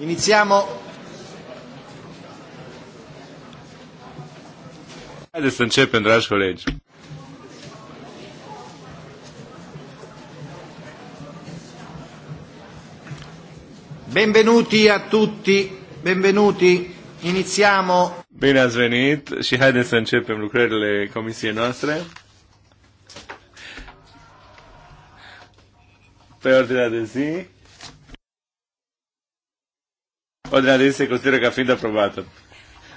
Iniziamo. Haideți să începem, dragi colegi. Benvenuti a tutti, benvenuti. Iniziamo. Bine ați venit și haideți să începem lucrările comisiei noastre. Pe ordinea de zi, Ordinea de zi se consideră ca fiind aprobată.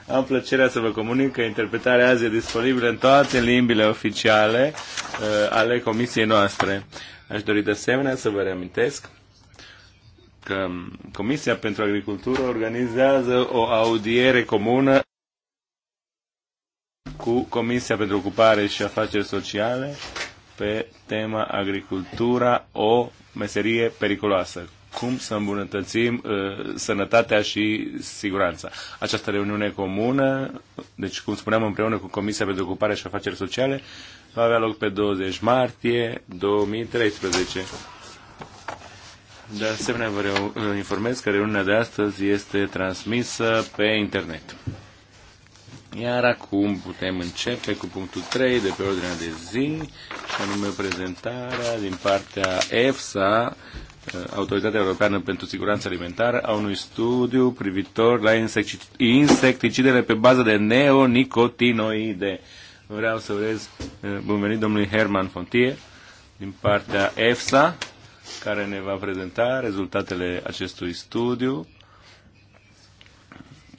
Am plăcerea să vă comunic că interpretarea azi e disponibilă în toate limbile oficiale uh, ale comisiei noastre. Aș dori de asemenea să vă reamintesc că um, Comisia pentru Agricultură organizează o audiere comună cu Comisia pentru Ocupare și Afaceri Sociale pe tema Agricultura, o meserie periculoasă cum să îmbunătățim uh, sănătatea și siguranța. Această reuniune comună, deci cum spuneam împreună cu Comisia pentru Ocupare și Afaceri Sociale, va avea loc pe 20 martie 2013. De asemenea, vă informez că reuniunea de astăzi este transmisă pe internet. Iar acum putem începe cu punctul 3 de pe ordinea de zi, și anume prezentarea din partea EFSA Uh, Autoritatea Europeană pentru Siguranță Alimentară a unui studiu privitor la insecticidele pe bază de neonicotinoide. Vreau să urez uh, bun venit domnului Herman Fontie din partea EFSA, care ne va prezenta rezultatele acestui studiu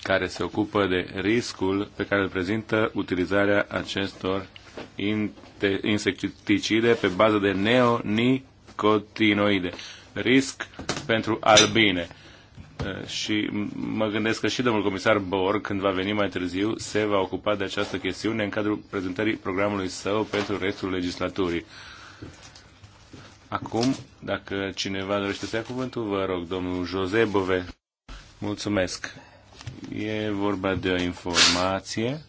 care se ocupă de riscul pe care îl prezintă utilizarea acestor insecticide pe bază de neonicotinoide risc pentru albine. Uh, și mă gândesc că și domnul comisar Bor, când va veni mai târziu, se va ocupa de această chestiune în cadrul prezentării programului său pentru restul legislaturii. Acum, dacă cineva dorește să ia cuvântul, vă rog, domnul Jose Bove. Mulțumesc. E vorba de o informație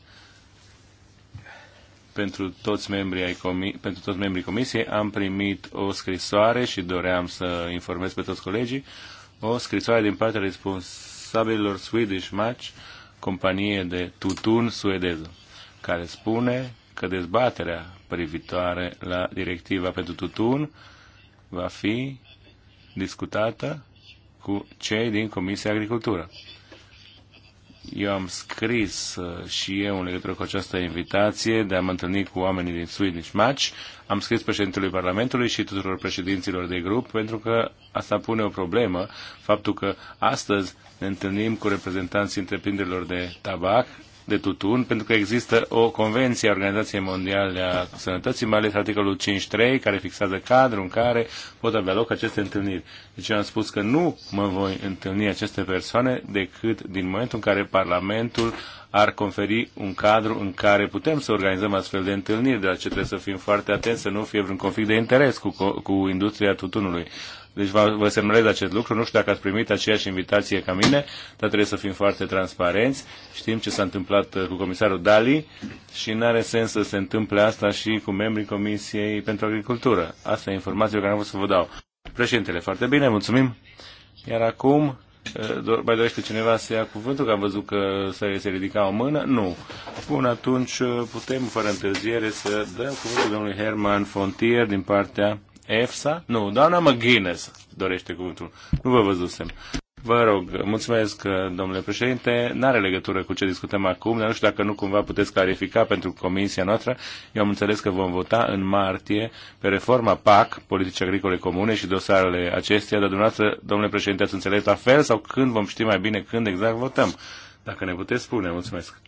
pentru toți membrii, ai comi- pentru toți membrii comisiei am primit o scrisoare și doream să informez pe toți colegii, o scrisoare din partea responsabililor Swedish Match, companie de tutun suedeză, care spune că dezbaterea privitoare la directiva pentru tutun va fi discutată cu cei din Comisia Agricultură. Eu am scris uh, și eu în legătură cu această invitație de a mă întâlni cu oamenii din Swedish Match. Am scris președintelui Parlamentului și tuturor președinților de grup pentru că asta pune o problemă, faptul că astăzi ne întâlnim cu reprezentanții întreprinderilor de tabac de tutun, pentru că există o convenție a Organizației Mondiale a Sănătății, mai ales articolul 5.3, care fixează cadrul în care pot avea loc aceste întâlniri. Deci eu am spus că nu mă voi întâlni aceste persoane decât din momentul în care Parlamentul ar conferi un cadru în care putem să organizăm astfel de întâlniri, de la ce trebuie să fim foarte atenți, să nu fie vreun conflict de interes cu, cu industria tutunului. Deci vă, vă semnalez acest lucru. Nu știu dacă ați primit aceeași invitație ca mine, dar trebuie să fim foarte transparenți. Știm ce s-a întâmplat uh, cu comisarul Dali și nu are sens să se întâmple asta și cu membrii Comisiei pentru Agricultură. Asta e informația pe care am vrut să vă dau. Președintele, foarte bine, mulțumim. Iar acum, uh, mai dorește cineva să ia cuvântul, că am văzut că se ridica o mână? Nu. Bun, atunci uh, putem, fără întârziere, să dăm cuvântul domnului Herman Fontier din partea EFSA? Nu, doamna McGuinness dorește cuvântul. Nu vă văzusem. Vă rog, mulțumesc, domnule președinte. N-are legătură cu ce discutăm acum, dar nu știu dacă nu cumva puteți clarifica pentru comisia noastră. Eu am înțeles că vom vota în martie pe reforma PAC, Politici Agricole Comune și dosarele acesteia, dar dumneavoastră, domnule președinte, ați înțeles la fel sau când vom ști mai bine când exact votăm? Dacă ne puteți spune, mulțumesc.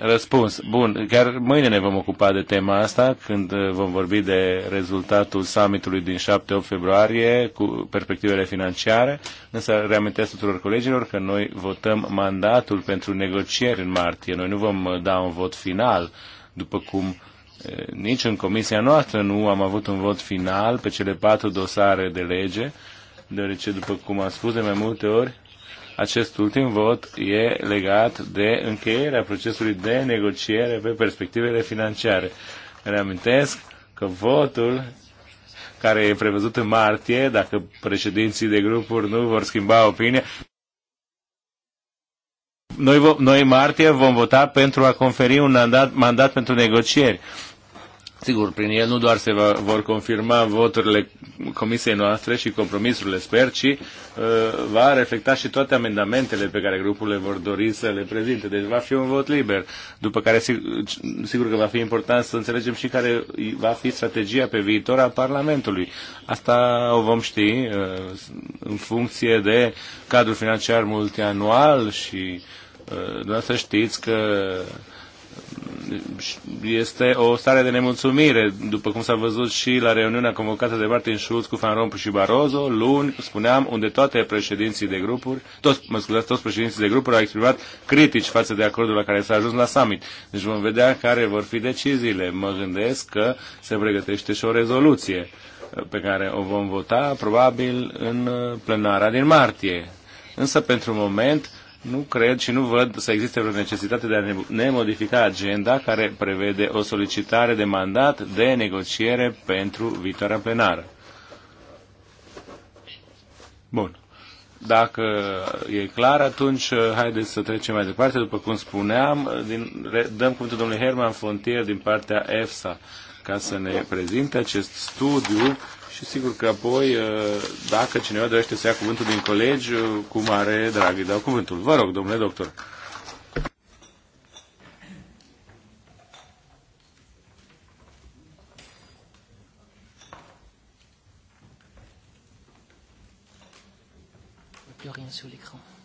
Răspuns. Bun, chiar mâine ne vom ocupa de tema asta când uh, vom vorbi de rezultatul summitului din 7-8 februarie cu perspectivele financiare, însă reamintesc tuturor colegilor că noi votăm mandatul pentru negocieri în martie. Noi nu vom uh, da un vot final, după cum uh, nici în comisia noastră nu am avut un vot final pe cele patru dosare de lege, deoarece, după cum am spus de mai multe ori, acest ultim vot e legat de încheierea procesului de negociere pe perspectivele financiare. Reamintesc că votul care e prevăzut în martie, dacă președinții de grupuri nu vor schimba opinia, noi, noi martie vom vota pentru a conferi un mandat, mandat pentru negocieri. Sigur, prin el nu doar se va, vor confirma voturile comisiei noastre și compromisurile, sper, ci uh, va reflecta și toate amendamentele pe care grupurile vor dori să le prezinte. Deci va fi un vot liber, după care sigur, sigur că va fi important să înțelegem și care va fi strategia pe viitor a Parlamentului. Asta o vom ști uh, în funcție de cadrul financiar multianual și uh, dumneavoastră știți că este o stare de nemulțumire, după cum s-a văzut și la reuniunea convocată de Martin Schulz cu Van Rompuy și Barroso, luni, spuneam, unde toate președinții de grupuri, toți, mă scuzați, toți președinții de grupuri au exprimat critici față de acordul la care s-a ajuns la summit. Deci vom vedea care vor fi deciziile. Mă gândesc că se pregătește și o rezoluție pe care o vom vota probabil în plenara din martie. Însă, pentru moment, nu cred și nu văd să existe vreo necesitate de a ne modifica agenda care prevede o solicitare de mandat de negociere pentru viitoarea plenară. Bun. Dacă e clar, atunci uh, haideți să trecem mai departe. După cum spuneam, uh, din, dăm cuvântul domnului Herman Fontier din partea EFSA ca să ne prezinte acest studiu și sigur că apoi, uh, dacă cineva dorește să ia cuvântul din colegi, uh, cu mare drag îi dau cuvântul. Vă rog, domnule doctor. plus rien sur l'écran.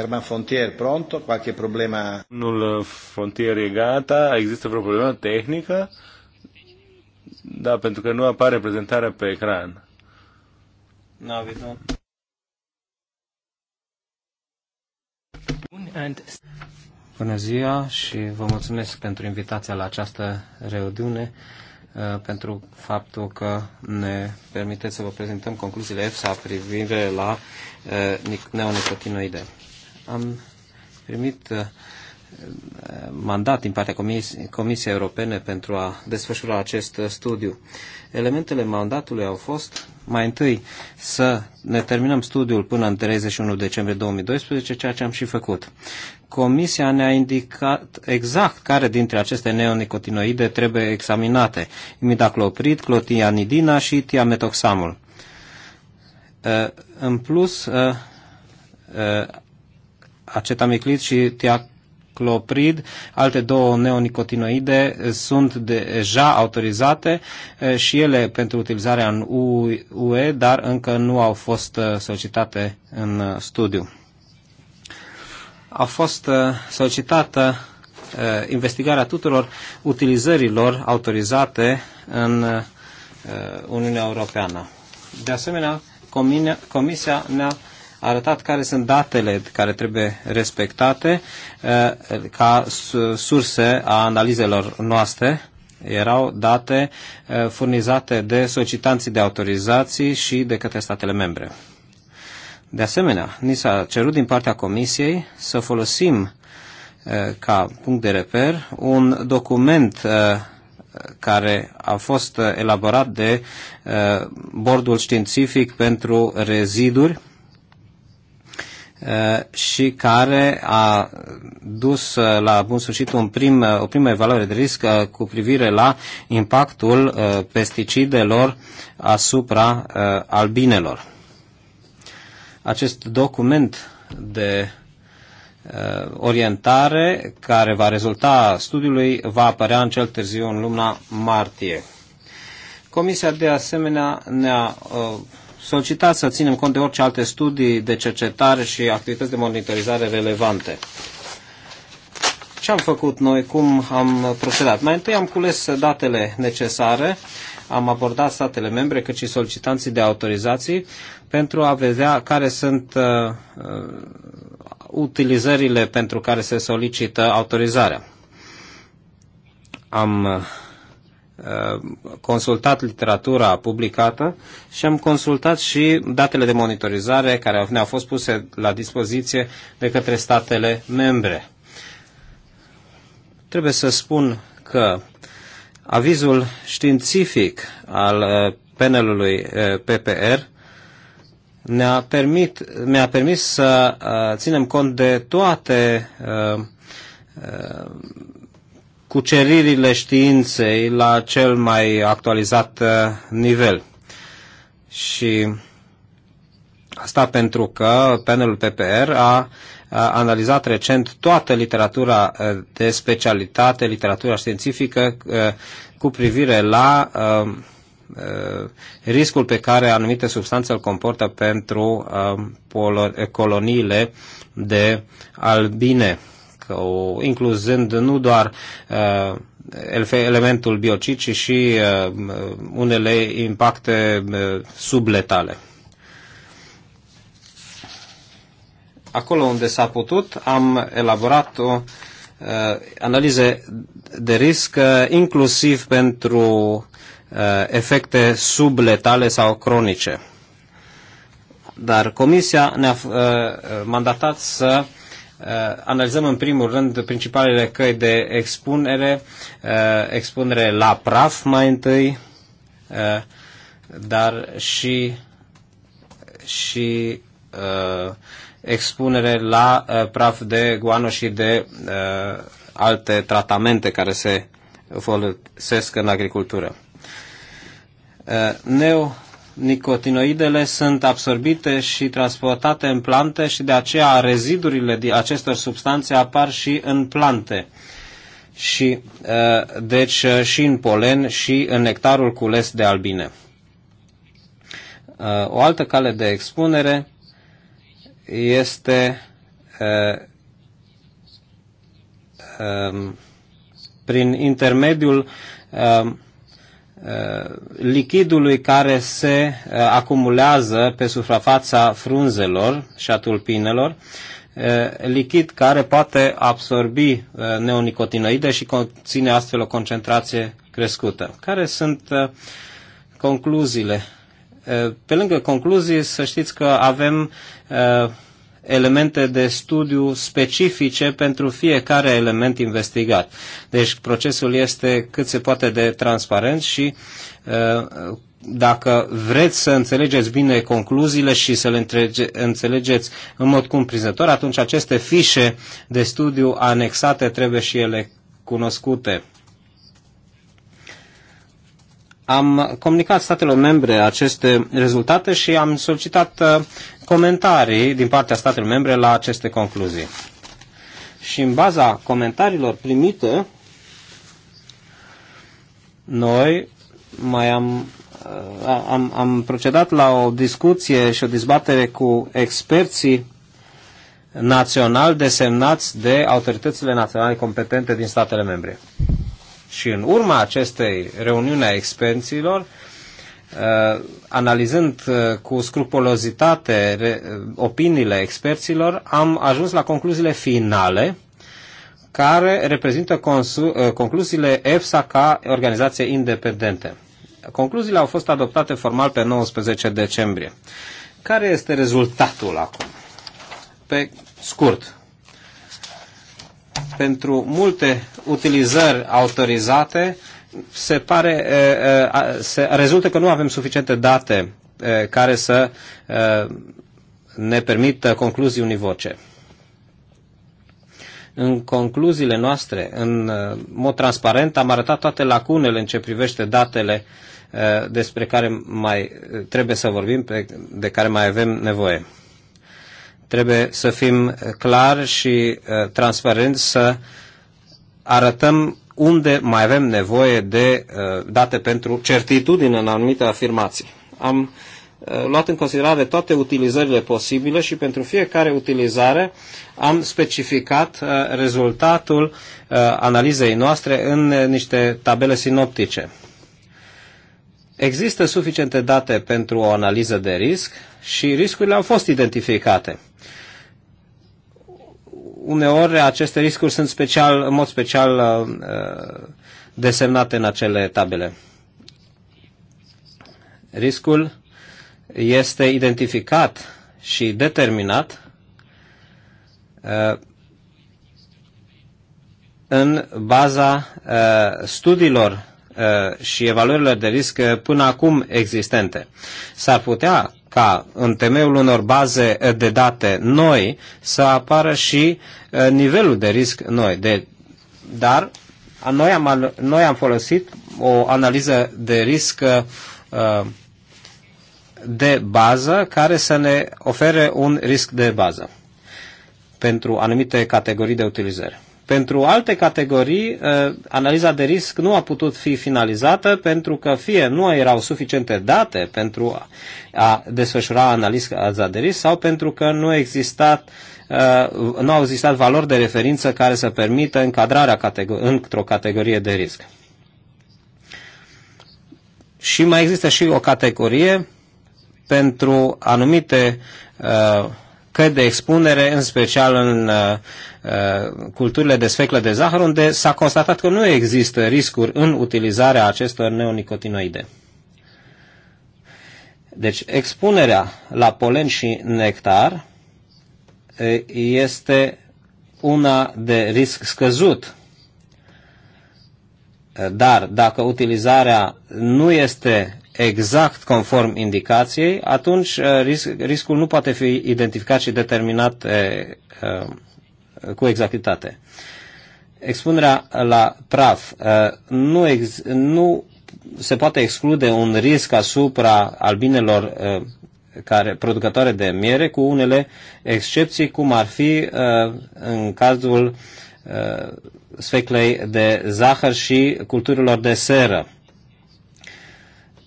Herman Fontier, pronto? Qualche problema? Domnul eh, Fontier e gata. Există vreo problemă tehnică? Da, pentru că nu apare prezentarea pe ecran. Nu aveți, Bună ziua și vă mulțumesc pentru invitația la această reuniune, eh, pentru faptul că ne permiteți să vă prezentăm concluziile EFSA privire la eh, neonicotinoide am primit uh, mandat din partea Comisiei Europene pentru a desfășura acest uh, studiu. Elementele mandatului au fost mai întâi să ne terminăm studiul până în 31 decembrie 2012, ceea ce am și făcut. Comisia ne-a indicat exact care dintre aceste neonicotinoide trebuie examinate, imidacloprid, clotianidina și tiametoxamul. Uh, în plus, acetamiclid și tiacloprid, alte două neonicotinoide sunt deja autorizate și ele pentru utilizarea în UE, dar încă nu au fost solicitate în studiu. A fost solicitată investigarea tuturor utilizărilor autorizate în Uniunea Europeană. De asemenea, Comisia ne-a arătat care sunt datele care trebuie respectate eh, ca surse a analizelor noastre. Erau date eh, furnizate de solicitanții de autorizații și de către statele membre. De asemenea, ni s-a cerut din partea Comisiei să folosim eh, ca punct de reper un document care a fost elaborat de bordul științific pentru reziduri Eh, și care a dus eh, la bun sfârșit un prim, eh, o primă evaluare de risc cu privire la impactul pesticidelor asupra albinelor. Acest document de orientare care va rezulta studiului va apărea în cel târziu în luna martie. Comisia de asemenea ne-a solicitat să ținem cont de orice alte studii de cercetare și activități de monitorizare relevante. Ce am făcut noi? Cum am procedat? Mai întâi am cules datele necesare, am abordat statele membre, cât și solicitanții de autorizații, pentru a vedea care sunt uh, uh utilizările pentru care se solicită autorizarea. Am uh, Uh, consultat literatura publicată și am consultat și datele de monitorizare care ne-au fost puse la dispoziție de către statele membre. Trebuie să spun că avizul științific al uh, panelului uh, PPR ne-a permit, mi-a permis să ținem cont de toate cuceririle științei la cel mai actualizat uh, nivel. Și asta pentru că panelul PPR a analizat recent toată literatura uh, de specialitate, literatura științifică uh, cu privire la riscul pe care anumite substanțe îl comportă pentru coloniile de albine o, incluzând nu doar uh, elementul biocid, ci și uh, unele impacte uh, subletale. Acolo unde s-a putut, am elaborat o uh, analize de risc, uh, inclusiv pentru uh, efecte subletale sau cronice. Dar Comisia ne-a uh, mandatat să uh, Uh, analizăm în primul rând principalele căi de expunere, uh, expunere la praf mai întâi, uh, dar și, și expunere la praf de guano și de alte tratamente care se folosesc în agricultură. Neo Nicotinoidele sunt absorbite și transportate în plante și de aceea rezidurile acestor substanțe apar și în plante. Și, uh, deci uh, și în polen și în nectarul cules de albine. Uh, o altă cale de expunere este um, prin intermediul um, Uh, lichidului care se uh, acumulează pe suprafața frunzelor și a tulpinelor, uh, lichid care poate absorbi neonicotinoide și conține astfel o concentrație crescută. Care sunt concluziile? Pe lângă concluzii, să știți că avem elemente de studiu specifice pentru fiecare element investigat. Deci procesul este cât se poate de transparent și uh, dacă vreți să înțelegeți bine concluziile și să le înțelegeți în mod cumprinzător, atunci aceste fișe de studiu anexate trebuie și ele cunoscute. Am comunicat statelor membre aceste rezultate și am solicitat uh, comentarii din partea statelor membre la aceste concluzii. Și în baza comentariilor primite, noi mai am, uh, am, am procedat la o discuție și o dezbatere cu experții național desemnați de autoritățile naționale competente din statele membre. Și în urma acestei reuniuni a experților, uh, analizând uh, cu scrupulozitate uh, opiniile experților, am ajuns la concluziile finale care reprezintă concluziile EFSA ca organizație independentă. Concluziile au fost adoptate formal pe 19 decembrie. Care este rezultatul acum? Pe scurt, pentru multe utilizări autorizate se pare, se rezultă că nu avem suficiente date care să ne permită concluzii univoce. În concluziile noastre, în mod transparent, am arătat toate lacunele în ce privește datele despre care mai trebuie să vorbim, de care mai avem nevoie. Trebuie să fim eh, clari și eh, transparenți, să arătăm unde mai avem nevoie de eh, date pentru certitudine în anumite afirmații. Am luat în considerare toate utilizările posibile și pentru fiecare utilizare am specificat rezultatul analizei noastre în niște tabele sinoptice. Există suficiente date pentru o analiză de risc și riscurile au fost identificate uneori aceste riscuri sunt special, în mod special uh, uh, desemnate în acele tabele. Riscul este identificat și determinat uh, în baza studiilor și evaluărilor de risc până acum existente. S-ar putea ca în temeiul unor baze de date noi să apară și uh, nivelul de risc noi. De, dar noi am, noi am folosit o analiză de risc uh, de bază care să ne ofere un risc de bază pentru anumite categorii de utilizare. Pentru alte categorii, uh, analiza de risc nu a putut fi finalizată pentru că fie nu erau suficiente date pentru a desfășura analiza de risc sau pentru că nu exista uh, nu au existat valori de referință care să permită încadrarea într-o categorie de risc. Și mai există și o categorie pentru anumite uh, căi de expunere, în special în uh, uh, culturile de sfeclă de zahăr, unde s-a constatat că nu există riscuri în utilizarea acestor neonicotinoide. Deci expunerea la polen și nectar uh, este una de risc scăzut. Dar dacă utilizarea nu este exact conform indicației, atunci uh, risc, riscul nu poate fi identificat și determinat e, uh, uh, cu exactitate. Expunerea la praf nu, ex, nu se poate exclude un risc asupra albinelor care, producătoare de miere, cu unele excepții, cum ar fi în cazul sfeclei de zahăr și culturilor de seră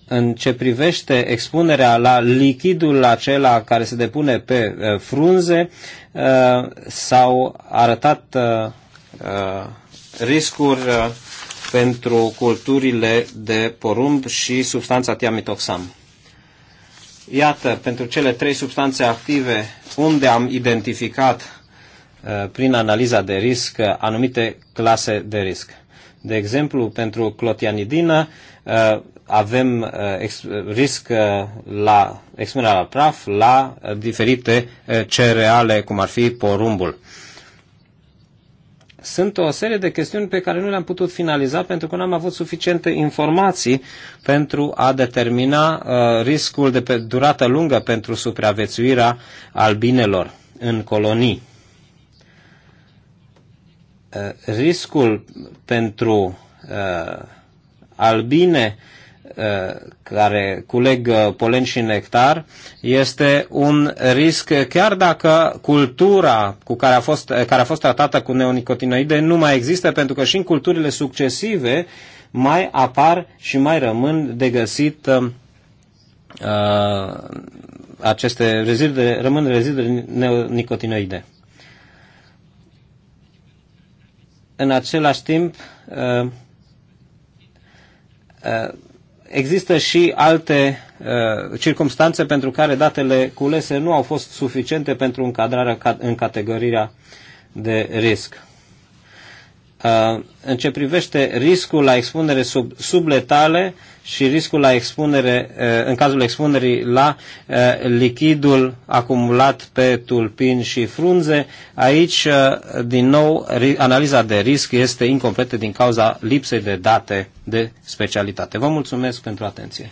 în ce privește expunerea la lichidul acela care se depune pe uh, frunze, uh, s-au arătat uh, riscuri pentru culturile de porumb și substanța tiamitoxam. Iată, pentru cele trei substanțe active unde am identificat prin analiza de risc anumite clase de risc. De exemplu, pentru clotianidină, avem uh, ex, risc uh, la expunerea la praf la uh, diferite cereale, cum ar fi porumbul. Sunt o serie de chestiuni pe care nu le-am putut finaliza pentru că nu am avut suficiente informații pentru a determina uh, riscul de pe durată lungă pentru supraviețuirea albinelor în colonii. Uh, riscul pentru uh, albine uh, Uh, care culeg uh, polen și nectar este un risc chiar dacă cultura cu care a fost, uh, care a fost tratată cu neonicotinoide nu mai există pentru că și în culturile succesive mai apar și mai rămân de găsit uh, aceste reziduri, rămân reziduri neonicotinoide. În același timp, uh, uh, există și alte uh, circumstanțe pentru care datele culese nu au fost suficiente pentru încadrarea ca, în categoria de risc. Uh, în ce privește riscul la expunere sub, subletale, uh, și riscul la expunere, eh, în cazul expunerii la eh, lichidul acumulat pe tulpin și frunze. Aici, eh, din nou, analiza de risc este incompletă din cauza lipsei de date de specialitate. Vă mulțumesc pentru atenție.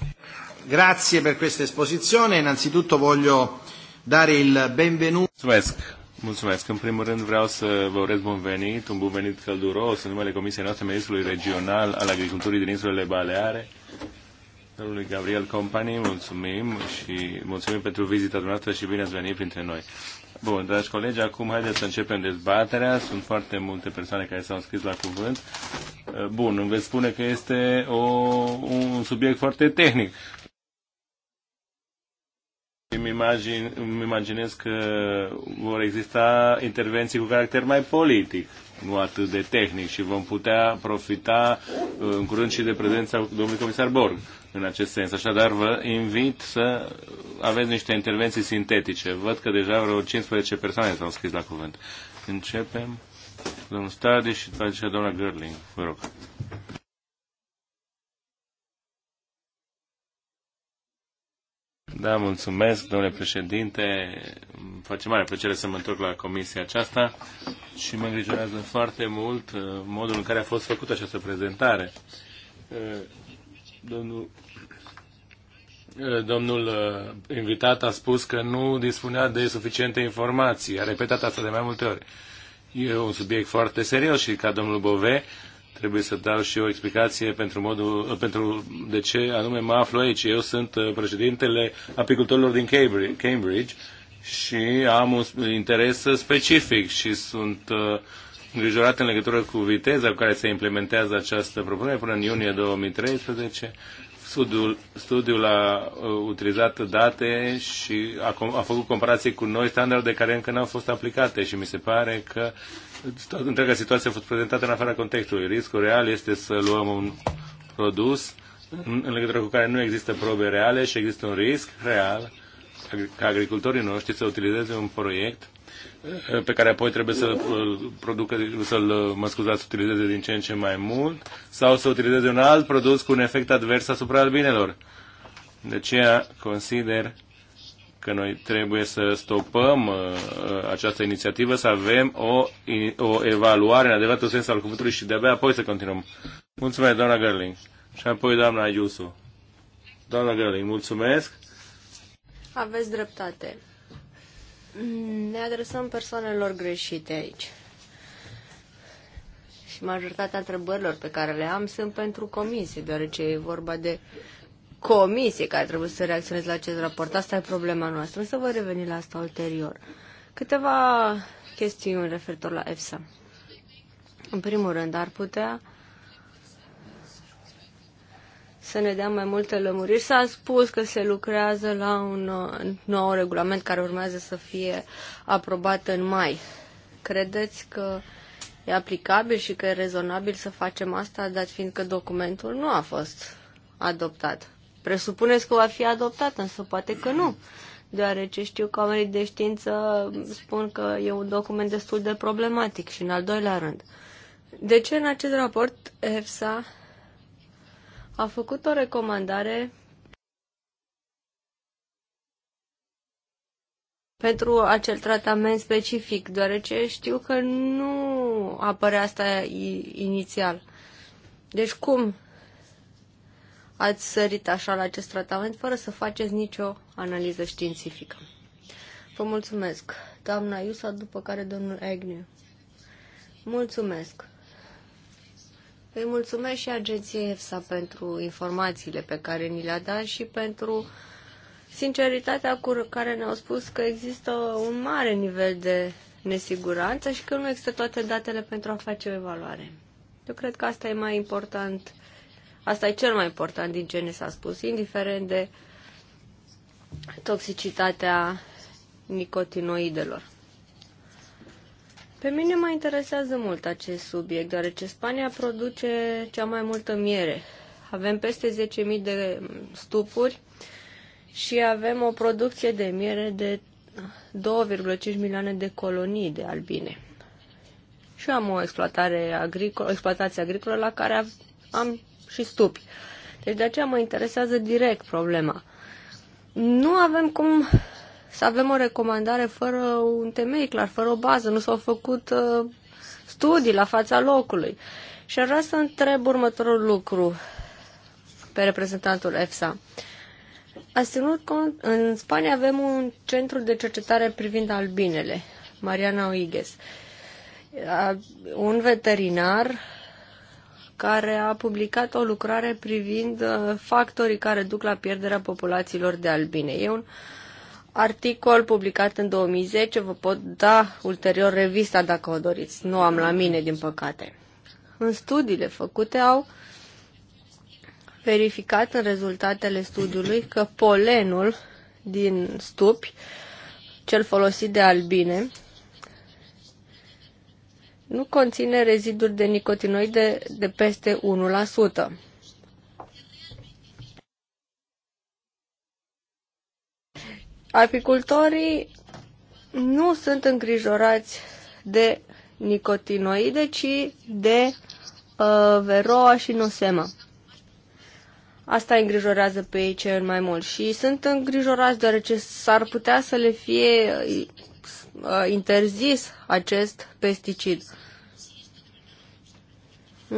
Grazie per questa esposizione. Innanzitutto voglio dare il benvenuto. Mulțumesc Mulțumesc. În primul rând vreau să vă urez bun venit, un bun venit călduros în numele Comisiei noastre Ministrului Regional al Agriculturii din insulele Baleare. Domnului Gabriel Company, mulțumim și mulțumim pentru vizita dumneavoastră și bine ați venit printre noi. Bun, dragi colegi, acum haideți să începem dezbaterea. Sunt foarte multe persoane care s-au scris la cuvânt. Bun, îmi veți spune că este o, un subiect foarte tehnic. Îmi, imagine, îmi imaginez că vor exista intervenții cu caracter mai politic, nu atât de tehnic și vom putea profita uh, în curând și de prezența domnului comisar Borg în acest sens. Așadar, vă invit să aveți niște intervenții sintetice. Văd că deja vreo 15 persoane s-au scris la cuvânt. Începem. Domnul Stadi și după aceea doamna Gerling. Vă rog. Da, mulțumesc, domnule președinte. Îmi face mare plăcere să mă întorc la comisia aceasta și mă îngrijorează foarte mult uh, modul în care a fost făcută această prezentare. Uh, domnul, uh, domnul invitat a spus că nu dispunea de suficiente informații. A repetat asta de mai multe ori. E un subiect foarte serios și ca domnul Bove, trebuie să dau și o explicație pentru, modul, pentru de ce anume mă aflu aici. Eu sunt uh, președintele apicultorilor din Cambridge și am un interes specific și sunt uh, îngrijorat în legătură cu viteza cu care se implementează această propunere până în iunie 2013 Studiul, studiul a uh, utilizat date și a, a făcut comparații cu noi standarde care încă n-au fost aplicate și mi se pare că întreaga situație a fost prezentată în afara contextului. Riscul real este să luăm un produs în, în legătură cu care nu există probe reale și există un risc real ca agricultorii noștri să utilizeze un proiect pe care apoi trebuie să-l producă, să-l, mă scuzați, să utilizeze din ce în ce mai mult, sau să utilizeze un alt produs cu un efect advers asupra albinelor. De aceea consider că noi trebuie să stopăm uh, această inițiativă, să avem o, o evaluare în adevăratul sens al cuvântului și de-abia apoi să continuăm. Mulțumesc, doamna Gerling. Și apoi doamna Iusu. Doamna Gerling, mulțumesc. Aveți dreptate ne adresăm persoanelor greșite aici. Și majoritatea întrebărilor pe care le am sunt pentru comisie, deoarece e vorba de comisie care trebuie să reacționeze la acest raport. Asta e problema noastră. O să vă reveni la asta ulterior. Câteva chestiuni referitor la EFSA. În primul rând, ar putea să ne dea mai multe lămuriri. S-a spus că se lucrează la un uh, nou regulament care urmează să fie aprobat în mai. Credeți că e aplicabil și că e rezonabil să facem asta, dat fiind că documentul nu a fost adoptat? Presupuneți că va fi adoptat, însă poate că nu, deoarece știu că oamenii de știință spun că e un document destul de problematic și în al doilea rând. De ce în acest raport EFSA a făcut o recomandare pentru acel tratament specific, deoarece știu că nu apărea asta inițial. Deci cum ați sărit așa la acest tratament fără să faceți nicio analiză științifică? Vă mulțumesc. Doamna Iusa, după care domnul Agnew. Mulțumesc. Îi mulțumesc și agenției EFSA pentru informațiile pe care ni le-a dat și pentru sinceritatea cu care ne-au spus că există un mare nivel de nesiguranță și că nu există toate datele pentru a face o evaluare. Eu cred că asta e mai important, asta e cel mai important din ce ne s-a spus, indiferent de toxicitatea nicotinoidelor. Pe mine mă interesează mult acest subiect, deoarece Spania produce cea mai multă miere. Avem peste 10.000 de stupuri și avem o producție de miere de 2,5 milioane de colonii de albine. Și am o exploatare agricolă, exploatație agricolă la care am și stupi. Deci de aceea mă interesează direct problema. Nu avem cum să avem o recomandare fără un temei clar, fără o bază. Nu s-au făcut uh, studii la fața locului. Și ar vrea să întreb următorul lucru pe reprezentantul EFSA. Ați ținut cont, în Spania avem un centru de cercetare privind albinele, Mariana Oiges, un veterinar care a publicat o lucrare privind uh, factorii care duc la pierderea populațiilor de albine. E un uh, articol publicat în 2010. Vă pot da ulterior revista dacă o doriți. Nu am la mine, din păcate. În studiile făcute au verificat în rezultatele studiului că polenul din stupi, cel folosit de albine, nu conține reziduri de nicotinoide de peste Apicultorii nu sunt îngrijorați de nicotinoide, ci de uh, veroa și nosema. Asta îngrijorează pe ei cel mai mult și sunt îngrijorați deoarece s-ar putea să le fie uh, interzis acest pesticid.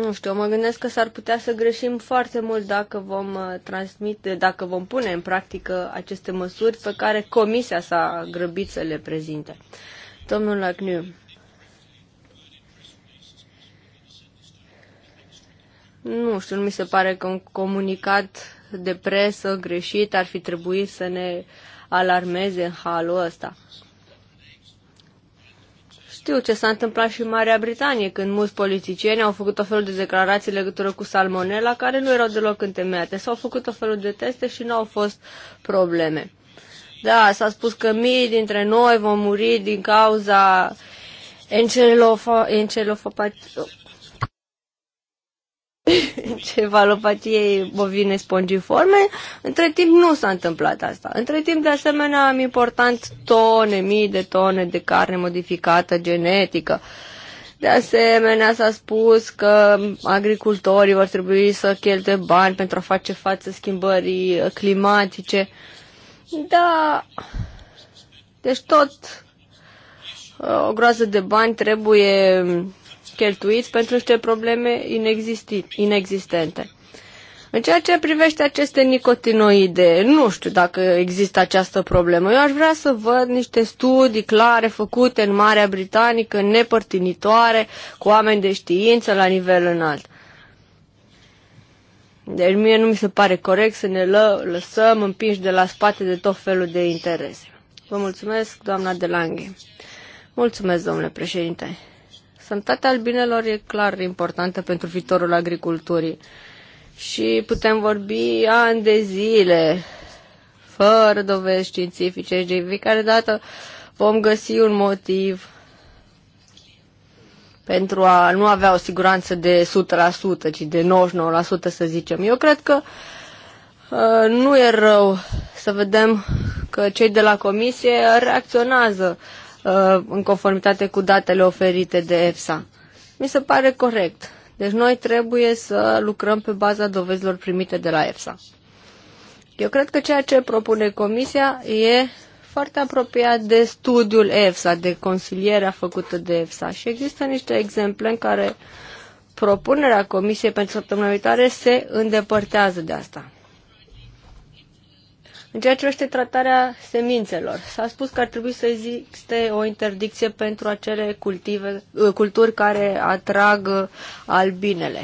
Nu știu, mă gândesc că s-ar putea să greșim foarte mult dacă vom uh, transmite, dacă vom pune în practică aceste măsuri pe care comisia s-a grăbit să le prezinte. Domnul Lacniu, nu știu, nu mi se pare că un comunicat de presă greșit ar fi trebuit să ne alarmeze în halul ăsta știu ce s-a întâmplat și în Marea Britanie, când mulți politicieni au făcut o felul de declarații în legătură cu salmonela, care nu erau deloc întemeiate. S-au făcut o felul de teste și nu au fost probleme. Da, s-a spus că mii dintre noi vom muri din cauza encelofa, encelofopatie cefalopatiei bovine spongiforme. Între timp nu s-a întâmplat asta. Între timp, de asemenea, am important tone, mii de tone de carne modificată genetică. De asemenea, s-a spus că agricultorii vor trebui să cheltuie bani pentru a face față schimbării climatice. Da, deci tot uh, o groază de bani trebuie cheltuiți pentru niște probleme inexistente. În ceea ce privește aceste nicotinoide, nu știu dacă există această problemă. Eu aș vrea să văd niște studii clare făcute în Marea Britanică, nepărtinitoare, cu oameni de știință la nivel înalt. Deci mie nu mi se pare corect să ne lă- lăsăm împinși de la spate de tot felul de interese. Vă mulțumesc, doamna Delanghe. Mulțumesc, domnule președinte. Sănătatea albinelor e clar importantă pentru viitorul agriculturii și putem vorbi ani de zile fără dovezi științifice și de fiecare dată vom găsi un motiv pentru a nu avea o siguranță de 100%, ci de 99%, să zicem. Eu cred că uh, nu e rău să vedem că cei de la comisie reacționează uh, Uh, în conformitate cu datele oferite de EFSA. Mi se pare corect. Deci noi trebuie să lucrăm pe baza dovezilor primite de la EFSA. Eu cred că ceea ce propune Comisia e foarte apropiat de studiul EFSA, de consilierea făcută de EFSA. Și există niște exemple în care propunerea Comisiei pentru săptămâna viitoare se îndepărtează de asta. În ceea ce privește tratarea semințelor, s-a spus că ar trebui să existe o interdicție pentru acele cultive, uh, culturi care atrag uh, albinele.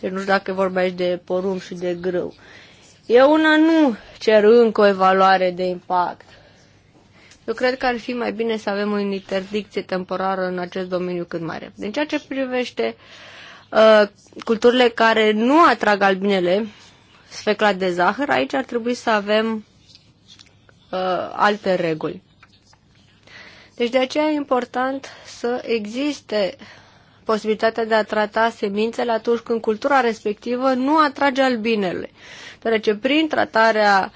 Deci nu știu dacă vorbești de porumb și de grâu. Eu una nu cer încă o evaluare de impact. Eu cred că ar fi mai bine să avem o interdicție temporară în acest domeniu cât mai repede. În ceea ce privește uh, culturile care nu atrag albinele, sfecla de zahăr, aici ar trebui să avem uh, alte reguli. Deci de aceea e important să existe posibilitatea de a trata semințele atunci când cultura respectivă nu atrage albinele, deoarece prin tratarea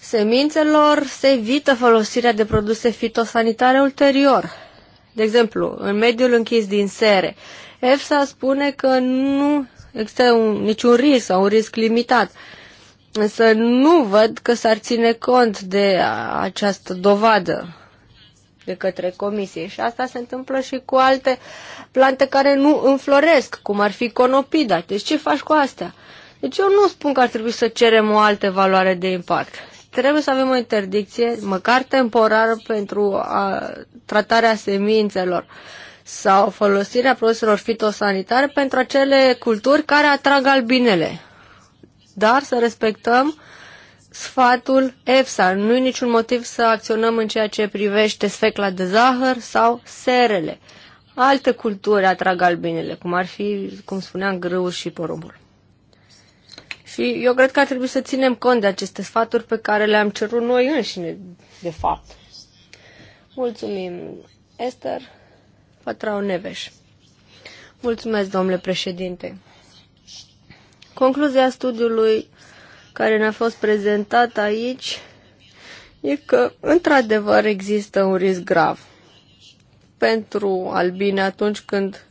semințelor se evită folosirea de produse fitosanitare ulterior. De exemplu, în mediul închis din sere, EFSA spune că nu există un, niciun risc sau un risc limitat. Însă nu văd că s-ar ține cont de această dovadă de către comisie. Și asta se întâmplă și cu alte plante care nu înfloresc, cum ar fi conopida. Deci ce faci cu astea? Deci eu nu spun că ar trebui să cerem o altă valoare de impact. Trebuie să avem o interdicție, măcar temporară, pentru a, tratarea semințelor. Uh, sau folosirea produselor fitosanitare pentru acele culturi care atrag albinele. Dar să respectăm sfatul EFSA. Nu e niciun motiv să acționăm în ceea ce privește sfecla de zahăr sau serele. Alte culturi atrag albinele, cum ar fi, cum spuneam, grâul și porumbul. Și eu cred că ar trebui să ținem cont de aceste sfaturi pe care le-am cerut noi înșine, de fapt. Mulțumim, Esther. Patrau Neveș. Mulțumesc, domnule președinte. Concluzia studiului care ne-a fost prezentat aici e că, într-adevăr, există un risc grav pentru albine atunci când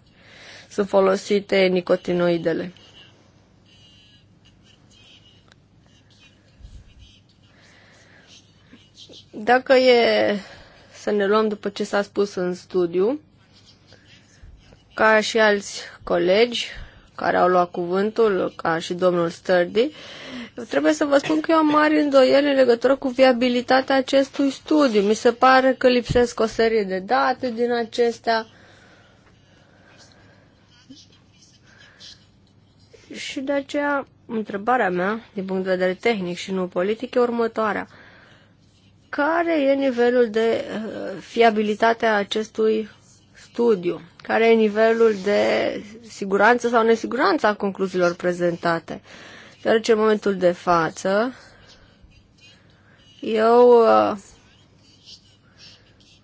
sunt folosite nicotinoidele. Dacă e să ne luăm după ce s-a spus în studiu, ca și alți colegi care au luat cuvântul, ca și domnul Sturdy, trebuie să vă spun că eu am mari îndoieli în legătură cu viabilitatea acestui studiu. Mi se pare că lipsesc o serie de date din acestea. Și de aceea, întrebarea mea, din punct de vedere tehnic și nu politic, e următoarea. Care e nivelul de uh, fiabilitate a acestui studiu. Care e nivelul de siguranță sau nesiguranță a concluziilor prezentate? Deoarece în momentul de față, eu uh,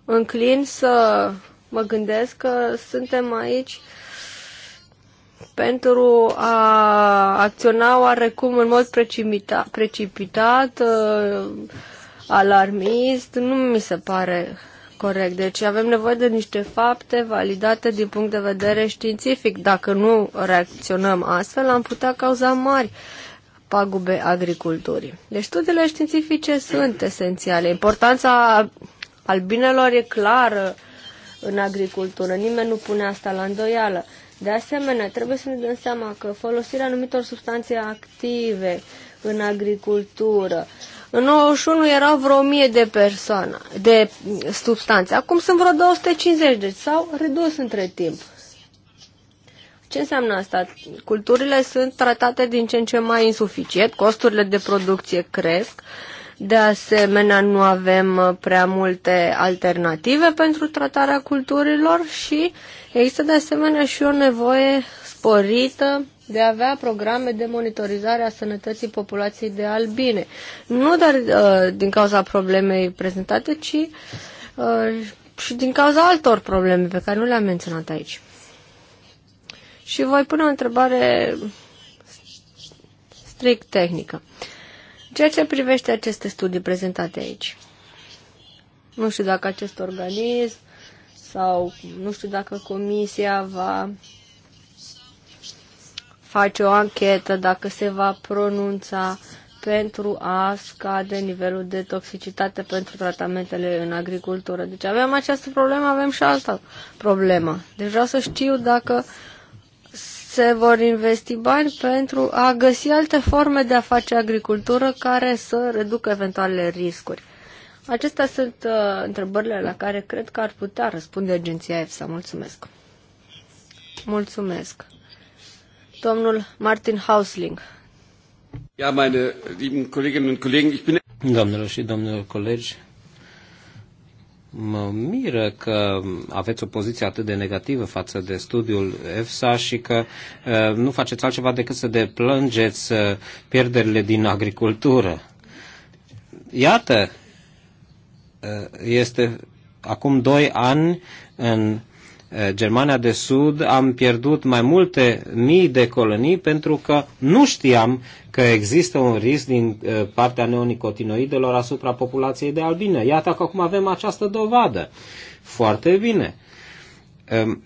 înclin să mă gândesc că suntem aici pentru a acționa oarecum în mod precipita, precipitat, uh, alarmist, nu mi se pare corect. Deci avem nevoie de niște fapte validate din punct de vedere științific. Dacă nu reacționăm astfel, am putea cauza mari pagube agriculturii. Deci studiile științifice sunt esențiale. Importanța albinelor e clară în agricultură. Nimeni nu pune asta la îndoială. De asemenea, trebuie să ne dăm seama că folosirea anumitor substanțe active în agricultură, uh, în 91 erau vreo 1000 de persoane, de substanțe. Acum sunt vreo 250, deci s-au redus între timp. Ce înseamnă asta? Culturile sunt tratate din ce în ce mai insuficient, costurile de producție cresc, de asemenea nu avem uh, prea multe alternative pentru tratarea culturilor și există de asemenea și o nevoie sporită de a avea programe de monitorizare a sănătății populației de albine. Nu doar uh, din cauza problemei prezentate, ci uh, și din cauza altor probleme pe care nu le-am menționat aici. Și voi pune o întrebare strict tehnică. Ceea ce privește aceste studii prezentate aici. Nu știu dacă acest organism sau nu știu dacă comisia va face o anchetă, dacă se va pronunța pentru a scade nivelul de toxicitate pentru tratamentele în agricultură. Deci avem această problemă, avem și alta problemă. Deci vreau să știu dacă se vor investi bani pentru a găsi alte forme de a face agricultură care să reducă eventuale riscuri. Acestea sunt uh, întrebările la care cred că ar putea răspunde agenția EFSA. Mulțumesc! Mulțumesc! Domnul Martin Hausling. Ja, meine lieben Kolleginnen und Kollegen, ich bin... Doamnelor și domnilor colegi, mă miră că aveți o poziție atât de negativă față de studiul EFSA și că uh, nu faceți altceva decât să deplângeți uh, pierderile din agricultură. Iată, uh, este acum doi ani în Eh, Germania de Sud am pierdut mai multe mii de colonii pentru că nu știam că există un risc din eh, partea neonicotinoidelor asupra populației de albine. Iată că acum avem această dovadă. Foarte bine. Ehm,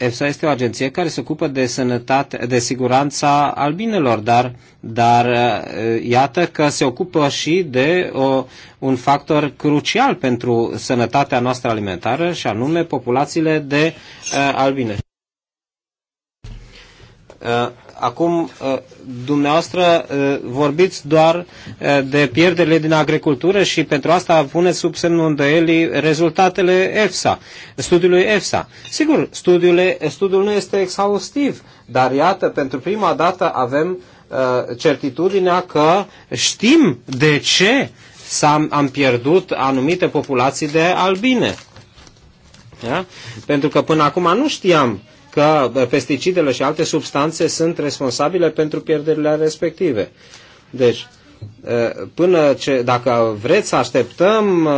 EFSA este o agenție care se ocupă de sănătate, de siguranța albinelor, dar, dar uh, iată că se ocupă și de o, un factor crucial pentru sănătatea noastră alimentară și anume populațiile de uh, albine. Uh, Acum, uh, dumneavoastră uh, vorbiți doar uh, de pierderile din agricultură și pentru asta puneți sub semnul îndoielii rezultatele EFSA, studiului EFSA. Sigur, studiul, studiul nu este exhaustiv, dar iată, pentru prima dată avem certitudinea că știm de ce s-am, am pierdut anumite populații de albine. Da? Pentru că până acum nu știam uh, că pesticidele și alte substanțe sunt responsabile pentru pierderile respective. Deci, până ce, dacă vreți să așteptăm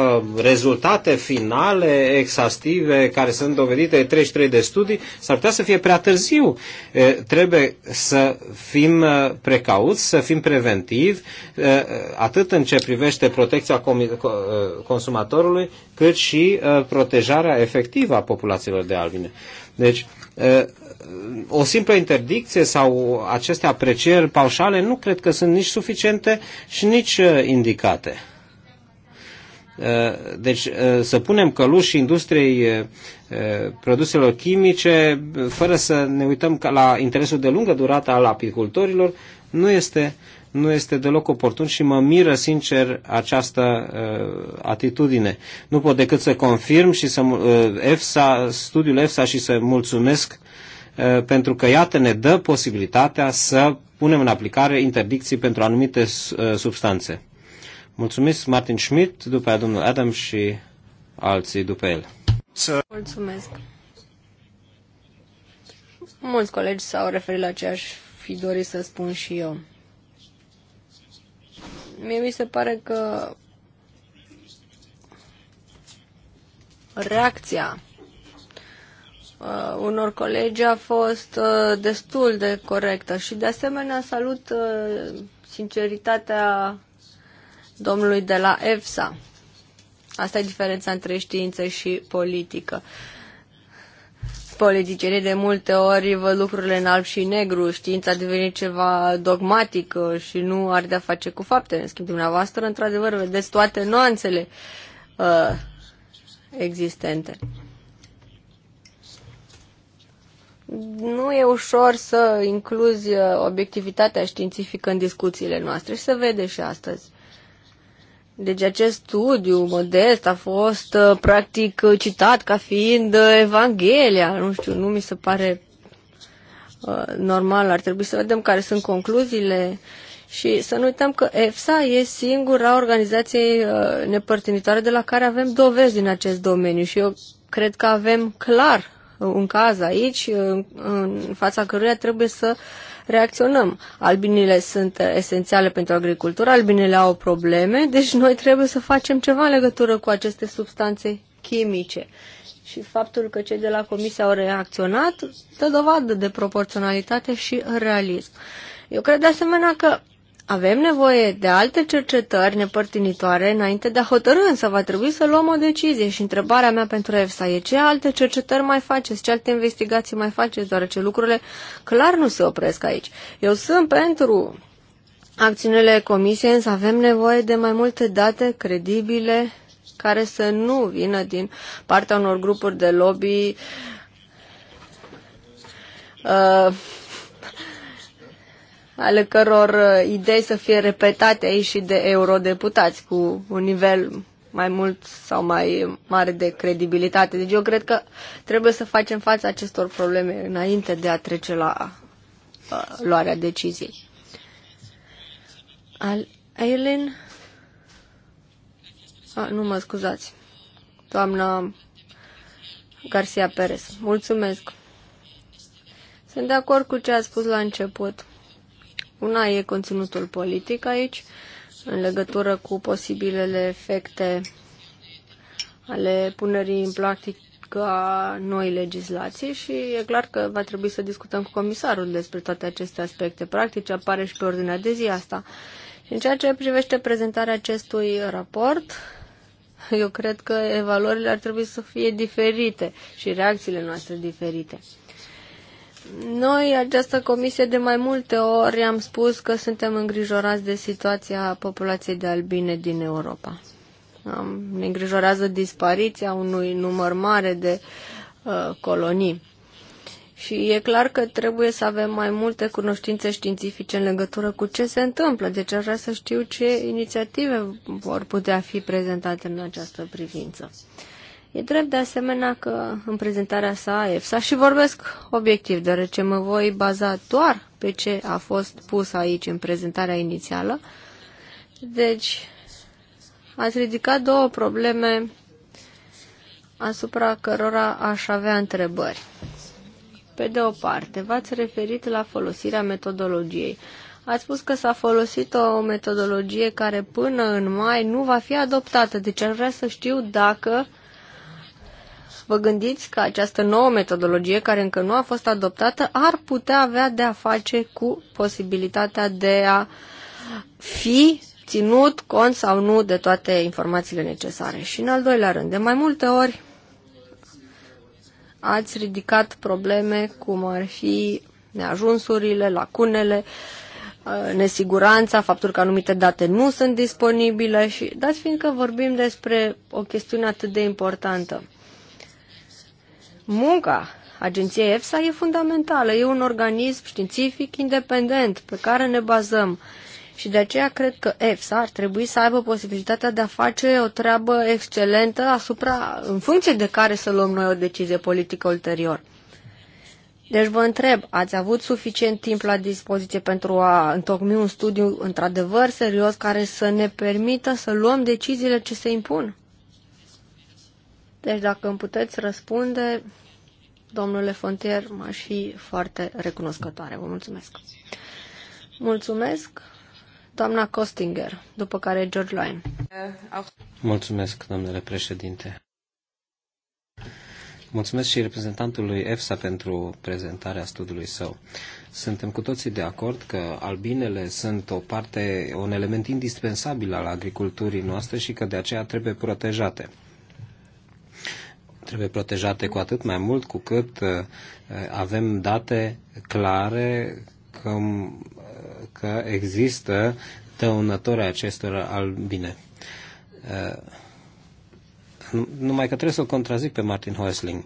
rezultate finale, exhaustive, care sunt dovedite de 33 de studii, s-ar putea să fie prea târziu. Trebuie să fim precauți, să fim preventivi, atât în ce privește protecția consumatorului, cât și protejarea efectivă a populațiilor de albine. Deci, o simplă interdicție sau aceste aprecieri paușale nu cred că sunt nici suficiente și nici indicate. Deci să punem călușii industriei produselor chimice fără să ne uităm la interesul de lungă durată al apicultorilor nu este nu este deloc oportun și mă miră sincer această uh, atitudine. Nu pot decât să confirm și să uh, EFSA, studiul EFSA și să mulțumesc uh, pentru că iată ne dă posibilitatea să punem în aplicare interdicții pentru anumite uh, substanțe. Mulțumesc Martin Schmidt, după aia domnul Adam și alții după el. Mulțumesc. Mulți colegi s-au referit la ce aș fi dorit să spun și eu. Mie mi se pare că reacția uh, unor colegi a fost uh, destul de corectă și de asemenea salut uh, sinceritatea domnului de la EFSA. Asta e diferența între știință și politică. Uh, politicieni de multe ori vă lucrurile în alb și negru, știința a devenit ceva dogmatică și nu are de-a face cu fapte. În schimb, dumneavoastră, într-adevăr, vedeți toate nuanțele uh, existente. Nu e ușor să incluzi uh, obiectivitatea științifică în discuțiile noastre și se vede și astăzi. Deci acest studiu modest a fost uh, practic uh, citat ca fiind uh, Evanghelia. Nu știu, nu mi se pare uh, normal. Ar trebui să vedem care sunt concluziile și să nu uităm că EFSA e singura organizație uh, nepărtinitoare de la care avem dovezi din acest domeniu și eu cred că avem clar un caz aici în, în fața căruia trebuie să uh, reacționăm. Albinile sunt esențiale pentru agricultură, albinile au probleme, deci noi trebuie să facem ceva în legătură cu aceste substanțe chimice. Și faptul că cei de la comisie au reacționat dă dovadă de proporționalitate și realism. Eu cred de asemenea că avem nevoie de alte cercetări nepărtinitoare înainte de a hotărâ, însă va trebui să luăm o decizie și întrebarea mea pentru EFSA e ce alte cercetări mai faceți, ce alte investigații mai faceți, deoarece lucrurile clar nu se opresc aici. Eu sunt pentru acțiunile comisiei, însă avem nevoie de mai multe date credibile care să nu vină din partea unor grupuri de lobby uh, ale căror uh, idei să fie repetate aici și de eurodeputați cu un nivel mai mult sau mai mare de credibilitate. Deci eu cred că trebuie să facem față acestor probleme înainte de a trece la uh, luarea deciziei. Al Eileen... Ah, nu mă scuzați. Doamna Garcia Perez. Mulțumesc. Sunt de acord cu ce a spus la început. Una e conținutul politic aici, în legătură cu posibilele efecte ale punerii în practică a noi legislații și e clar că va trebui să discutăm cu comisarul despre toate aceste aspecte practice, apare și pe ordinea de zi asta. Și în ceea ce privește prezentarea acestui raport, eu cred că evaluările ar trebui să fie diferite și reacțiile noastre diferite. Noi, această comisie, de mai multe ori am spus că suntem îngrijorați de situația populației de albine din Europa. Ne îngrijorează dispariția unui număr mare de uh, colonii. Și e clar că trebuie să avem mai multe cunoștințe științifice în legătură cu ce se întâmplă. Deci aș vrea să știu ce inițiative vor putea fi prezentate în această privință. E drept de asemenea că în prezentarea sa EFSA și vorbesc obiectiv, deoarece mă voi baza doar pe ce a fost pus aici în prezentarea inițială. Deci, ați ridicat două probleme asupra cărora aș avea întrebări. Pe de o parte, v-ați referit la folosirea metodologiei. Ați spus că s-a folosit o metodologie care până în mai nu va fi adoptată, deci ar vrea să știu dacă vă gândiți că această nouă metodologie, care încă nu a fost adoptată, ar putea avea de a face cu posibilitatea de a fi ținut cont sau nu de toate informațiile necesare. Și în al doilea rând, de mai multe ori ați ridicat probleme cum ar fi neajunsurile, lacunele, uh, nesiguranța, faptul că anumite date nu sunt disponibile și dați fiindcă vorbim despre o chestiune atât de importantă. Munca agenției EFSA e fundamentală, e un organism științific independent pe care ne bazăm. Și de aceea cred că EFSA ar trebui să aibă posibilitatea de a face o treabă excelentă asupra, în funcție de care să luăm noi o decizie politică ulterior. Deci vă întreb, ați avut suficient timp la dispoziție pentru a întocmi un studiu într-adevăr serios care să ne permită să luăm deciziile ce se impun? Deci dacă îmi puteți răspunde, domnule Fontier, m-aș fi foarte recunoscătoare. Vă mulțumesc. Mulțumesc, doamna Costinger, după care George Lyon. Mulțumesc, domnule președinte. Mulțumesc și reprezentantului EFSA pentru prezentarea studiului său. Suntem cu toții de acord că albinele sunt o parte, un element indispensabil al agriculturii noastre și că de aceea trebuie protejate trebuie protejate cu atât mai mult cu cât uh, avem date clare că, uh, că există dăunători acestor albine. Uh, numai că trebuie să-l contrazic pe Martin Häusling.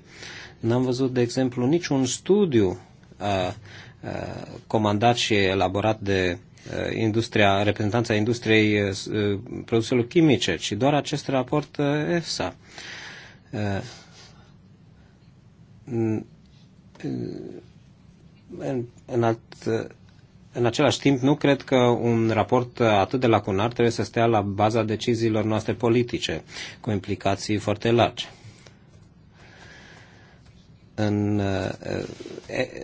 N-am văzut, de exemplu, niciun studiu uh, comandat și elaborat de industria, reprezentanța industriei produselor chimice, ci doar acest raport EFSA în, în, alt, în același timp, nu cred că un raport atât de lacunar trebuie să stea la baza deciziilor noastre politice, cu implicații foarte largi. În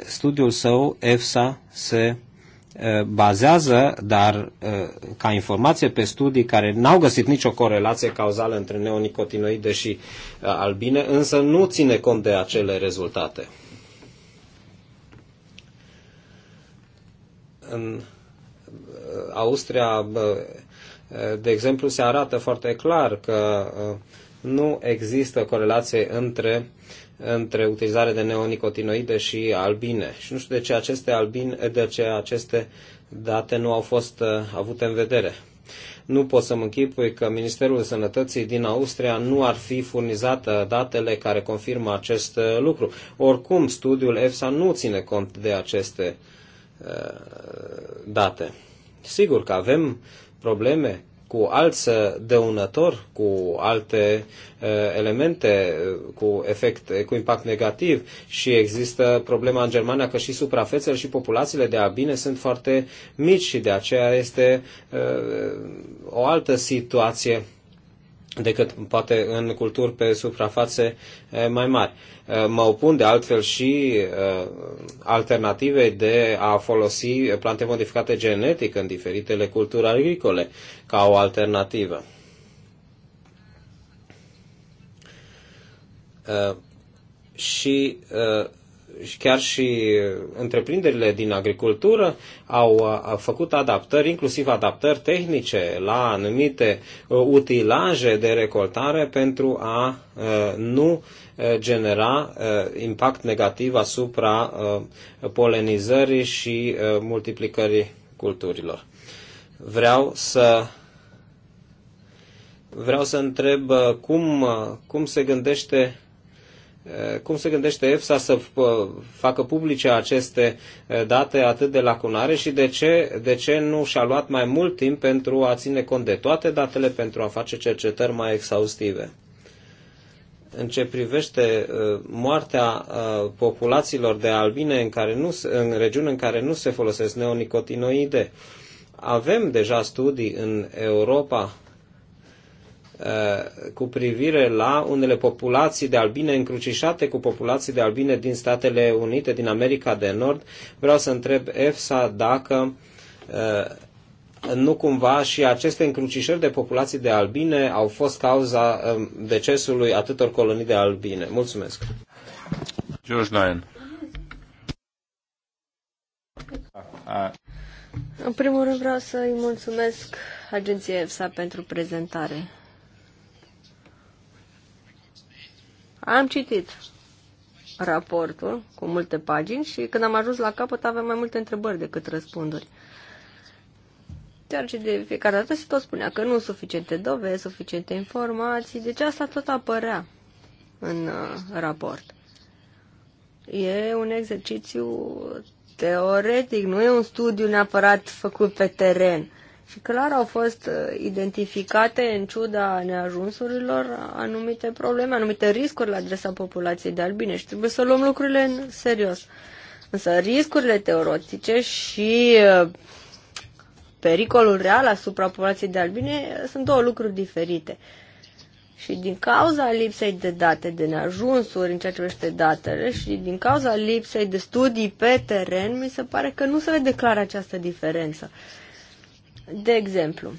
studiul său, EFSA se Eh, bazează, dar eh, ca informație pe studii care n-au găsit nicio corelație cauzală între neonicotinoide și eh, albine, însă nu ține cont de acele rezultate. În Austria, de exemplu, se arată foarte clar că nu există corelație între uh, între utilizarea de neonicotinoide și albine. Și nu știu de ce aceste, albine, de ce aceste date nu au fost uh, avute în vedere. Nu pot să mă închipui că Ministerul Sănătății din Austria nu ar fi furnizat uh, datele care confirmă acest uh, lucru. Oricum, studiul EFSA nu ține cont de aceste uh, date. Sigur că avem probleme cu alți dăunători, cu alte uh, elemente, uh, cu efect, uh, cu impact negativ și există problema în Germania că și suprafețele și populațiile de abine sunt foarte mici și de aceea este uh, o altă situație decât poate în culturi pe suprafațe eh, mai mari. Eh, mă opun de altfel și eh, alternativei de a folosi plante modificate genetic în diferitele culturi agricole ca o alternativă. Și și chiar și întreprinderile din agricultură au, au făcut adaptări, inclusiv adaptări tehnice la anumite uh, utilaje de recoltare pentru a uh, nu uh, genera impact negativ asupra polenizării și multiplicării culturilor. Vreau să vreau să întreb cum, cum se gândește Eh, cum se gândește EFSA să facă publice aceste eh, date atât de lacunare și de ce, de ce nu și-a luat mai mult timp pentru a ține cont de toate datele, pentru a face cercetări mai exhaustive? În ce privește eh, moartea populațiilor de albine în, care nu, în regiuni în care nu se folosesc neonicotinoide, avem deja studii în Europa Uh, cu privire la unele populații de albine încrucișate cu populații de albine din Statele Unite, din America de Nord. Vreau să întreb EFSA dacă uh, nu cumva și aceste încrucișări de populații de albine au fost cauza um, decesului atâtor colonii de albine. Mulțumesc! George Lyon. În primul rând vreau să-i mulțumesc agenției EFSA pentru prezentare. Am citit raportul cu multe pagini și când am ajuns la capăt aveam mai multe întrebări decât răspunduri. Chiar și de fiecare dată se tot spunea că nu sunt suficiente dovezi, suficiente informații, deci asta tot apărea în uh, raport. E un exercițiu teoretic, nu e un studiu neapărat făcut pe teren. Și clar au fost uh, identificate, în ciuda neajunsurilor, anumite probleme, anumite riscuri la adresa populației de albine și trebuie să luăm lucrurile în serios. Însă riscurile teoretice și uh, pericolul real asupra populației de albine sunt două lucruri diferite. Și din cauza lipsei de date, de neajunsuri în ceea ce privește datele și din cauza lipsei de studii pe teren, mi se pare că nu se declară această diferență. Uh, de exemplu,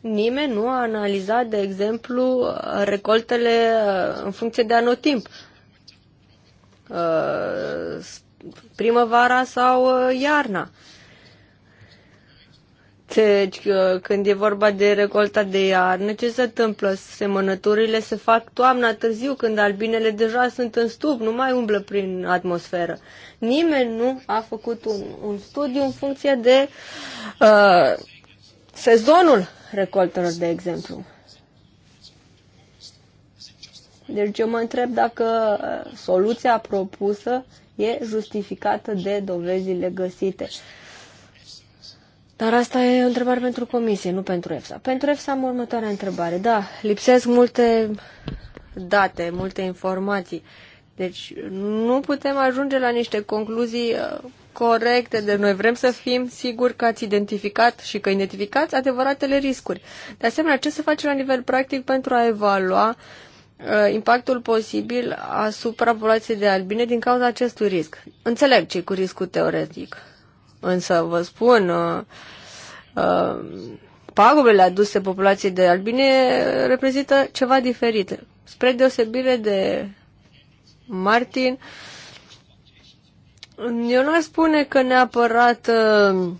nimeni nu a analizat, de exemplu, recoltele uh, în funcție de anotimp. Uh, primăvara sau uh, iarna deci, când e vorba de recolta de iarnă, ce se întâmplă? Semănăturile se fac toamna târziu, când albinele deja sunt în stup, nu mai umblă prin atmosferă. Nimeni nu a făcut un, un studiu în funcție de uh, sezonul recoltelor, de exemplu. Deci eu mă întreb dacă uh, soluția propusă e justificată de dovezile găsite. Uh, dar asta e o întrebare pentru comisie, nu pentru EFSA. Pentru EFSA am următoarea întrebare. Da, lipsesc multe date, multe informații. Deci nu putem ajunge la niște concluzii uh, corecte, De deci, noi vrem să fim siguri că ați identificat și că identificați adevăratele riscuri. De asemenea, ce se face la nivel practic pentru a evalua uh, impactul posibil asupra populației de albine din cauza acestui risc? Înțeleg ce cu riscul teoretic, Însă, vă spun, uh, uh, pagubele aduse populației de albine reprezintă ceva diferit. Spre deosebire de Martin, eu nu aș spune că neapărat uh,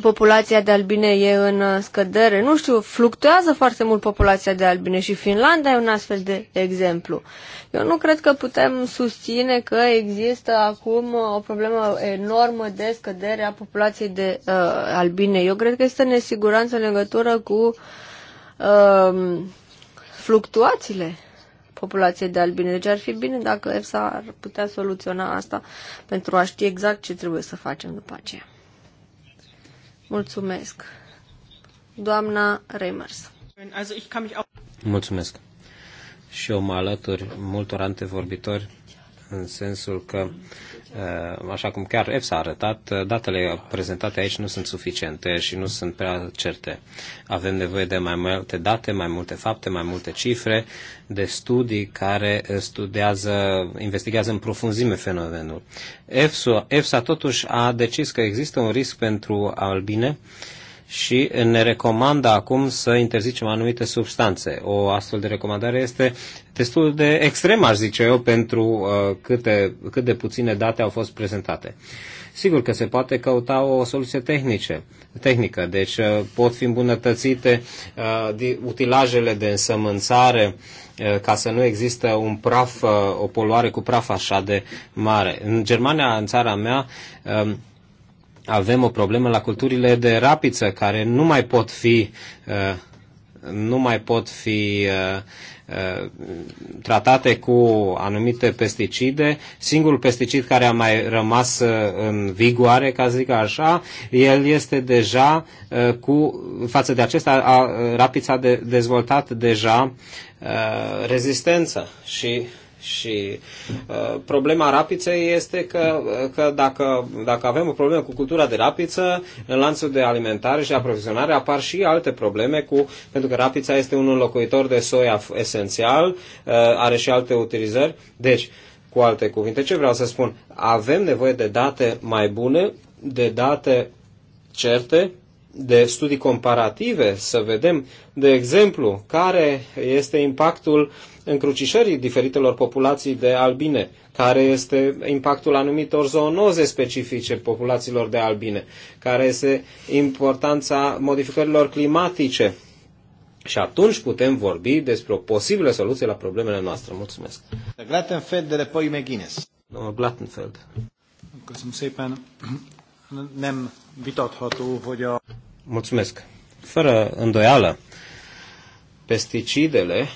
populația de albine e în uh, scădere. Nu știu, fluctuează foarte mult populația de albine și Finlanda e un astfel de exemplu. Eu nu cred că putem susține că există acum uh, o problemă enormă de scădere a populației de uh, albine. Eu cred că este nesiguranță în legătură cu uh, fluctuațiile populației de albine. Deci ar fi bine dacă EFSA ar putea soluționa asta pentru a ști exact ce trebuie să facem după aceea. Mulțumesc. Doamna Reimers. Mulțumesc. Și eu mă alătur multor antevorbitori în sensul că Uh, așa cum chiar EFSA a arătat, uh, datele prezentate aici nu sunt suficiente și nu sunt prea certe. Avem nevoie de mai multe date, mai multe fapte, mai multe cifre, de studii care uh, studiază, investigează în profunzime fenomenul. EFSA, EFSA totuși a decis că există un risc pentru albine, uh, și ne recomandă acum să interzicem anumite substanțe. O astfel de recomandare este destul de extrem, aș zice eu, pentru uh, câte, cât de puține date au fost prezentate. Sigur că se poate căuta o soluție tehnice, tehnică, deci uh, pot fi îmbunătățite uh, utilajele de însămânțare uh, ca să nu există un praf, o poluare cu praf așa de mare. În Germania, în țara mea, um, avem o problemă la culturile de rapiță care nu mai pot fi uh, nu mai pot fi uh, uh, tratate cu anumite pesticide. Singurul pesticid care a mai rămas în vigoare, ca să zic așa, el este deja cu, față de acesta, a, rapița de, dezvoltat deja rezistență și și uh, problema rapiței este că, uh, că dacă, dacă avem o problemă cu cultura de rapiță, în lanțul de alimentare și aprovizionare apar și alte probleme, cu, pentru că rapița este un înlocuitor de soia esențial, uh, are și alte utilizări. Deci, cu alte cuvinte, ce vreau să spun? Avem nevoie de date mai bune, de date certe de studii comparative, să vedem, de exemplu, care este impactul încrucișării diferitelor populații de albine, care este impactul anumitor zoonoze specifice populațiilor de albine, care este importanța modificărilor climatice. Și atunci putem vorbi despre o posibilă soluție la problemele noastre. Mulțumesc. Glattenfeld de Repoi Meghines. Domnul Glattenfeld. Köszönöm nem vitatható, hogy a... Mulțumesc. Fără îndoială, pesticidele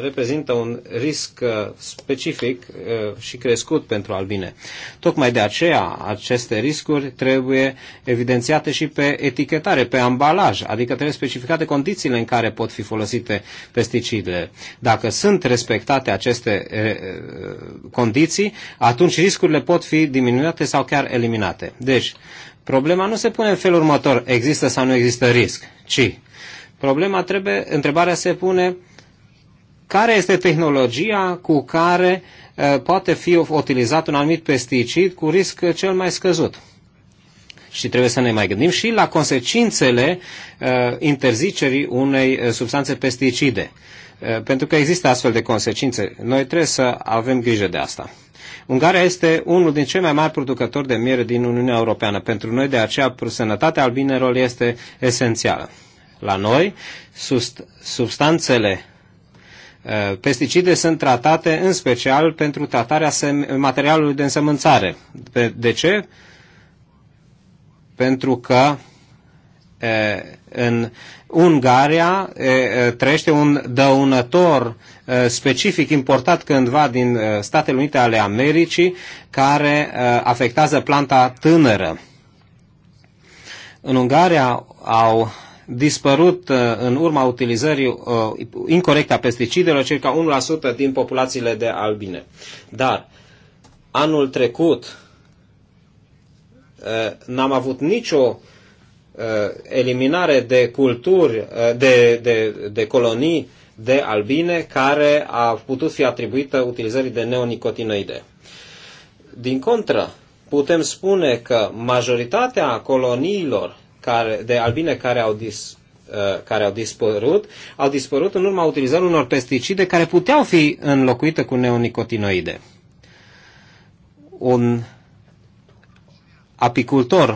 reprezintă un risc uh, specific uh, și crescut pentru albine. Tocmai de aceea aceste riscuri trebuie evidențiate și pe etichetare, pe ambalaj, adică trebuie specificate condițiile în care pot fi folosite pesticidele. Dacă sunt respectate aceste uh, condiții, atunci riscurile pot fi diminuate sau chiar eliminate. Deci, problema nu se pune în felul următor, există sau nu există risc, ci problema trebuie, întrebarea se pune care este tehnologia cu care poate fi utilizat un anumit pesticid cu risc cel mai scăzut. Și trebuie să ne mai gândim și la consecințele interzicerii unei substanțe pesticide. Pentru că există astfel de consecințe. Noi trebuie să avem grijă de asta. Ungaria este unul din cei mai mari producători de miere din Uniunea Europeană. Pentru noi, de aceea, sănătatea albinelor este esențială. La noi, substanțele Uh, pesticide sunt tratate în special pentru tratarea materialului de însămânțare. De, de ce? Pentru că uh, în Ungaria uh, trăiește un dăunător specific importat cândva din Statele Unite ale Americii care afectează planta tânără. În Ungaria au dispărut uh, în urma utilizării uh, incorrecte a pesticidelor circa 1% din populațiile de albine. Dar anul trecut uh, n-am avut nicio eliminare de culturi, de, de, de colonii de albine care a putut fi atribuită utilizării de neonicotinoide. Din contră, putem spune că majoritatea coloniilor care, de albine care au, dis, uh, care au dispărut, au dispărut în urma utilizării unor pesticide care puteau fi înlocuite cu neonicotinoide. Un apicultor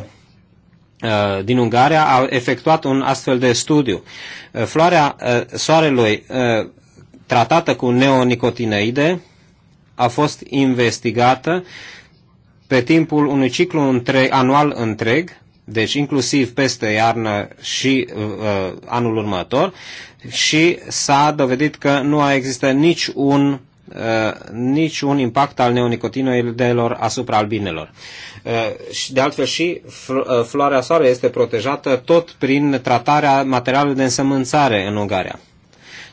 uh, din Ungaria a efectuat un astfel de studiu. Uh, floarea soarelui tratată cu neonicotinoide a fost investigată pe timpul unui ciclu anual întreg deci inclusiv peste iarnă și uh, uh, anul următor, și s-a dovedit că nu a existat niciun Uh, niciun impact al neonicotinoidelor asupra albinelor. Uh, și de altfel și uh, floarea soare este protejată tot prin tratarea materialului de însămânțare în Ungaria.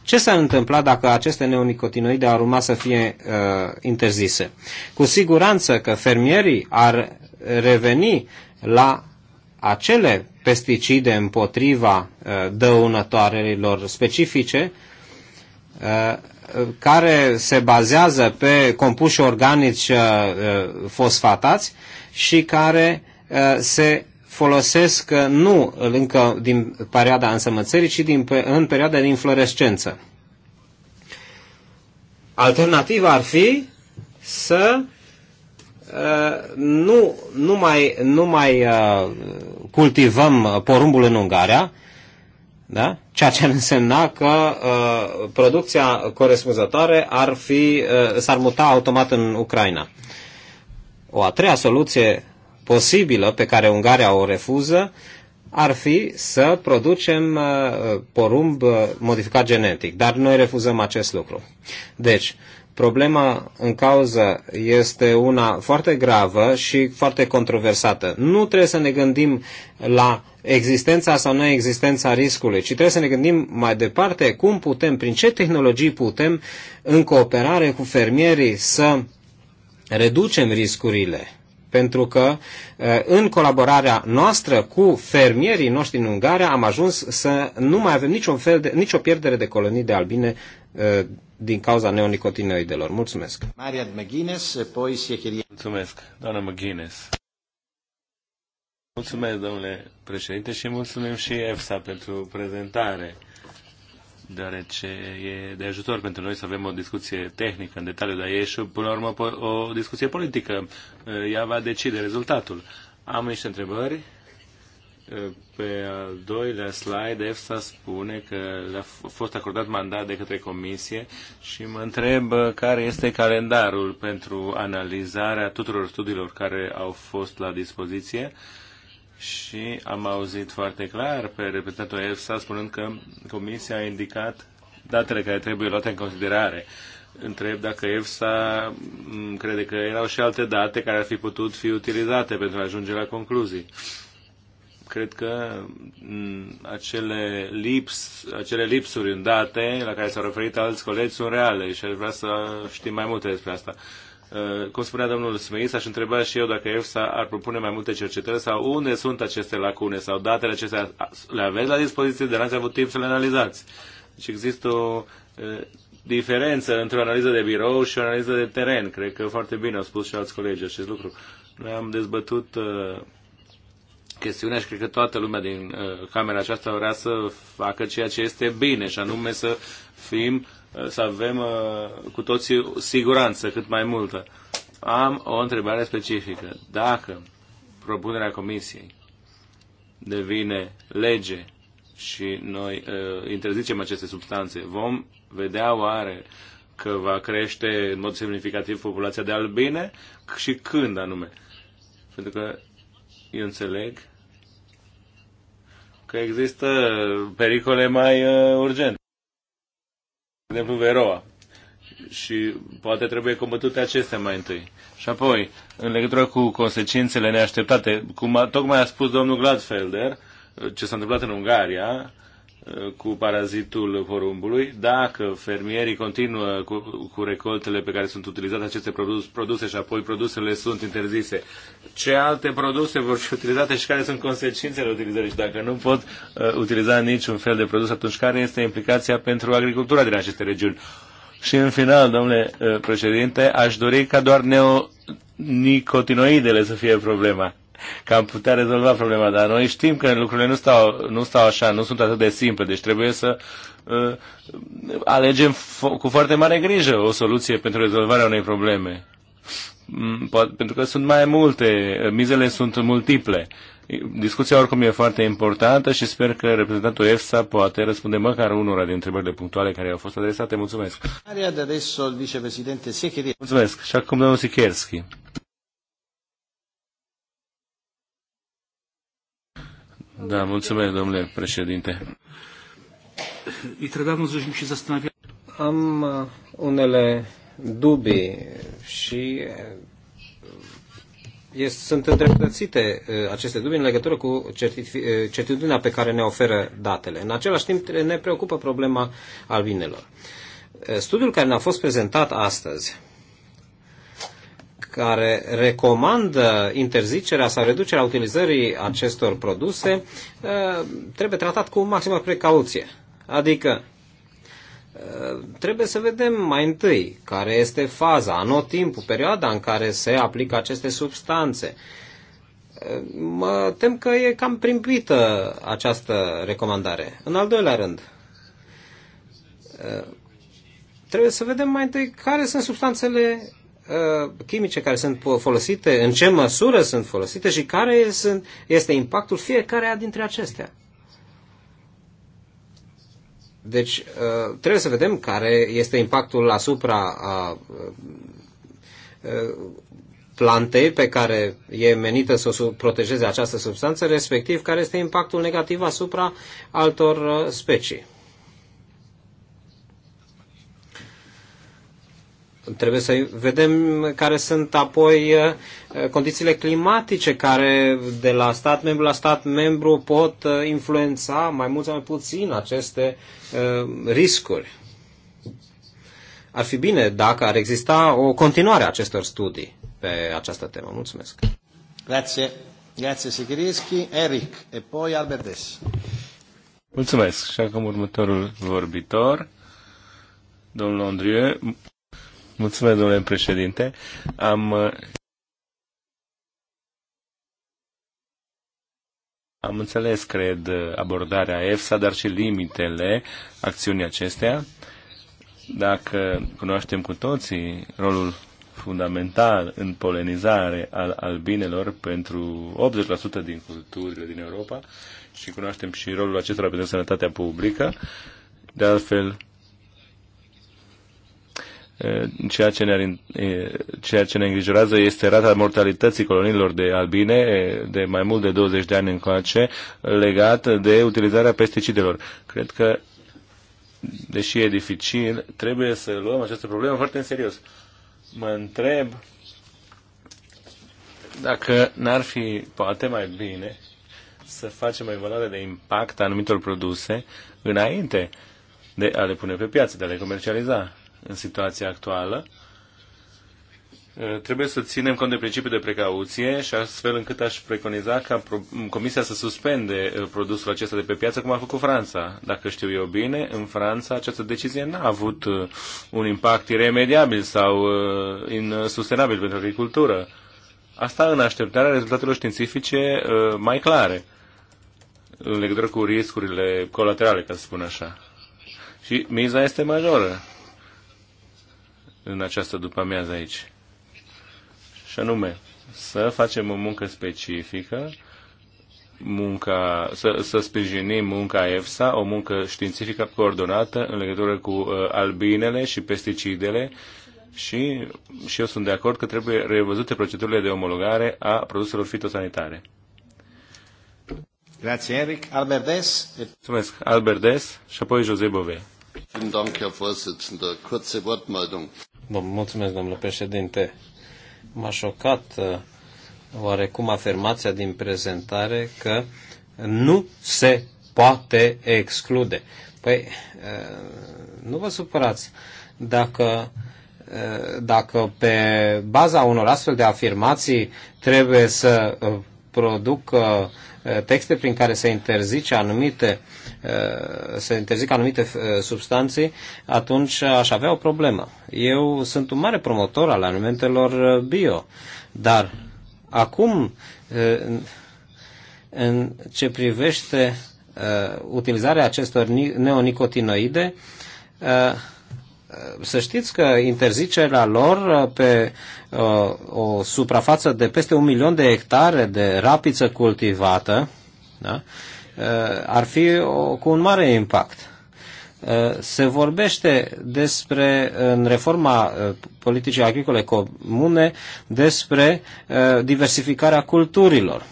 Ce s-ar întâmpla dacă aceste neonicotinoide ar urma să fie uh, interzise? Cu siguranță că fermierii ar reveni la acele pesticide împotriva uh, dăunătoarelor specifice uh, care se bazează pe compuși organici uh, fosfatați și care se folosesc nu încă din perioada însămățării, ci din, în perioada de inflorescență. Alternativa ar fi să uh, nu, nu mai, nu mai uh, cultivăm uh, porumbul în Ungaria, da? ceea ce ar însemna că uh, producția corespunzătoare ar fi, uh, s-ar muta automat în Ucraina. O a treia soluție posibilă pe care Ungaria o refuză ar fi să producem uh, porumb uh, modificat genetic, dar noi refuzăm acest lucru. Deci, Problema în cauză este una foarte gravă și foarte controversată. Nu trebuie să ne gândim la existența sau neexistența riscului, ci trebuie să ne gândim mai departe cum putem, prin ce tehnologii putem, în cooperare cu fermierii, să reducem riscurile pentru că în colaborarea noastră cu fermierii noștri în Ungaria am ajuns să nu mai avem niciun fel de, nicio pierdere de colonii de albine Uh, din cauza neonicotinoidelor. Mulțumesc! Maria McGuinness, poi Mulțumesc, doamna McGuinness. Mulțumesc, domnule președinte, și mulțumim și EFSA pentru prezentare, deoarece e de ajutor pentru noi să avem o discuție tehnică în detaliu, dar e și, până la urmă, o discuție politică. Uh, ea va decide rezultatul. Am niște întrebări pe al doilea slide, EFSA spune că le-a fost acordat mandat de către comisie și mă întreb uh, care este calendarul pentru analizarea tuturor studiilor care au fost la dispoziție și am auzit foarte clar pe reprezentantul EFSA spunând că comisia a indicat datele care trebuie luate în considerare întreb dacă EFSA mm, crede că erau și alte date care ar fi putut fi utilizate pentru a ajunge la concluzii cred că acele, lips, acele lipsuri în date la care s-au referit alți colegi sunt reale și aș vrea să știm mai multe despre asta. Uh, cum spunea domnul Smeis, aș întreba și eu dacă EFSA ar propune mai multe cercetări sau unde sunt aceste lacune sau datele acestea le aveți la dispoziție, dar n-ați avut timp să le analizați. Deci există o uh, diferență între o analiză de birou și o analiză de teren. Cred că foarte bine au spus și alți colegi acest lucru. Noi am dezbătut uh, chestiunea și cred că toată lumea din uh, camera aceasta vrea să facă ceea ce este bine și anume să fim, uh, să avem uh, cu toții siguranță cât mai multă. Am o întrebare specifică. Dacă propunerea comisiei devine lege și noi uh, interzicem aceste substanțe, vom vedea oare că va crește în mod semnificativ populația de albine și când anume? Pentru că eu înțeleg că există pericole mai uh, urgente. De exemplu, Veroa. Și poate trebuie combătute acestea mai întâi. Și apoi, în legătură cu consecințele neașteptate, cum a, tocmai a spus domnul Gladfelder, ce s-a întâmplat în Ungaria, cu parazitul porumbului. Dacă fermierii continuă cu, cu recoltele pe care sunt utilizate aceste produs, produse și apoi produsele sunt interzise, ce alte produse vor fi utilizate și care sunt consecințele utilizării? Și dacă nu pot uh, utiliza niciun fel de produs, atunci care este implicația pentru agricultura din aceste regiuni? Și în final, domnule uh, președinte, aș dori ca doar neonicotinoidele să fie problema că am putea rezolva problema, dar noi știm că lucrurile nu stau, nu stau așa, nu sunt atât de simple, deci trebuie să uh, alegem fo- cu foarte mare grijă o soluție pentru rezolvarea unei probleme. Mm, poate, pentru că sunt mai multe, mizele sunt multiple. Discuția oricum e foarte importantă și sper că reprezentantul EFSA poate răspunde măcar unora din întrebările punctuale care au fost adresate. Mulțumesc! Mulțumesc! Și acum domnul Sikerski. Da, mulțumesc, domnule președinte. Am uh, unele dubii și uh, sunt îndreptățite uh, aceste dubii în legătură cu certitudinea pe care ne oferă datele. În același timp ne preocupă problema albinelor. Studiul care ne-a fost prezentat astăzi care recomandă interzicerea sau reducerea utilizării acestor produse uh, trebuie tratat cu maximă precauție. Adică uh, trebuie să vedem mai întâi care este faza, anotimpul, perioada în care se aplică aceste substanțe. Uh, mă tem că e cam primpită această recomandare. În al doilea rând, trebuie să vedem mai întâi care sunt substanțele Uh, chimice care sunt folosite, în ce măsură sunt folosite și care sunt, este impactul fiecarea dintre acestea. Deci uh, trebuie să vedem care este impactul asupra a uh, plantei pe care e menită să o protejeze această substanță, respectiv care este impactul negativ asupra altor specii. Trebuie să vedem care sunt apoi uh, condițiile climatice care de la stat membru la stat membru pot uh, influența mai mult sau mai puțin aceste uh, riscuri. Ar fi bine dacă ar exista o continuare a acestor studii pe această temă. Mulțumesc. Grazie. Grazie Sikirischi, Eric e poi Albertes. Mulțumesc. Și acum următorul vorbitor, domnul Andrie. Mulțumesc, domnule președinte. Am, am înțeles, cred, abordarea EFSA, dar și limitele acțiunii acesteia. Dacă cunoaștem cu toții rolul fundamental în polenizare al albinelor pentru 80% din culturile din Europa și cunoaștem și rolul acestora pentru sănătatea publică. De altfel, Ceea ce, ne ceea ce ne îngrijorează este rata mortalității coloniilor de albine de mai mult de 20 de ani încoace legată de utilizarea pesticidelor. Cred că, deși e dificil, trebuie să luăm această problemă foarte în serios. Mă întreb dacă n-ar fi poate mai bine să facem o evaluare de impact a anumitor produse înainte de a le pune pe piață, de a le comercializa în situația actuală. Eh, trebuie să ținem cont de principiul de precauție și astfel încât aș preconiza ca Comisia să suspende eh, produsul acesta de pe piață, cum a făcut Franța. Dacă știu eu bine, în Franța această decizie n-a avut eh, un impact iremediabil sau insustenabil pentru agricultură. Asta în așteptarea rezultatelor științifice mai clare în legătură cu riscurile colaterale, ca să spun așa. Și miza este majoră în această după-amiază aici. Și anume, să facem o muncă specifică, munca, să, să sprijinim munca EFSA, o muncă științifică coordonată în legătură cu uh, albinele și pesticidele și, și eu sunt de acord că trebuie revăzute procedurile de omologare a produselor fitosanitare. Grazie, Eric. Albert Des. Mulțumesc, Albert Des și apoi José Bové. Vielen Dank, Herr Vorsitzender. Kurze Wortmeldung. Bă, mulțumesc, domnule președinte. M-a șocat uh, oarecum afirmația din prezentare că nu se poate exclude. Păi, uh, nu vă supărați. Dacă, uh, dacă pe baza unor astfel de afirmații trebuie să produc uh, texte prin care se interzice anumite, uh, se interzic anumite uh, substanțe, atunci aș avea o problemă. Eu sunt un mare promotor al alimentelor bio, dar acum în ce privește utilizarea acestor neonicotinoide, să știți că interzicerea lor uh, pe uh, o suprafață de peste un milion de hectare de rapiță cultivată da? Uh, ar fi o, cu un mare impact. Se vorbește despre, în reforma politicii agricole comune, despre diversificarea culturilor.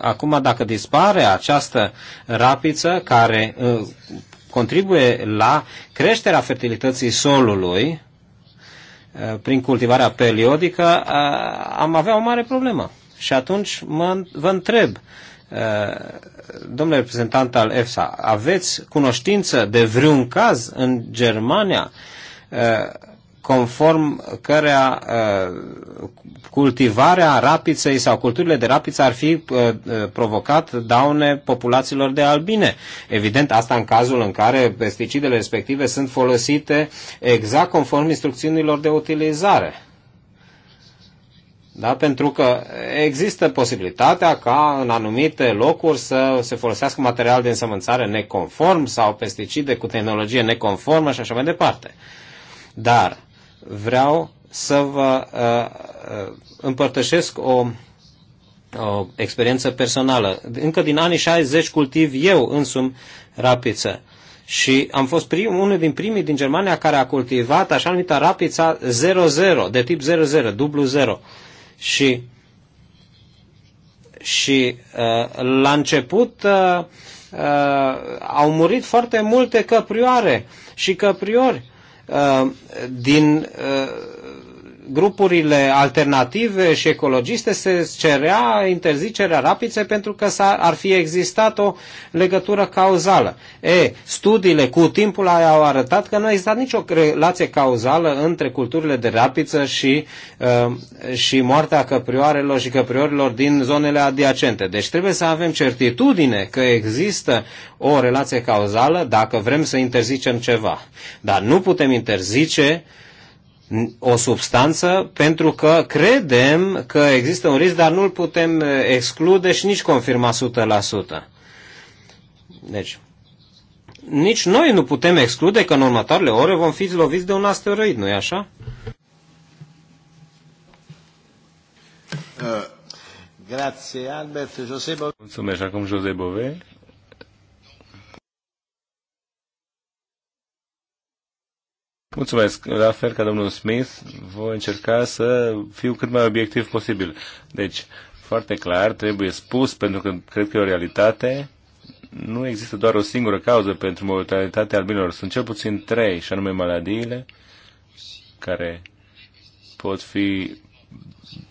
Acum, dacă dispare această rapiță care contribuie la creșterea fertilității solului eh, prin cultivarea periodică, eh, am avea o mare problemă. Și atunci mă, vă întreb, eh, domnule reprezentant al EFSA, aveți cunoștință de vreun caz în Germania conform cărea uh, cultivarea rapiței sau culturile de rapiță ar fi uh, uh, provocat daune populațiilor de albine. Evident, asta în cazul în care pesticidele respective sunt folosite exact conform instrucțiunilor de utilizare. Da? Pentru că există posibilitatea ca în anumite locuri să se folosească material de însămânțare neconform sau pesticide cu tehnologie neconformă și așa mai departe. Dar vreau să vă uh, uh, împărtășesc o, o experiență personală. Încă din anii 60 cultiv eu însumi rapiță. Și am fost prim, unul din primii din Germania care a cultivat așa numită rapița 00, de tip 00, dublu 0. Și, și uh, la început uh, uh, au murit foarte multe căprioare și căpriori. Uh, Uh, din uh, grupurile alternative și ecologiste se cerea interzicerea rapiței pentru că ar fi existat o legătură cauzală. E, studiile cu timpul au arătat că nu a existat nicio relație cauzală între culturile de rapiță și, uh, și moartea căprioarelor și căpriorilor din zonele adiacente. Deci trebuie să avem certitudine că există o relație cauzală dacă vrem să interzicem ceva. Dar nu putem interzice uh, o substanță pentru că credem că există un risc, dar nu-l putem eh, exclude și nici confirma 100%. Deci, nici noi nu putem exclude că în următoarele ore vom fi loviți de un asteroid, nu-i așa? Uh, grazie, Albert. José Mulțumesc. Acum José Bove. Mulțumesc. La fel ca domnul Smith, voi încerca să fiu cât mai obiectiv posibil. Deci, foarte clar, trebuie spus, pentru că cred că e o realitate, nu există doar o singură cauză pentru mortalitatea albinilor Sunt cel puțin trei, și anume maladiile, care pot fi,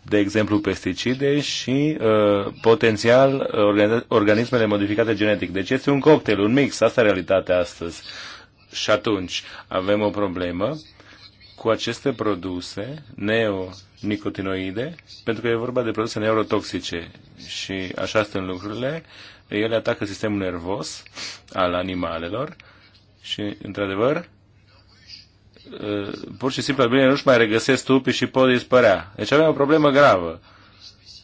de exemplu, pesticide și uh, potențial uh, organismele modificate genetic. Deci este un cocktail, un mix, asta e realitatea astăzi. Uh, și atunci avem o problemă cu aceste produse neonicotinoide, pentru că e vorba de produse neurotoxice și așa sunt lucrurile, ele atacă sistemul nervos al animalelor și, într-adevăr, ă, pur și simplu bine, nu-și mai regăsesc tupii și pot dispărea. Deci avem o problemă gravă.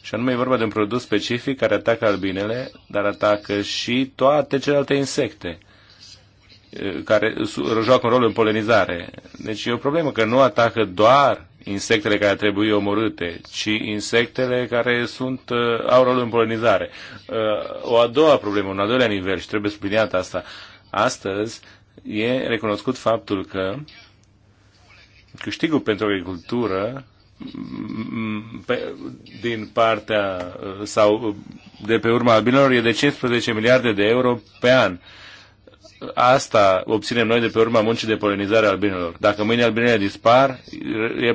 Și anume e vorba de un produs specific care atacă albinele, dar atacă și toate celelalte insecte care joacă un rol în polenizare. Deci e o problemă că nu atacă doar insectele care trebuie omorâte, ci insectele care sunt, uh, au rol în polenizare. Uh, o a doua problemă, un al doilea nivel, și trebuie subliniat asta, astăzi e recunoscut faptul că câștigul pentru agricultură pe, din partea uh, sau de pe urma albinelor e de 15 miliarde de euro pe an. Uh, asta obținem noi de pe urma muncii de polenizare albinelor. Dacă mâine albinele dispar,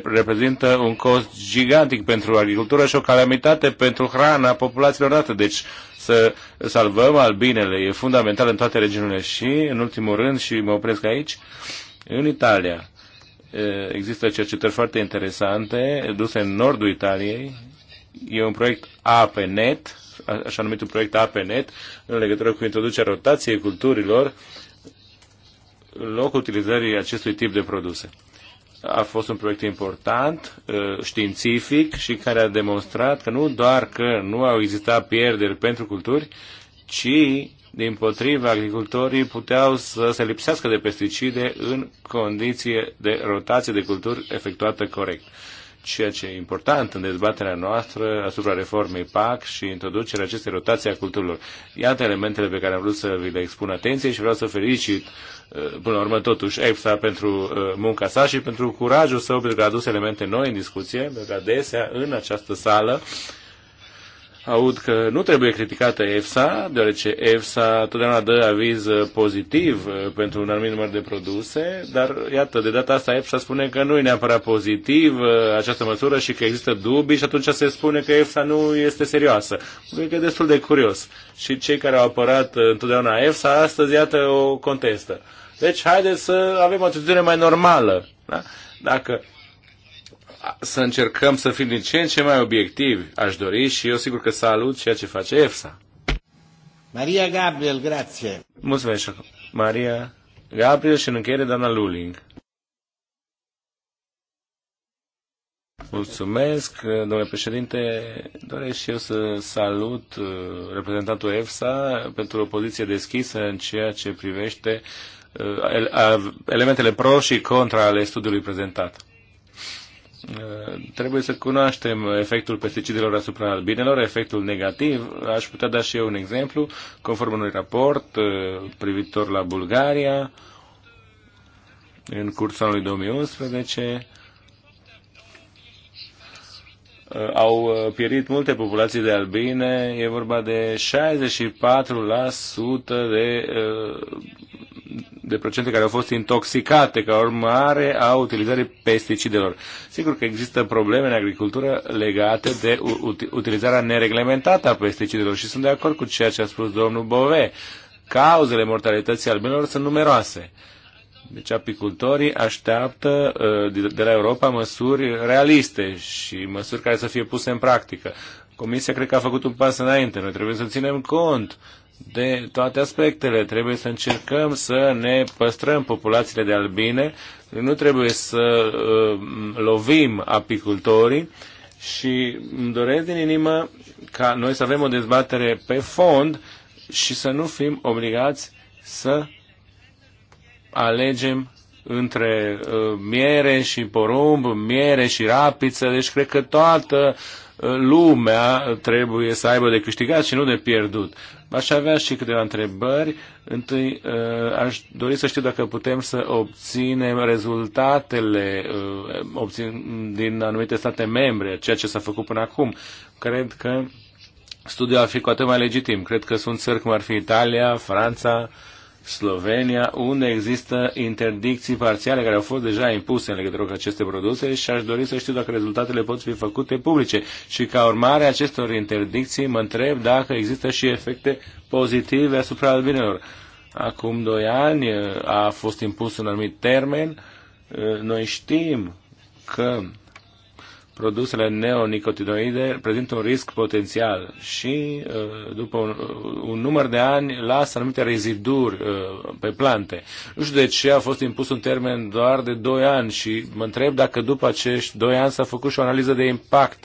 reprezintă un cost gigantic pentru agricultură și o calamitate pentru hrana populațiilor dată. Deci să salvăm albinele e fundamental în toate regiunile și, în ultimul rând, și mă opresc aici, în Italia există cercetări foarte interesante duse în nordul Italiei. E un proiect APNet, așa numitul proiect APNet, în legătură cu introducerea rotației culturilor locul utilizării acestui tip de produse. A fost un proiect important, uh, științific și care a demonstrat că nu doar că nu au existat pierderi pentru culturi, ci din potrivă, agricultorii puteau să se lipsească de pesticide în condiție de rotație de culturi efectuată corect ceea ce e important în dezbaterea noastră asupra reformei PAC și introducerea acestei rotații a culturilor. Iată elementele pe care am vrut să vi le expun atenție și vreau să felicit uh, până la urmă totuși EFSA pentru uh, munca sa și pentru curajul său pentru că a adus elemente noi în discuție, pentru că adesea în această sală uh, aud că nu trebuie criticată EFSA, deoarece EFSA totdeauna dă aviz uh, pozitiv uh, pentru un anumit număr de produse, dar iată, de data asta EFSA spune că nu e neapărat pozitiv uh, această măsură și că există dubii și atunci se spune că EFSA nu este serioasă. Cred că e destul de curios. Și cei care au apărat întotdeauna EFSA, astăzi, iată, o contestă. Deci, haideți să avem o atitudine mai normală. Da? Dacă să încercăm să fim din ce în ce mai obiectivi, aș dori, și eu sigur că salut ceea ce face EFSA. Maria Gabriel, grație. Mulțumesc, Maria Gabriel și în încheiere doamna Luling. Mulțumesc, domnule președinte. Doresc și eu să salut uh, reprezentantul EFSA pentru o poziție deschisă în ceea ce privește uh, elementele pro și contra ale studiului prezentat. Eh, trebuie să cunoaștem efectul pesticidelor asupra albinelor, efectul negativ. Aș putea da și eu un exemplu, conform unui raport eh, privitor la Bulgaria, în cursul anului 2011, eh, au pierit multe populații de albine, e vorba de 64% de de procente care au fost intoxicate ca urmare a utilizării pesticidelor. Sigur că există probleme în agricultură legate de utilizarea nereglementată a pesticidelor și sunt de acord cu ceea ce a spus domnul Bove. Cauzele mortalității albinelor sunt numeroase. Deci apicultorii așteaptă uh, de la Europa măsuri realiste și măsuri care să fie puse în practică. Comisia cred că a făcut un pas înainte. Noi trebuie să ținem cont de toate aspectele. Trebuie să încercăm să ne păstrăm populațiile de albine, nu trebuie să uh, lovim apicultorii și îmi doresc din inimă ca noi să avem o dezbatere pe fond și să nu fim obligați să alegem între uh, miere și porumb, miere și rapiță, deci cred că toată lumea trebuie să aibă de câștigat și nu de pierdut. Aș avea și câteva întrebări. Întâi, uh, aș dori să știu dacă putem să obținem rezultatele uh, obțin, din anumite state membre, ceea ce s-a făcut până acum. Cred că studiul ar fi cu atât mai legitim. Cred că sunt țări cum ar fi Italia, Franța, Slovenia, unde există interdicții parțiale care au fost deja impuse în legătură cu aceste produse și aș dori să știu dacă rezultatele pot fi făcute publice. Și ca urmare a acestor interdicții mă întreb dacă există și efecte pozitive asupra albinelor. Acum doi ani eh, a fost impus un anumit termen. Eh, noi știm că produsele neonicotinoide prezintă un risc potențial și uh, după un, uh, un număr de ani lasă anumite reziduri uh, pe plante. Nu știu de ce a fost impus un termen doar de 2 ani și mă întreb dacă după acești 2 ani s-a făcut și o analiză de impact.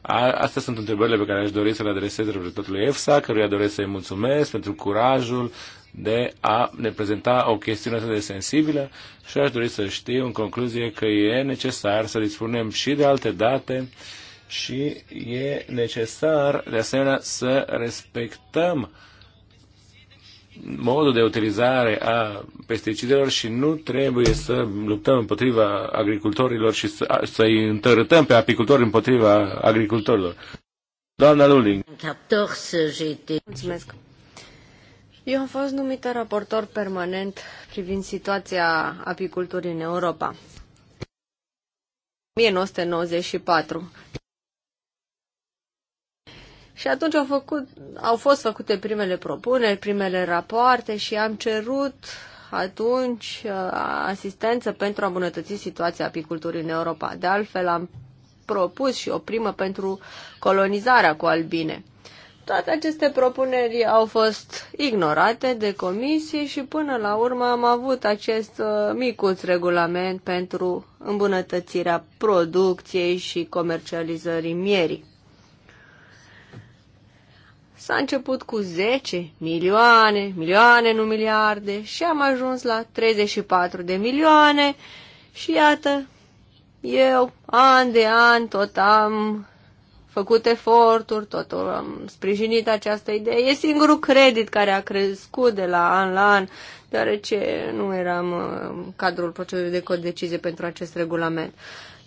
A, astea sunt întrebările pe care aș dori să le adresez reprezentatului EFSA, căruia doresc să-i mulțumesc pentru curajul de a ne prezenta o chestiune atât de sensibilă și aș dori să știu în concluzie că e necesar să dispunem și de alte date și e necesar de asemenea să respectăm modul de utilizare a pesticidelor și nu trebuie să luptăm împotriva agricultorilor și să, îi întărâtăm pe apicultori împotriva agricultorilor. Doamna Luling. Mulțumesc. Eu am fost numită raportor permanent privind situația apiculturii în Europa. 1994. Și atunci au, făcut, au fost făcute primele propuneri, primele rapoarte și am cerut atunci uh, asistență pentru a îmbunătăți situația apiculturii în Europa. De altfel, am propus și o primă pentru colonizarea cu albine. Toate aceste propuneri au fost ignorate de comisie și până la urmă am avut acest uh, micuț regulament pentru îmbunătățirea producției și comercializării mierii. S-a început cu 10 milioane, milioane, nu miliarde și am ajuns la 34 de milioane și iată, eu, an de an, tot am făcut eforturi, totul uh, am sprijinit această idee. E singurul credit care a crescut de la an la an, deoarece nu eram uh, în cadrul procedurii de codecizie pentru acest regulament.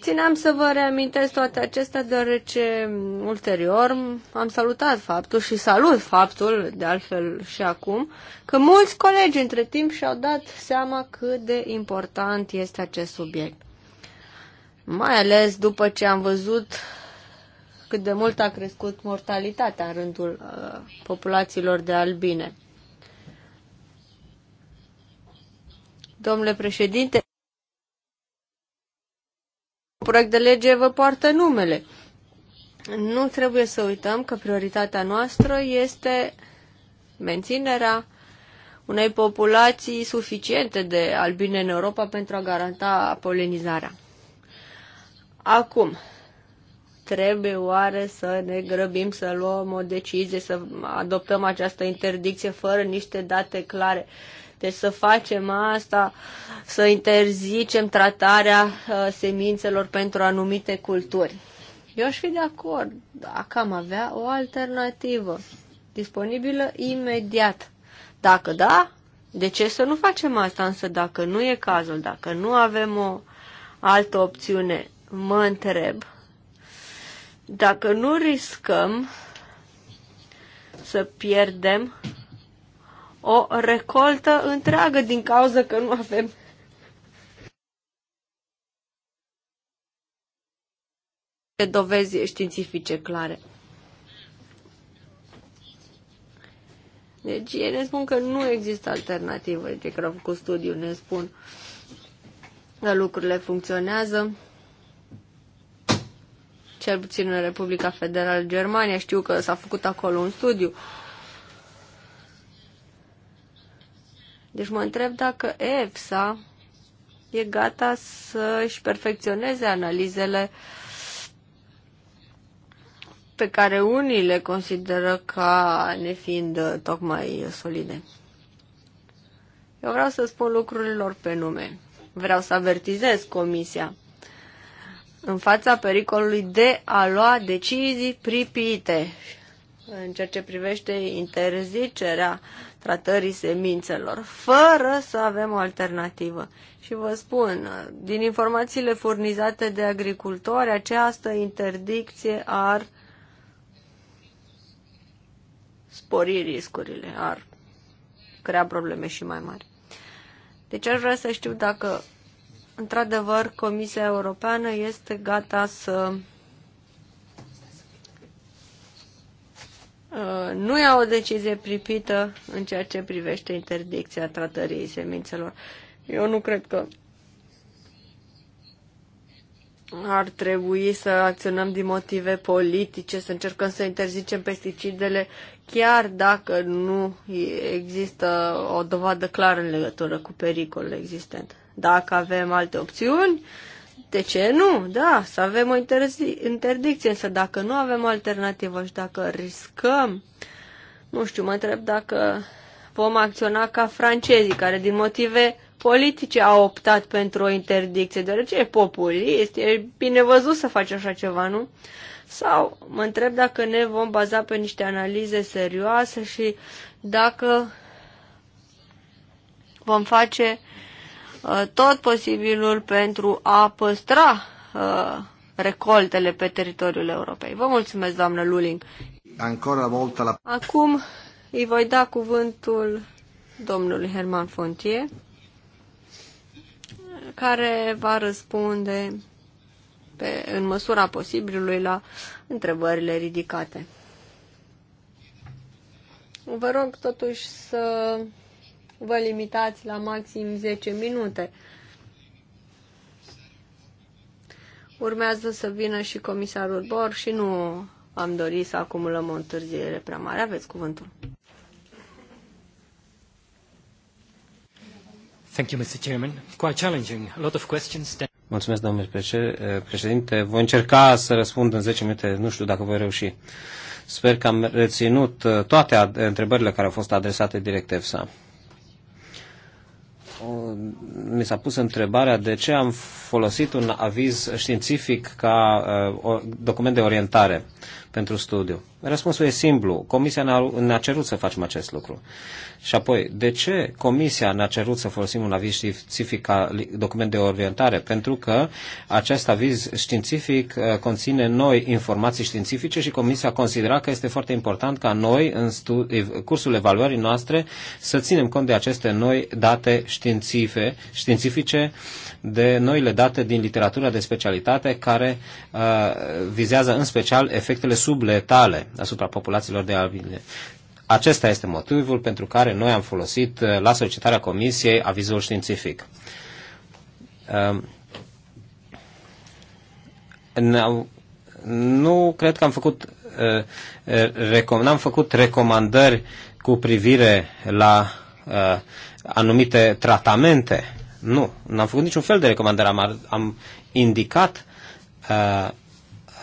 Țineam să vă reamintesc toate acestea, deoarece mm, ulterior am salutat faptul și salut faptul, de altfel și acum, că mulți colegi între timp și-au dat seama cât de important este acest subiect. Mai ales după ce am văzut cât de mult a crescut mortalitatea în rândul uh, populațiilor de albine. Domnule președinte, proiect de lege vă poartă numele. Nu trebuie să uităm că prioritatea noastră este menținerea unei populații suficiente de albine în Europa pentru a garanta polenizarea. Acum, Trebuie oare să ne grăbim să luăm o decizie, să adoptăm această interdicție fără niște date clare? Deci să facem asta, să interzicem tratarea uh, semințelor pentru anumite culturi. Eu aș fi de acord dacă am avea o alternativă disponibilă imediat. Dacă da, de ce să nu facem asta? Însă dacă nu e cazul, dacă nu avem o altă opțiune, mă întreb dacă nu riscăm să pierdem o recoltă întreagă din cauza că nu avem dovezi științifice clare. Deci ei ne spun că nu există alternativă. deci care au făcut studiu ne spun că lucrurile funcționează cel puțin în Republica Federală Germania. Știu că s-a făcut acolo un studiu. Deci mă întreb dacă EFSA e gata să își perfecționeze analizele pe care unii le consideră ca nefiind uh, tocmai solide. Eu vreau să spun lucrurilor pe nume. Vreau să avertizez comisia în fața pericolului de a lua decizii pripite în ceea ce privește interzicerea tratării semințelor, fără să avem o alternativă. Și vă spun, din informațiile furnizate de agricultori, această interdicție ar spori riscurile, ar crea probleme și mai mari. Deci aș vrea să știu dacă într-adevăr, Comisia Europeană este gata să uh, nu ia o decizie pripită în ceea ce privește interdicția tratării semințelor. Eu nu cred că ar trebui să acționăm din motive politice, să încercăm să interzicem pesticidele, chiar dacă nu există o dovadă clară în legătură cu pericolul existent. Dacă avem alte opțiuni, de ce nu? Da, să avem o interdicție, însă dacă nu avem o alternativă și dacă riscăm, nu știu, mă întreb dacă vom acționa ca francezii, care din motive politice au optat pentru o interdicție, deoarece e populist, e bine văzut să faci așa ceva, nu? Sau mă întreb dacă ne vom baza pe niște analize serioase și dacă vom face uh, Uh, tot posibilul pentru a păstra uh, recoltele pe teritoriul Europei. Vă mulțumesc, doamnă Luling. Ancora volta la... Acum îi voi da cuvântul domnului Herman Fontie, care va răspunde pe, în măsura posibilului la întrebările ridicate. Vă rog totuși să vă limitați la maxim 10 minute. Urmează să vină și comisarul Bor și nu am dorit să acumulăm o întârziere prea mare. Aveți cuvântul. Thank you, Mr. Chairman. Quite challenging. A lot of questions. Mulțumesc, domnule președinte. Voi încerca să răspund în 10 minute, nu știu dacă voi reuși. Sper că am reținut uh, toate întrebările care au fost adresate direct EFSA mi s-a pus întrebarea de ce am folosit un aviz științific ca uh, document de orientare pentru studiu. Răspunsul e simplu. Comisia ne-a, cerut să facem acest lucru. Și apoi, de ce Comisia ne-a cerut să folosim un aviz științific ca document de orientare? Pentru că acest aviz științific uh, conține noi informații științifice și Comisia considera că este foarte important ca noi, în cursul evaluării noastre, să ținem cont de aceste noi date științife, științifice, de noile date din literatura de specialitate care uh, vizează în special efectele subletale asupra populațiilor de albine. Acesta este motivul pentru care noi am folosit uh, la solicitarea Comisiei avizul științific. Um, nu cred că am făcut, uh, uh, n-am făcut recomandări cu privire la anumite tratamente. Nu, n-am făcut niciun fel de recomandare. Am, am indicat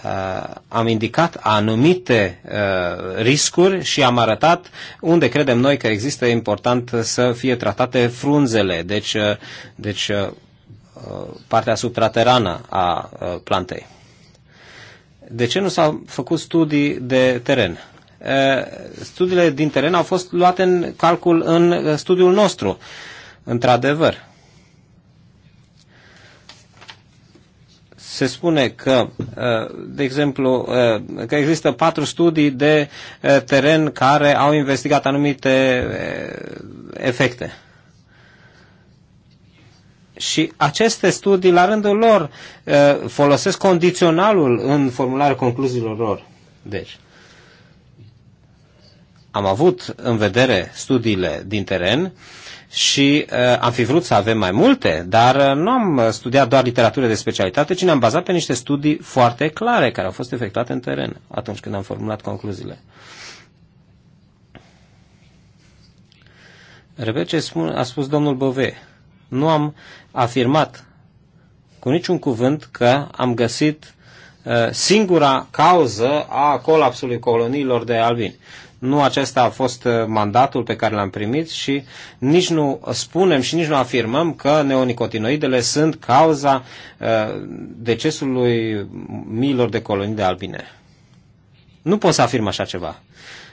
Uh, am indicat anumite uh, riscuri și am arătat unde credem noi că există important să fie tratate frunzele, deci, uh, deci partea supraterană a plantei. De ce nu s-au făcut studii de teren? Studiile din teren au fost luate în calcul în studiul nostru, într-adevăr. se spune că, uh, de exemplu, uh, că există patru studii de uh, teren care au investigat anumite efecte. Și aceste studii, la rândul lor, folosesc condiționalul în formularea concluziilor lor. Deci, am avut în vedere studiile din teren, uh, și uh, am fi vrut să avem mai multe, dar uh, nu am uh, studiat doar literatură de specialitate, ci ne-am bazat pe niște studii foarte clare care au fost efectuate în teren atunci când am formulat concluziile. Repet spun, a spus domnul Bove. Nu am afirmat cu niciun cuvânt că am găsit uh, singura cauză a colapsului coloniilor de albini. Nu acesta a fost uh, mandatul pe care l-am primit și nici nu spunem și nici nu afirmăm că neonicotinoidele sunt cauza uh, decesului miilor de colonii de albine. Nu pot să afirm așa ceva.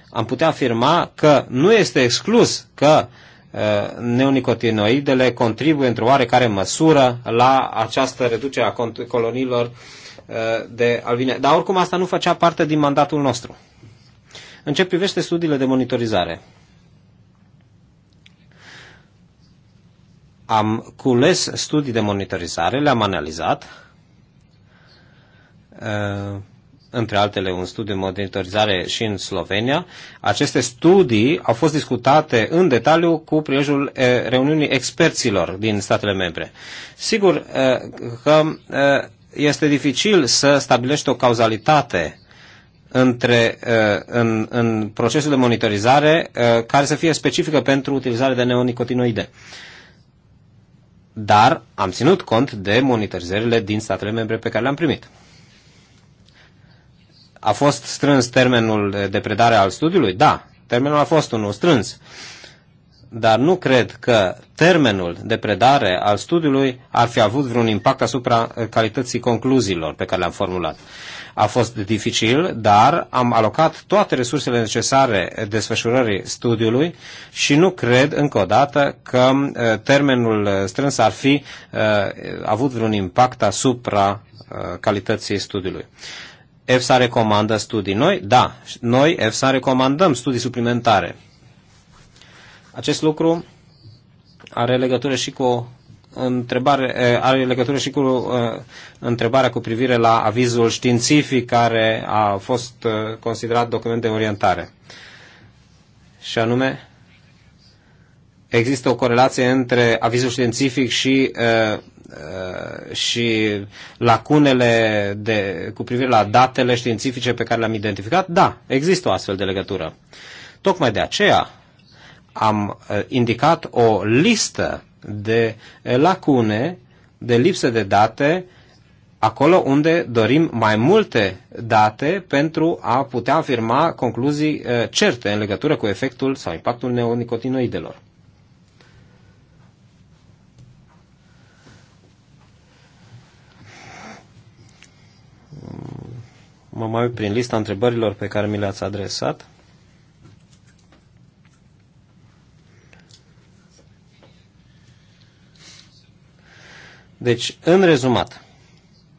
Am putea afirma că nu este exclus că uh, neonicotinoidele contribuie într-o oarecare măsură la această reducere a coloniilor de albine. Dar oricum asta nu făcea parte din mandatul nostru. În ce privește studiile de monitorizare, am cules studii de monitorizare, le-am analizat, uh, între altele un studiu de monitorizare și în Slovenia. Aceste studii au fost discutate în detaliu cu prilejul uh, reuniunii experților din statele membre. Sigur uh, că este dificil să stabilești o cauzalitate între, uh, în, în procesul de monitorizare uh, care să fie specifică pentru utilizarea de neonicotinoide. Dar am ținut cont de monitorizările din statele membre pe care le-am primit. A fost strâns termenul de predare al studiului? Da, termenul a fost unul strâns. Dar nu cred că termenul de predare al studiului ar fi avut vreun impact asupra calității concluziilor pe care le-am formulat. A fost dificil, dar am alocat toate resursele necesare desfășurării studiului și nu cred încă o dată că uh, termenul uh, strâns ar fi uh, avut vreun impact asupra calității studiului. EFSA recomandă studii noi? Da, noi EFSA recomandăm studii suplimentare. Acest lucru are legătură și cu o întrebare, are legătură și cu întrebarea cu privire la avizul științific care a fost considerat document de orientare. Și anume, există o corelație între avizul științific și, și lacunele de, cu privire la datele științifice pe care le-am identificat? Da, există o astfel de legătură. Tocmai de aceea am indicat o listă de eh, lacune, de lipsă de date, acolo unde dorim mai multe date pentru a putea afirma concluzii eh, certe în legătură cu efectul sau impactul neonicotinoidelor. Mă mai uit prin lista întrebărilor pe care mi le-ați adresat. Deci, în rezumat,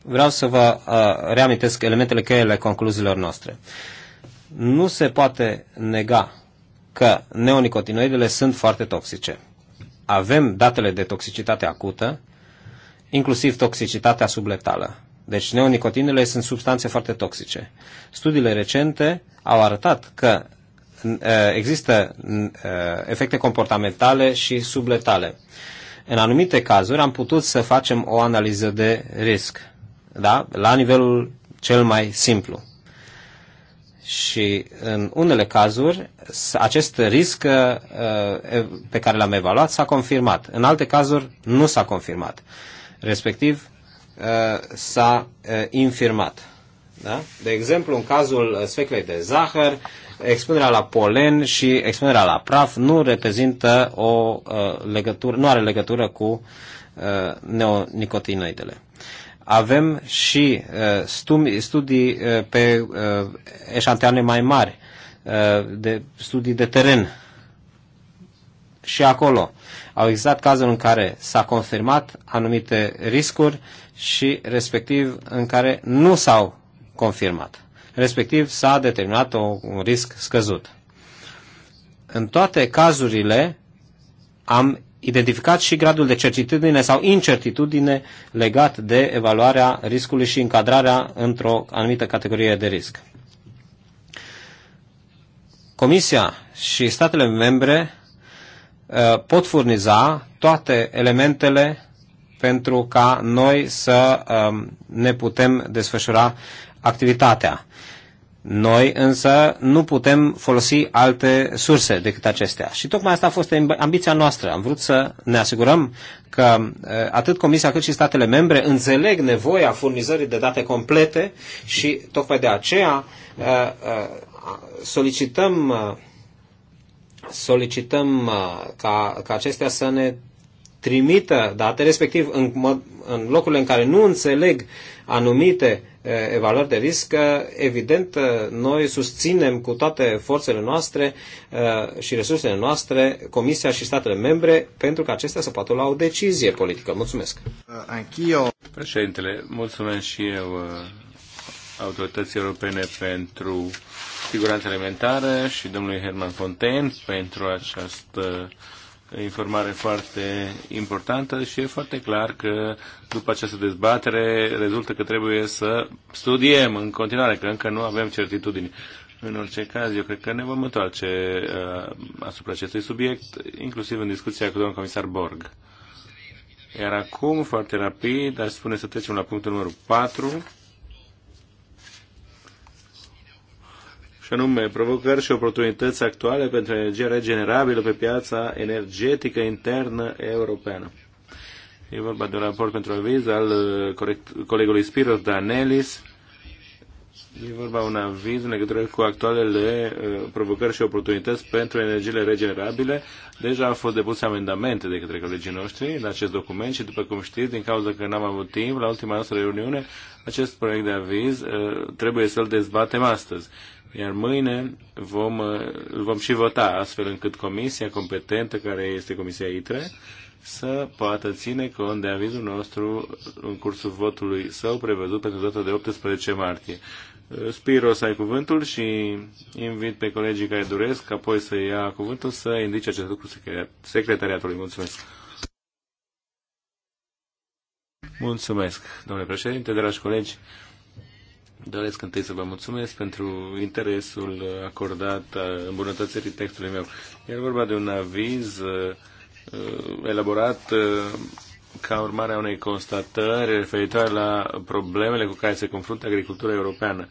vreau să vă uh, reamintesc elementele cheie ale concluziilor noastre. Nu se poate nega că neonicotinoidele sunt foarte toxice. Avem datele de toxicitate acută, inclusiv toxicitatea subletală. Deci neonicotinele sunt substanțe foarte toxice. Studiile recente au arătat că există efecte comportamentale și subletale în anumite cazuri am putut să facem o analiză de risc, da? la nivelul cel mai simplu. Și în unele cazuri, acest risc uh, pe care l-am evaluat s-a confirmat. În alte cazuri, nu s-a confirmat. Respectiv, uh, s-a uh, infirmat. Da? De exemplu, în cazul uh, sfeclei de zahăr, expunerea la polen și expunerea la praf nu reprezintă o uh, legătură, nu are legătură cu uh, neonicotinoidele. Avem și studii pe eșantioane mai mari, de studii de teren și acolo. Au existat cazuri în care s-a confirmat anumite riscuri și respectiv în care nu s-au confirmat. Respectiv, s-a determinat o, un risc scăzut. În toate cazurile am identificat și gradul de certitudine sau incertitudine legat de evaluarea riscului și încadrarea într-o anumită categorie de risc. Comisia și statele membre uh, pot furniza toate elementele pentru ca noi să um, ne putem desfășura activitatea. Noi însă nu putem folosi alte surse decât acestea. Și tocmai asta a fost ambiția noastră. Am vrut să ne asigurăm că uh, atât Comisia cât și statele membre înțeleg nevoia furnizării de date complete și tocmai de aceea uh, uh, solicităm solicităm ca, ca acestea să ne trimită date, respectiv în, mod, în locurile în care nu înțeleg anumite evaluări de risc, evident noi susținem cu toate forțele noastre și resursele noastre Comisia și statele membre pentru că acestea să poată lua o decizie politică. Mulțumesc! Anchio. Președintele, mulțumesc și eu autorității europene pentru siguranță alimentară și domnului Herman Fonten pentru această informare foarte importantă și e foarte clar că după această dezbatere rezultă că trebuie să studiem în continuare, că încă nu avem certitudini. În orice caz, eu cred că ne vom întoarce uh, asupra acestui subiect, inclusiv în discuția cu domnul comisar Borg. Iar acum, foarte rapid, aș spune să trecem la punctul numărul 4 și anume provocări și oportunități actuale pentru energia regenerabilă pe piața energetică internă europeană. E vorba de un raport pentru aviz al uh, colegului Spiros Danelis. E vorba un aviz în legătură cu actualele uh, provocări și oportunități pentru energiile regenerabile. Deja au fost depuse amendamente de către colegii noștri în acest document și, după cum știți, din cauza că n-am avut timp, la ultima noastră reuniune, acest proiect de aviz uh, trebuie să-l dezbatem astăzi. Iar mâine vom, uh, vom și vota astfel încât comisia competentă, care este Comisia ITRE, să poată ține cont de avizul nostru în cursul votului său prevăzut pentru data de 18 martie. Uh, Spiro să ai cuvântul și invit pe colegii care doresc apoi să ia cuvântul să indice acest lucru secretariatului. Mulțumesc! Mulțumesc, domnule președinte, dragi colegi! Doresc întâi să vă mulțumesc pentru interesul acordat îmbunătățirii textului meu. E vorba de un aviz uh, uh, elaborat uh, ca urmare a unei constatări referitoare la problemele cu care se confruntă agricultura europeană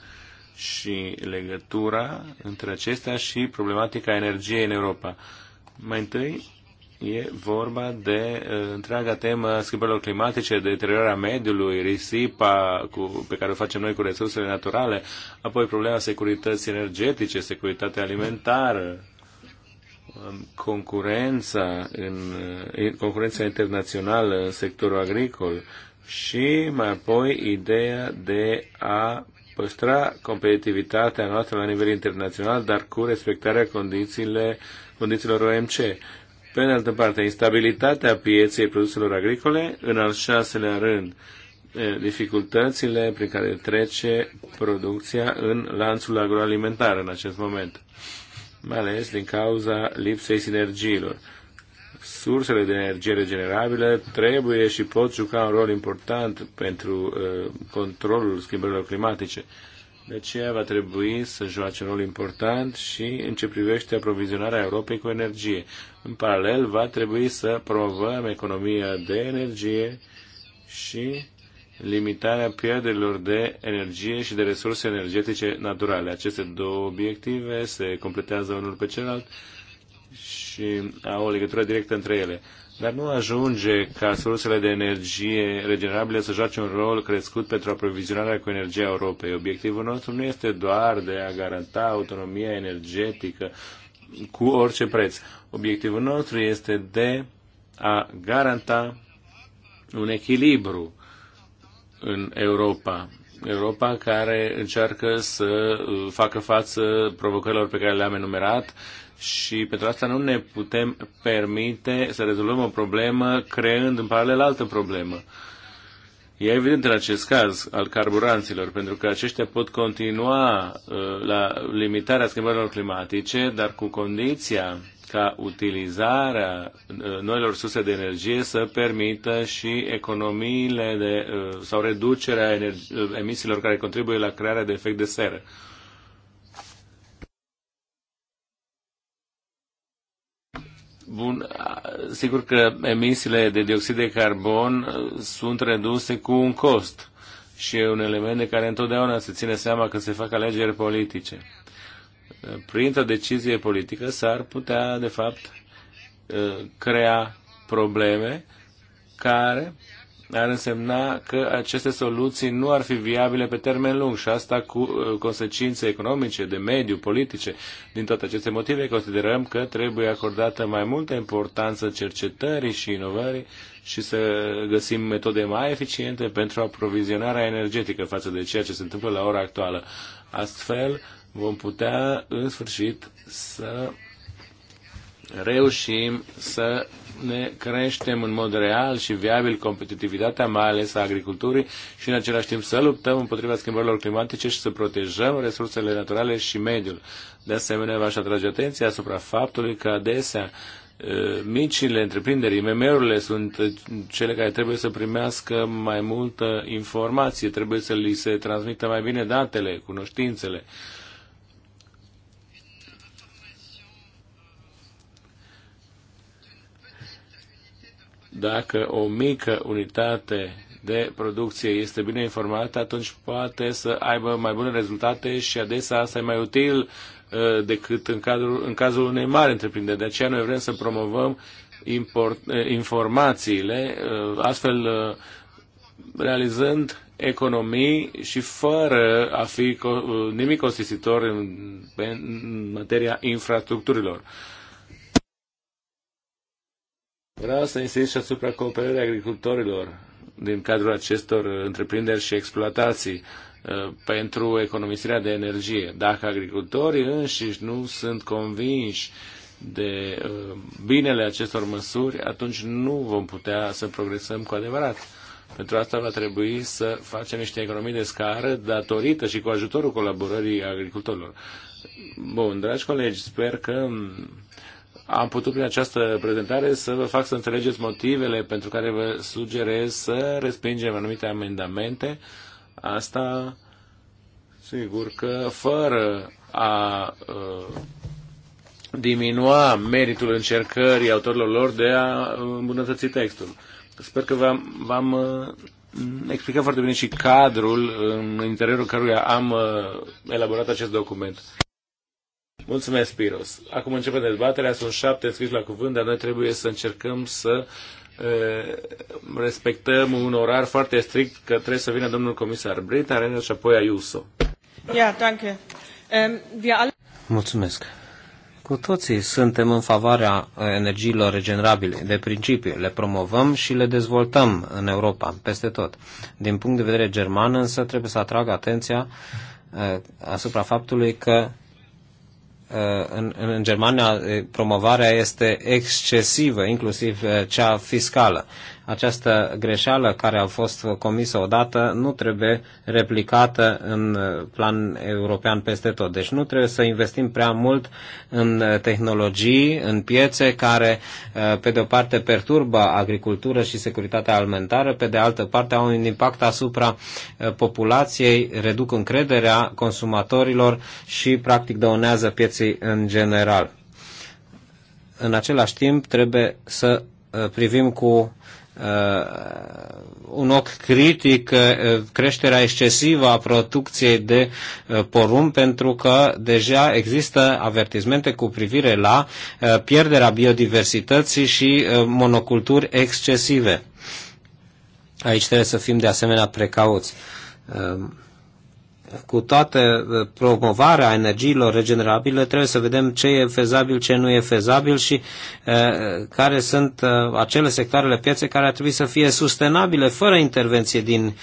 și legătura între acestea și problematica energiei în Europa. Mai întâi, E vorba de uh, întreaga temă schimbărilor climatice, de deteriorarea mediului, risipa cu, pe care o facem noi cu resursele naturale, apoi problema securității energetice, securitatea alimentară, um, concurența, în, uh, concurența internațională în sectorul agricol și mai apoi ideea de a păstra competitivitatea noastră la nivel internațional, dar cu respectarea condițiile, condițiilor OMC. Pe de altă parte, instabilitatea pieței produselor agricole, în al șaselea rând, dificultățile prin care trece producția în lanțul agroalimentar în acest moment, mai ales din cauza lipsei sinergiilor. Sursele de energie regenerabilă trebuie și pot juca un rol important pentru controlul schimbărilor climatice. Deci aceea va trebui să joace un rol important și în ce privește aprovizionarea Europei cu energie. În paralel, va trebui să promovăm economia de energie și limitarea pierderilor de energie și de resurse energetice naturale. Aceste două obiective se completează unul pe celălalt și au o legătură directă între ele. Dar nu ajunge ca sursele de energie regenerabile să joace un rol crescut pentru aprovizionarea cu energia Europei. Obiectivul nostru nu este doar de a garanta autonomia energetică cu orice preț. Obiectivul nostru este de a garanta un echilibru în Europa. Europa care încearcă să uh, facă față provocărilor pe care le-am enumerat și pentru asta nu ne putem permite să rezolvăm o problemă creând în paralel altă problemă. E evident în acest caz al carburanților, pentru că aceștia pot continua uh, la limitarea schimbărilor climatice, dar cu condiția ca utilizarea uh, noilor surse de energie să permită și economiile de, uh, sau reducerea uh, emisiilor care contribuie la crearea de efect de seră. Uh, Bun, sigur că emisiile de dioxid de carbon uh, sunt reduse cu un cost și e un element de care întotdeauna se ține seama când se fac alegeri politice. Uh, printr-o decizie politică s-ar putea, de fapt, uh, crea probleme care ar însemna că aceste soluții nu ar fi viabile pe termen lung și asta cu uh, consecințe economice, de mediu, politice. Din toate aceste motive considerăm că trebuie acordată mai multă importanță cercetării și inovării și să găsim metode mai eficiente pentru aprovizionarea energetică față de ceea ce se întâmplă la ora actuală. Astfel vom putea în sfârșit să reușim să ne creștem în mod real și viabil competitivitatea, mai ales a agriculturii, și în același timp să luptăm împotriva schimbărilor climatice și să protejăm resursele naturale și mediul. De asemenea, v-aș atrage atenția asupra faptului că adesea micile întreprinderi, IMM-urile sunt cele care trebuie să primească mai multă informație, trebuie să li se transmită mai bine datele, cunoștințele. Uh, dacă o mică unitate de producție este bine informată, atunci poate să aibă mai bune rezultate și adesea asta e mai util uh, decât în, cadrul, în cazul unei mari întreprinderi. De aceea noi vrem să promovăm import, uh, informațiile, uh, astfel realizând economii și fără a fi nimic costisitor în, în materia infrastructurilor. Vreau să insist și asupra cooperării agricultorilor din cadrul acestor întreprinderi și exploatații uh, pentru economisirea de energie. Dacă agricultorii înșiși nu sunt convinși de uh, binele acestor măsuri, atunci nu vom putea să progresăm cu adevărat. Pentru asta va trebui să facem niște economii de scară datorită și cu ajutorul colaborării agricultorilor. Bun, dragi colegi, sper că am putut prin această prezentare să vă fac să înțelegeți motivele pentru care vă sugerez să respingem anumite amendamente. Asta, sigur că fără a uh, diminua meritul încercării autorilor lor de a uh, îmbunătăți textul. Sper că v-am, v-am uh, explicat foarte bine și cadrul în interiorul căruia am elaborat acest document. Mulțumesc, Piros. Acum începe dezbaterea, sunt șapte scris la cuvânt, dar noi trebuie să încercăm să respectăm un orar foarte strict că trebuie să vină domnul comisar Brita, și apoi Ayuso. Ja, danke. Mulțumesc. Cu toții suntem în favoarea energiilor regenerabile, de principiu. Le promovăm și le dezvoltăm în Europa, peste tot. Din punct de vedere german, însă, trebuie să atrag atenția asupra faptului că Uh, în, în Germania eh, promovarea este excesivă, inclusiv eh, cea fiscală această greșeală care a fost comisă odată nu trebuie replicată în plan european peste tot. Deci nu trebuie să investim prea mult în tehnologii, în piețe care, uh, pe de o parte, perturbă agricultură și securitatea alimentară, pe de altă parte, au un impact asupra uh, populației, reduc încrederea consumatorilor și, practic, dăunează pieței în general. În același timp, trebuie să uh, privim cu Uh, un ochi critic uh, creșterea excesivă a producției de uh, porumb pentru că deja există avertizmente cu privire la pierderea biodiversității și monoculturi excesive. Aici trebuie să fim de asemenea precauți cu toată uh, promovarea energiilor regenerabile, trebuie să vedem ce e fezabil, ce nu e fezabil și uh, care sunt uh, acele sectoarele piețe care ar trebui să fie sustenabile fără intervenție din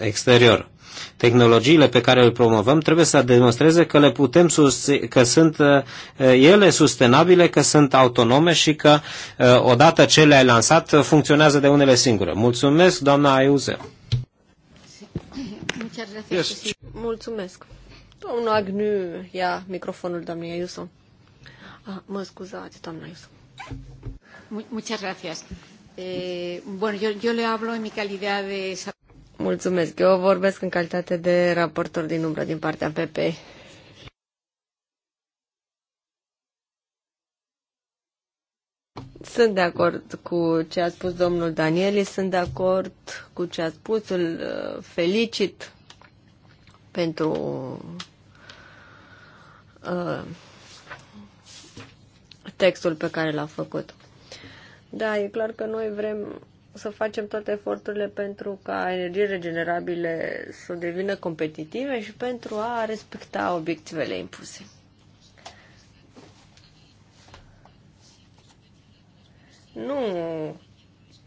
exterior. Tehnologiile pe care le promovăm trebuie să demonstreze că le putem că sunt ele sustenabile, că sunt autonome și că odată ce le-ai lansat funcționează de unele singure. Mulțumesc, doamna Aiuze. Yes. Mulțumesc. Domnul ia microfonul doamnei Ayuso. Ah, mă scuzați, doamna Ayuso. Muchas gracias. Eh, bueno, yo, yo le hablo en mi calidad de... Mulțumesc. Eu vorbesc în calitate de raportor din umbră din partea PP Sunt de acord cu ce a spus domnul Danieli, sunt de acord cu ce a spus, îl uh, felicit pentru uh, textul pe care l-a făcut. Da, e clar că noi vrem să facem toate eforturile pentru ca energiile regenerabile să devină competitive și pentru a respecta obiectivele impuse. Nu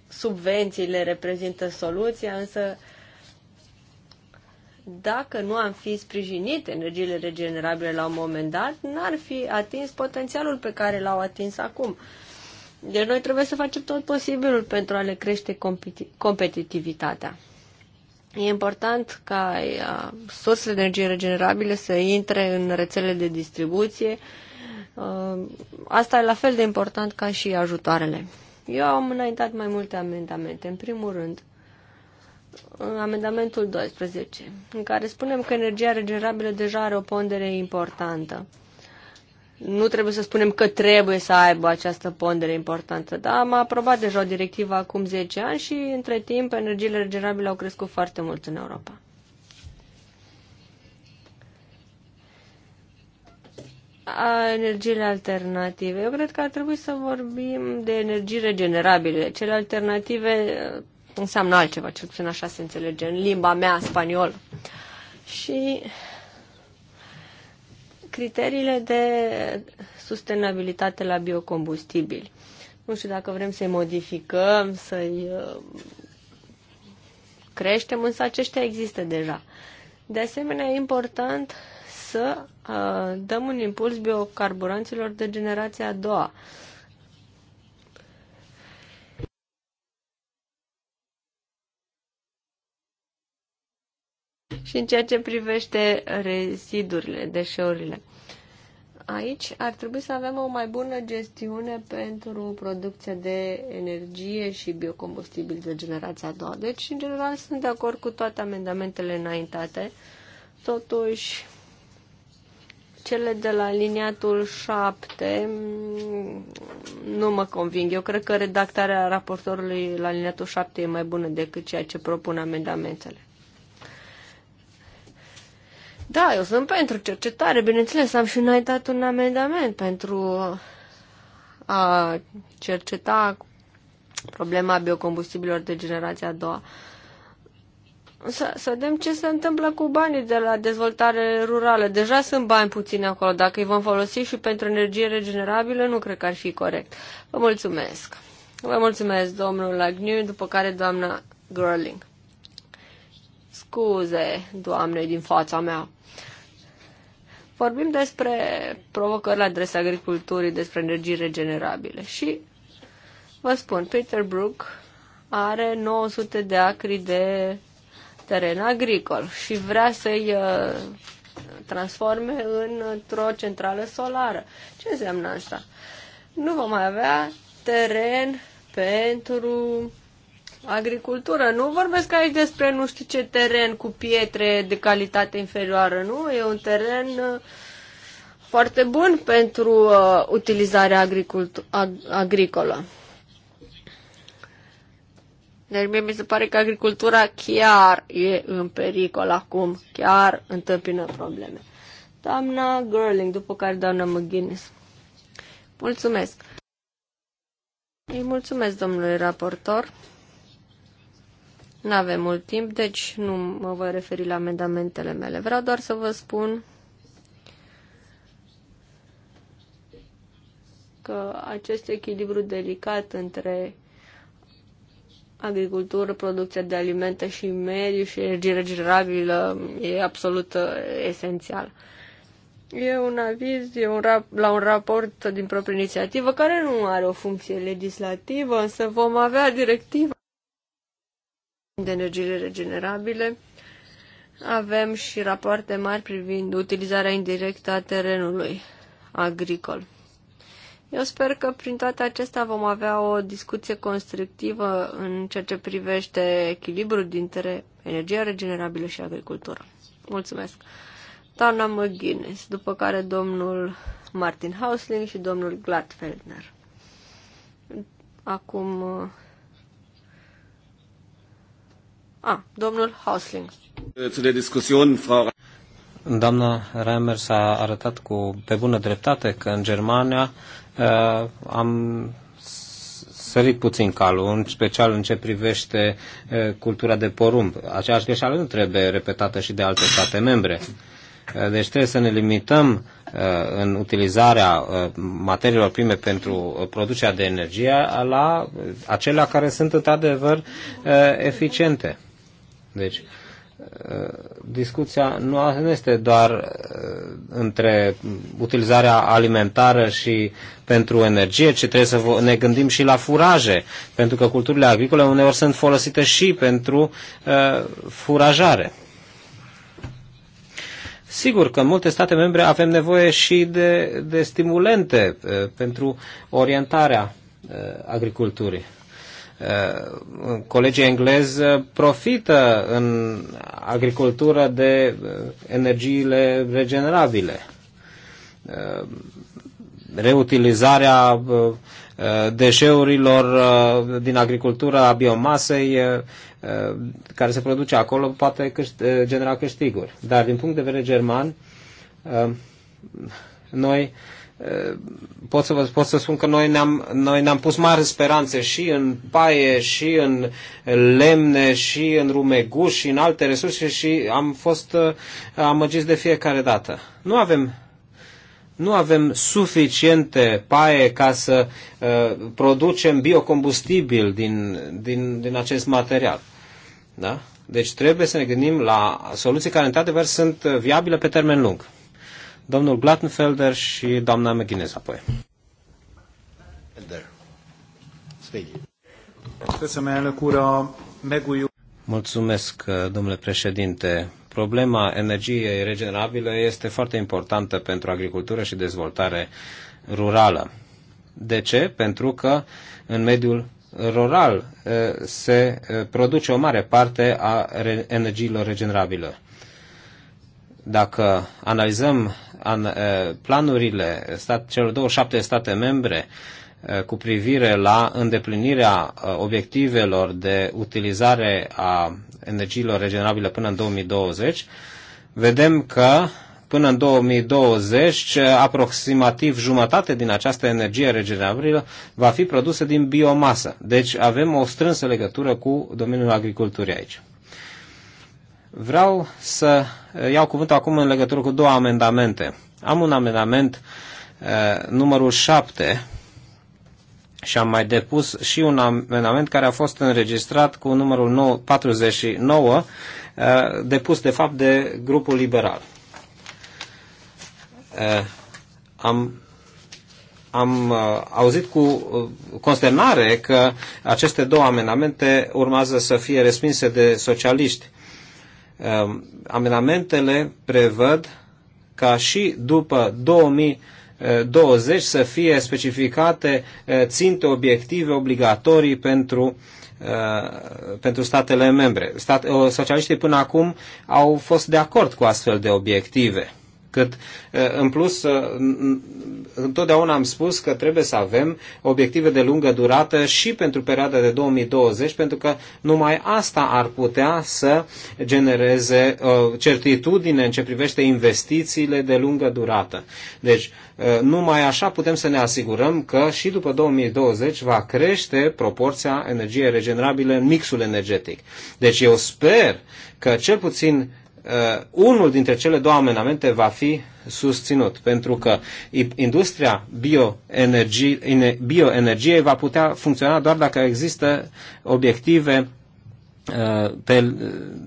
subvențiile reprezintă soluția, însă dacă nu am fi sprijinit energiile regenerabile la un moment dat, n-ar fi atins potențialul pe care l-au atins acum. Deci noi trebuie să facem tot posibilul pentru a le crește competi- competitivitatea. E important ca uh, sursele de energie regenerabile să intre în rețelele de distribuție, uh, Uh, asta e la fel de important ca și ajutoarele. Eu am înaintat mai multe amendamente. În primul rând, uh, amendamentul 12, în care spunem că energia regenerabilă deja are o pondere importantă. Nu trebuie să spunem că trebuie să aibă această pondere importantă, dar am aprobat deja o directivă acum 10 ani și între timp energiile regenerabile au crescut foarte mult în Europa. a energiile alternative. Eu cred că ar trebui să vorbim de energii regenerabile. Cele alternative uh, înseamnă altceva, cel puțin așa se înțelege în limba mea spaniolă. Și criteriile de sustenabilitate la biocombustibili. Nu știu dacă vrem să-i modificăm, să-i uh, creștem, însă aceștia există deja. De asemenea, e important să uh, dăm un impuls biocarburanților de generația a doua. Și în ceea ce privește rezidurile, deșeurile. Aici ar trebui să avem o mai bună gestiune pentru producția de energie și biocombustibil de generația a doua. Deci, în general, sunt de acord cu toate amendamentele înaintate. Totuși, cele de la liniatul 7 mm, nu mă conving. Eu cred că redactarea raportorului la liniatul 7 e mai bună decât ceea ce propun amendamentele. Da, eu sunt pentru cercetare, bineînțeles, am și dat un amendament pentru a cerceta problema biocombustibilor de generația a doua. Uh, să, să vedem ce se întâmplă cu banii de la dezvoltare rurală. Deja sunt bani puțini acolo. Dacă îi vom folosi și pentru energie regenerabilă, nu cred că ar fi corect. Vă mulțumesc. Vă mulțumesc, domnul Agnew, după care doamna Girling. Scuze, doamne, din fața mea. Vorbim despre provocări la adresa agriculturii, despre energii regenerabile și vă spun, Peter Brook are 900 de acri de teren agricol și vrea să-i uh, transforme într-o centrală solară. Ce înseamnă asta? Nu vom mai avea teren pentru agricultură. Nu vorbesc aici despre nu știu ce teren cu pietre de calitate inferioară, nu? E un teren uh, foarte bun pentru uh, utilizarea agricolă. Deci mie mi se pare că agricultura chiar e în pericol acum, chiar întâmpină probleme. Doamna Girling, după care doamna McGuinness. Mulțumesc. Îi mulțumesc, domnului raportor. Nu avem mult timp, deci nu mă voi referi la amendamentele mele. Vreau doar să vă spun că acest echilibru delicat între agricultură, producția de alimente și mediu și energie regenerabilă e absolut uh, esențial. E un aviz e un rap, la un raport din proprie inițiativă care nu are o funcție legislativă, însă vom avea directiva de energie regenerabile. Avem și rapoarte mari privind utilizarea indirectă a terenului agricol. Eu sper că prin toate acestea vom avea o discuție constructivă în ceea ce privește echilibrul dintre energia regenerabilă și agricultură. Mulțumesc! Doamna McGuinness, după care domnul Martin Hausling și domnul Gladfeldner. Acum... Uh, a, ah, domnul Hausling. Zu discuțion, Frau... Doamna Reimers a arătat cu, pe bună dreptate că în Germania uh, am sărit puțin calul, în special în ce privește uh, cultura de porumb. Aceeași greșeală nu trebuie repetată și de alte state membre. Uh, deci trebuie să ne limităm uh, în utilizarea uh, materiilor prime pentru uh, producerea de energie la acelea care sunt într-adevăr uh, eficiente. Deci, uh, discuția nu este doar uh, între utilizarea alimentară și pentru energie, ci trebuie să ne gândim și la furaje, pentru că culturile agricole uneori sunt folosite și pentru uh, furajare. Sigur că în multe state membre avem nevoie și de, de stimulente uh, pentru orientarea uh, agriculturii. Uh, colegii englezi uh, profită în agricultură de uh, energiile regenerabile. Reutilizarea deșeurilor din agricultura a biomasei care se produce acolo poate genera câștiguri. Dar din punct de vedere german, noi pot să, vă, pot să spun că noi ne-am, noi ne-am pus mari speranțe și în paie, și în lemne, și în rumeguș, și în alte resurse și am fost uh, amăgiți de fiecare dată. Nu avem nu avem suficiente paie ca să uh, producem biocombustibil din, din, din acest material. Da? Deci trebuie să ne gândim la soluții care, într-adevăr, sunt uh, viabile pe termen lung domnul Glattenfelder și doamna McGuinness apoi. Mulțumesc, domnule președinte. Problema energiei regenerabile este foarte importantă pentru agricultură și dezvoltare rurală. De ce? Pentru că în mediul rural eh, se eh, produce o mare parte a energiilor regenerabile. Dacă analizăm an, planurile stat, celor 27 state membre cu privire la îndeplinirea obiectivelor de utilizare a energiilor regenerabile până în 2020, vedem că până în 2020 aproximativ jumătate din această energie regenerabilă va fi produsă din biomasă. Deci avem o strânsă legătură cu domeniul agriculturii aici. Vreau să eh, iau cuvântul acum în legătură cu două amendamente. Am un amendament eh, numărul 7 și am mai depus și un amendament care a fost înregistrat cu numărul 49, eh, depus de fapt de grupul liberal. Am am auzit cu consternare că aceste două amendamente urmează să fie respinse de socialiști. Ehm, amendamentele prevăd ca și după 2020 eh, să fie specificate eh, ținte obiective obligatorii pentru eh, pentru statele membre. socialiștii până acum au fost de acord cu astfel de obiective cât în plus întotdeauna am spus că trebuie să avem obiective de lungă durată și pentru perioada de 2020 pentru că numai asta ar putea să genereze certitudine în ce privește investițiile de lungă durată. Deci numai așa putem să ne asigurăm că și după 2020 va crește proporția energiei regenerabile în mixul energetic. Deci eu sper că cel puțin Uh, unul dintre cele două amendamente va fi susținut, pentru că industria bioenergiei bio va putea funcționa doar dacă există obiective uh, pe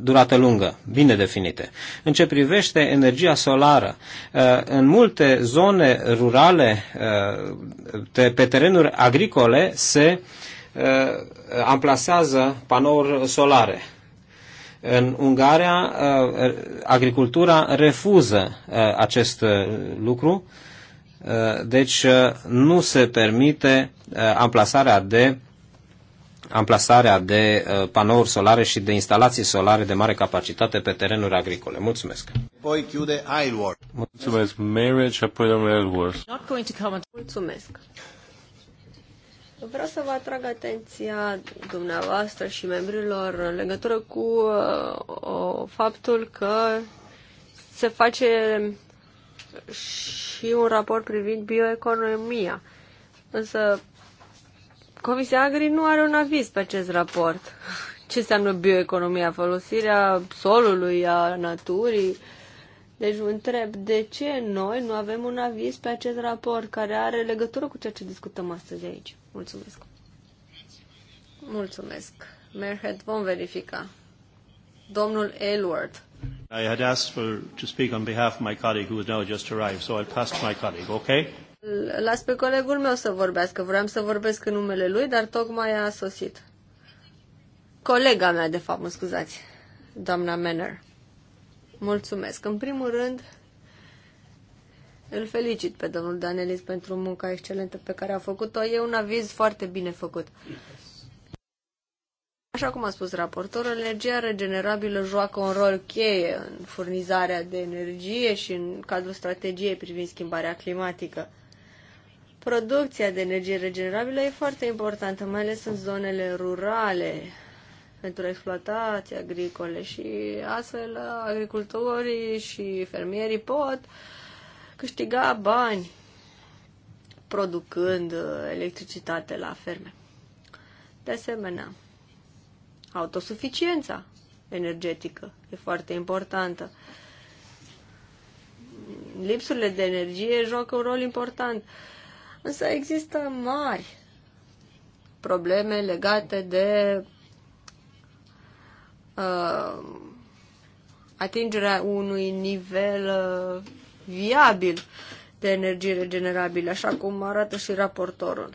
durată lungă, bine definite. În ce privește energia solară, uh, în multe zone rurale, pe terenuri agricole, se amplasează panouri solare în Ungaria, uh, agricultura refuză uh, acest uh, lucru, deci nu se permite amplasarea de amplasarea de panouri solare și de instalații solare de mare capacitate pe terenuri agricole. Mulțumesc. Voi chiude Mulțumesc, Marriage, apoi Mulțumesc. Vreau să vă atrag atenția dumneavoastră și membrilor în legătură cu uh, o, faptul că se face și un raport privind bioeconomia. Însă Comisia Agri nu are un aviz pe acest raport. Ce înseamnă bioeconomia? Folosirea solului, a naturii? Deci vă întreb, de ce noi nu avem un aviz pe acest raport care are legătură cu ceea ce discutăm astăzi aici? Mulțumesc. Mulțumesc. Merhet, vom verifica. Domnul Elward. I had asked for, to speak on behalf of my colleague who has now just arrived, so I'll pass to my colleague, okay? Las pe colegul meu să vorbească. Vreau să vorbesc în numele lui, dar tocmai a sosit. Colega mea, de fapt, mă scuzați, doamna Manner. Mulțumesc. În primul rând, îl felicit pe domnul Danelis pentru munca excelentă pe care a făcut-o. E un aviz foarte bine făcut. Așa cum a spus raportorul, energia regenerabilă joacă un rol cheie în furnizarea de energie și în cadrul strategiei privind schimbarea climatică. Producția de energie regenerabilă e foarte importantă, mai ales în zonele rurale, pentru exploatații agricole și astfel agricultorii și fermierii pot uh, câștiga bani producând uh, electricitate la ferme. De asemenea, autosuficiența energetică e foarte importantă. Lipsurile de energie joacă un rol important, însă există mari probleme legate de uh, atingerea unui nivel uh, viabil de energie regenerabile, așa cum arată și raportorul.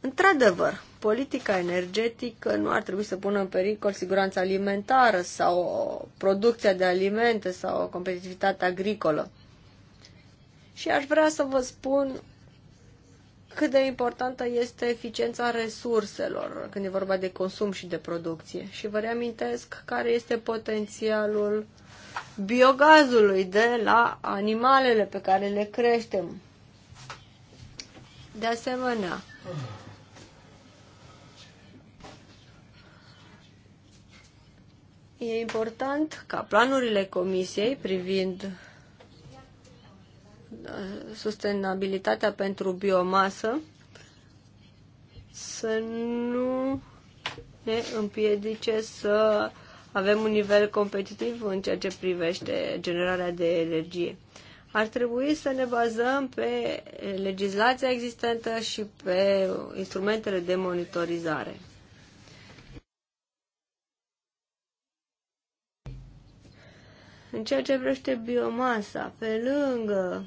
Într-adevăr, politica energetică nu ar trebui să pună în pericol siguranța alimentară sau producția de alimente sau competitivitatea agricolă. Și aș vrea să vă spun cât de importantă este eficiența resurselor când e vorba de consum și de producție. Și vă reamintesc care este potențialul uh, biogazului, de la animalele pe care le creștem. De asemenea, e important ca planurile comisiei privind uh, sustenabilitatea pentru biomasă să nu ne împiedice să avem un nivel competitiv în ceea ce privește generarea de energie. Ar trebui să ne bazăm pe legislația existentă și pe instrumentele de monitorizare. În ceea ce privește biomasa, pe lângă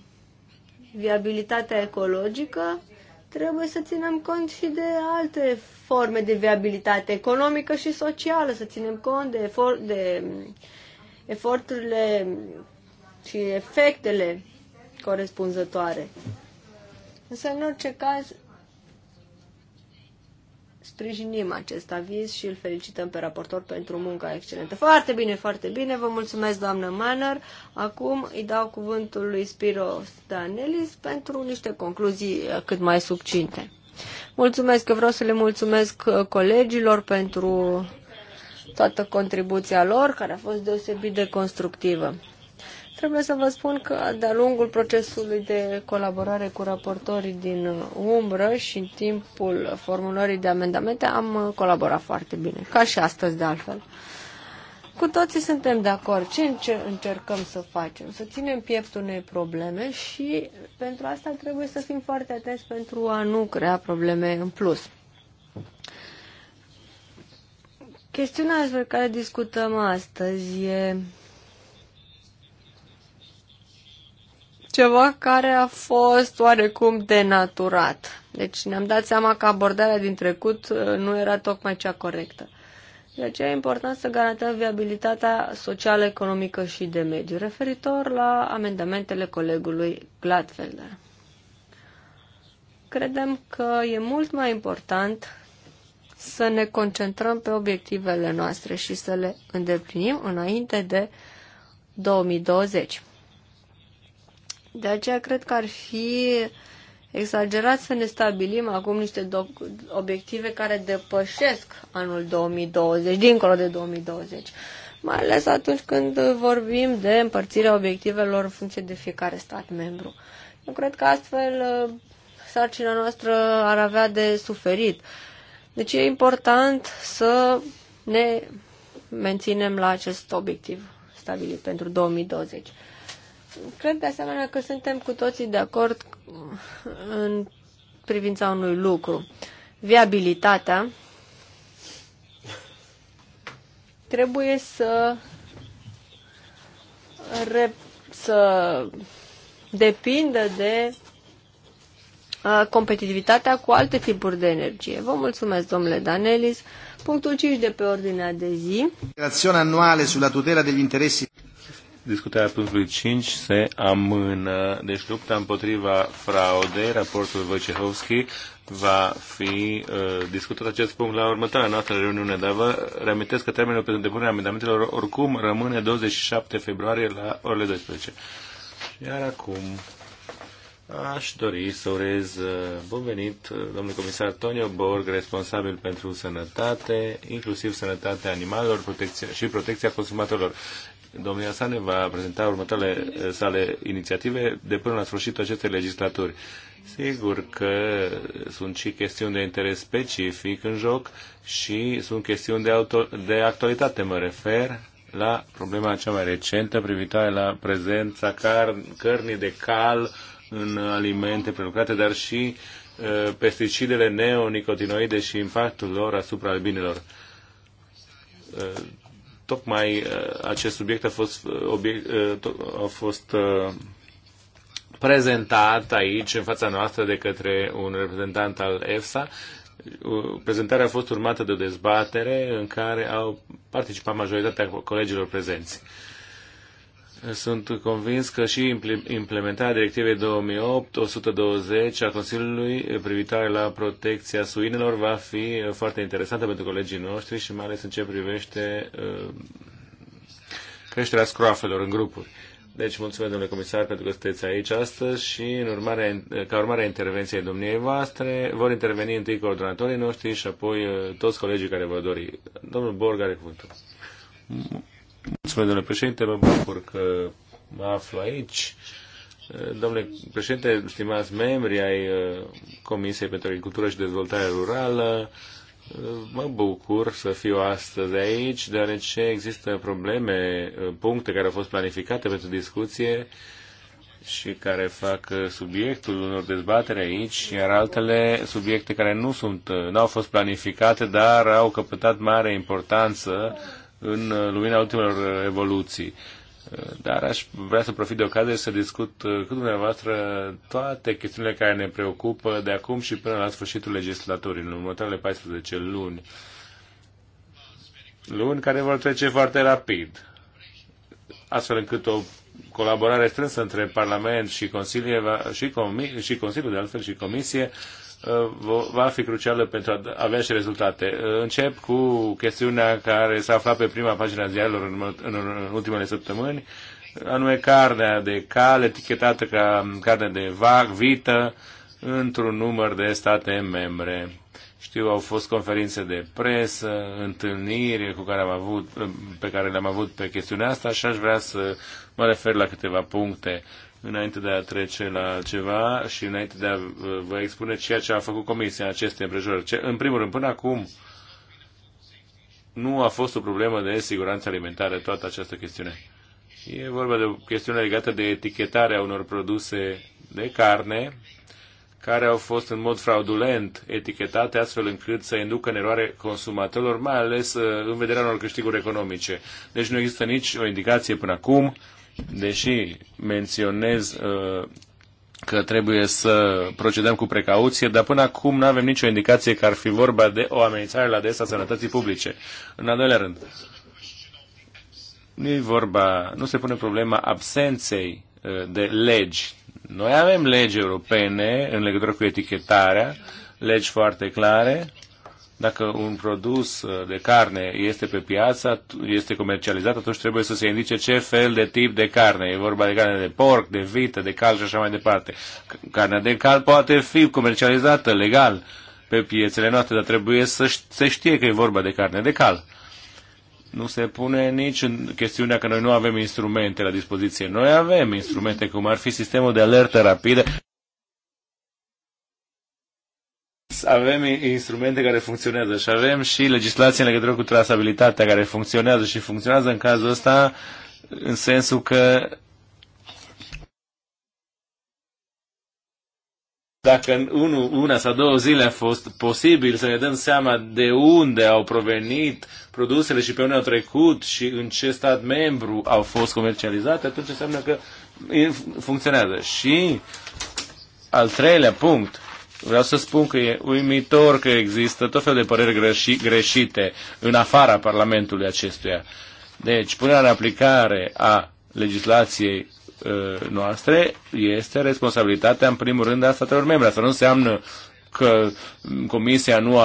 viabilitatea ecologică, trebuie să ținem cont și de alte forme de viabilitate economică și socială, să ținem cont de, efort, de eforturile și efectele corespunzătoare. Însă, în orice caz, sprijinim acest aviz și îl felicităm pe raportor pentru munca excelentă. Foarte bine, foarte bine, vă mulțumesc, doamnă Manner. Acum îi dau cuvântul lui Spiro Stanelis pentru niște concluzii eh, cât mai subcinte. Mulțumesc că vreau să le mulțumesc eh, colegilor pentru toată contribuția lor, care a fost deosebit de constructivă. Trebuie să vă spun că de-a lungul procesului de colaborare cu raportorii din umbră și în timpul formulării de amendamente am colaborat foarte bine, ca și astăzi de altfel. Cu toții suntem de acord. Ce încercăm să facem? Să ținem pieptul unei probleme și pentru asta trebuie să fim foarte atenți pentru a nu crea probleme în plus. Chestiunea despre care discutăm astăzi e ceva care a fost oarecum denaturat. Deci ne-am dat seama că abordarea din trecut uh, nu era tocmai cea corectă. De aceea e important să garantăm viabilitatea socială, economică și de mediu, referitor la amendamentele colegului Gladfelder. Credem că e mult mai important să ne concentrăm pe obiectivele noastre și să le îndeplinim înainte de 2020. De aceea cred că ar fi exagerat să ne stabilim acum niște obiective care depășesc anul 2020, dincolo de 2020, mai ales atunci când vorbim de împărțirea obiectivelor în funcție de fiecare stat membru. Eu cred că astfel uh, sarcina noastră ar avea de suferit. Deci e important să ne menținem la acest obiectiv stabilit pentru 2020. Cred de asemenea că suntem cu toții de acord în privința unui lucru. Viabilitatea trebuie să re, să depindă de competitivitatea cu alte tipuri de energie. Vă mulțumesc, domnule Danelis. Punctul 5 de pe ordinea de zi. Relația anuală sulla tutela degli interessi discutarea punctului 5 se amână. Deci lupta împotriva fraudei, raportul Wojciechowski, va fi uh, discutat acest punct la următoarea noastră reuniune, dar vă reamintesc că termenul pentru depunerea amendamentelor oricum rămâne 27 februarie la orele 12. Iar acum aș dori să urez uh, bun venit uh, domnul comisar Tonio Borg, responsabil pentru sănătate, inclusiv sănătatea animalelor protecția, și protecția consumatorilor. Domnia sa ne va prezenta următoarele eh, sale inițiative de până la sfârșitul acestei legislaturi. Sigur că sunt și chestiuni de interes specific în joc și sunt chestiuni de, auto, de actualitate. Mă refer la problema cea mai recentă privitoare la prezența car- cărnii de cal în alimente prelucrate, dar și uh, pesticidele neonicotinoide și impactul lor asupra albinelor. Uh, tocmai uh, acest subiect a fost, uh, obiect, uh, a fost prezentat aici în fața noastră de către un reprezentant al EFSA. Prezentarea a fost urmată de o dezbatere în care au participat majoritatea colegilor prezenți. Sunt convins că și implementarea directivei 2008-120 a Consiliului privitoare la protecția suinelor va fi foarte interesantă pentru colegii noștri și mai ales în ce privește uh, creșterea scroafelor în grupuri. Deci mulțumesc, domnule comisar, pentru că sunteți aici astăzi și în urmare, ca urmare a intervenției domniei voastre vor interveni întâi coordonatorii noștri și apoi uh, toți colegii care vă dori. Domnul Borg are cuvântul. Mulțumesc, domnule președinte, mă bucur că mă aflu aici. Domnule președinte, stimați membri ai uh, Comisiei pentru Agricultură și Dezvoltare Rurală, uh, mă bucur să fiu astăzi aici, deoarece există probleme, uh, puncte care au fost planificate pentru discuție și care fac subiectul unor dezbatere aici, iar altele subiecte care nu sunt, n-au fost planificate, dar au căpătat mare importanță în uh, lumina ultimelor uh, evoluții. Uh, dar aș vrea să profit de ocazie să discut cu dumneavoastră toate chestiunile care ne preocupă de acum și până la sfârșitul legislaturii, în următoarele 14 luni. Luni care vor trece foarte rapid, astfel încât o colaborare strânsă între Parlament și, Consilie și, Comi, și Consiliul, de altfel și Comisie, Uh, va fi crucială pentru a avea și rezultate. Uh, încep cu chestiunea care s-a aflat pe prima pagina ziarilor în, în ultimele săptămâni, anume carnea de cal etichetată ca carne de vac, vită, într-un număr de state membre. Știu, au fost conferințe de presă, întâlniri cu care am avut, pe care le-am avut pe chestiunea asta și aș vrea să mă refer la câteva puncte înainte de a trece la ceva și înainte de a vă expune ceea ce a făcut Comisia aceste împrejurări. În primul rând, până acum, nu a fost o problemă de siguranță alimentară toată această chestiune. E vorba de o chestiune legată de etichetarea unor produse de carne care au fost în mod fraudulent etichetate astfel încât să inducă în eroare consumatorilor, mai ales uh, în vederea unor câștiguri economice. Deci nu există nici o indicație până acum deși menționez uh, că trebuie să procedăm cu precauție, dar până acum nu avem nicio indicație că ar fi vorba de o amenințare la adresa sănătății publice. În al doilea rând, nu e vorba, nu se pune problema absenței uh, de legi. Noi avem legi europene în legătură cu etichetarea, legi foarte clare dacă un produs uh, de carne este pe piață, este comercializat, atunci trebuie să se indice ce fel de tip de carne. E vorba de carne de porc, de vită, de cal și așa mai departe. Carnea de cal poate fi comercializată legal pe piețele noastre, dar trebuie să se știe că e vorba de carne de cal nu se pune nici în chestiunea că noi nu avem instrumente la dispoziție. Noi avem instrumente, cum ar fi sistemul de alertă rapidă avem instrumente care funcționează și avem și legislație în legătură cu trasabilitatea care funcționează și funcționează în cazul ăsta în sensul că dacă în unu, una sau două zile a fost posibil să ne dăm seama de unde au provenit produsele și pe unde au trecut și în ce stat membru au fost comercializate, atunci înseamnă că funcționează. Și al treilea punct, Vreau să spun că e uimitor că există tot fel de păreri greși, greșite în afara Parlamentului acestuia. Deci, punerea în aplicare a legislației uh, noastre este responsabilitatea, în primul rând, a statelor membre. Asta nu înseamnă că Comisia nu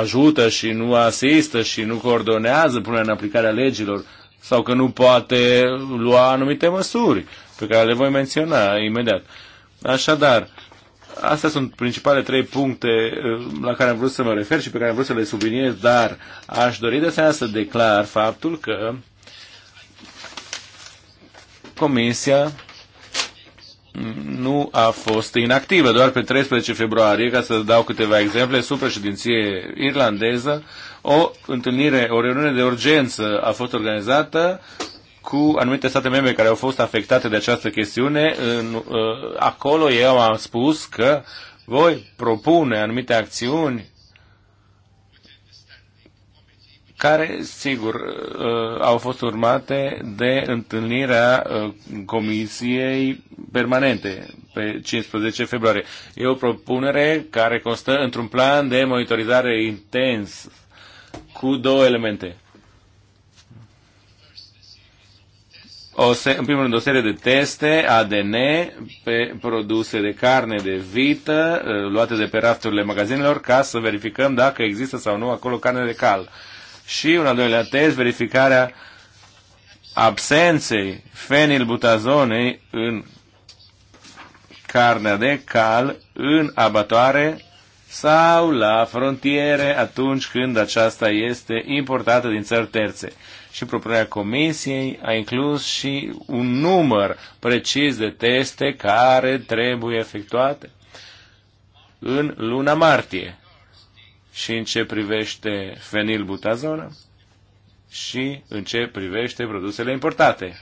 ajută și nu asistă și nu coordonează punerea în aplicare a legilor sau că nu poate lua anumite măsuri pe care le voi menționa imediat. Așadar, Astea sunt principale trei puncte uh, la care am vrut să mă refer și pe care am vrut să le subliniez, dar aș dori de asemenea să declar faptul că Comisia nu a fost inactivă. Doar pe 13 februarie, ca să dau câteva exemple, sub președinție irlandeză, o întâlnire, o reuniune de urgență a fost organizată cu anumite state membre care au fost afectate de această chestiune. În, uh, acolo eu am spus că voi propune anumite acțiuni care, sigur, uh, au fost urmate de întâlnirea uh, Comisiei Permanente pe 15 februarie. E o propunere care constă într-un plan de monitorizare intens cu două elemente. o se, în primul rând, o serie de teste ADN pe produse de carne de vită eh, luate de pe rafturile magazinelor ca să verificăm dacă există sau nu acolo carne de cal. Și un al doilea test, verificarea absenței fenilbutazonei în carnea de cal în abatoare sau la frontiere atunci când aceasta este importată din țări terțe și propunerea comisiei a inclus și un număr precis de teste care trebuie efectuate în luna martie. Și în ce privește fenilbutazona și în ce privește produsele importate.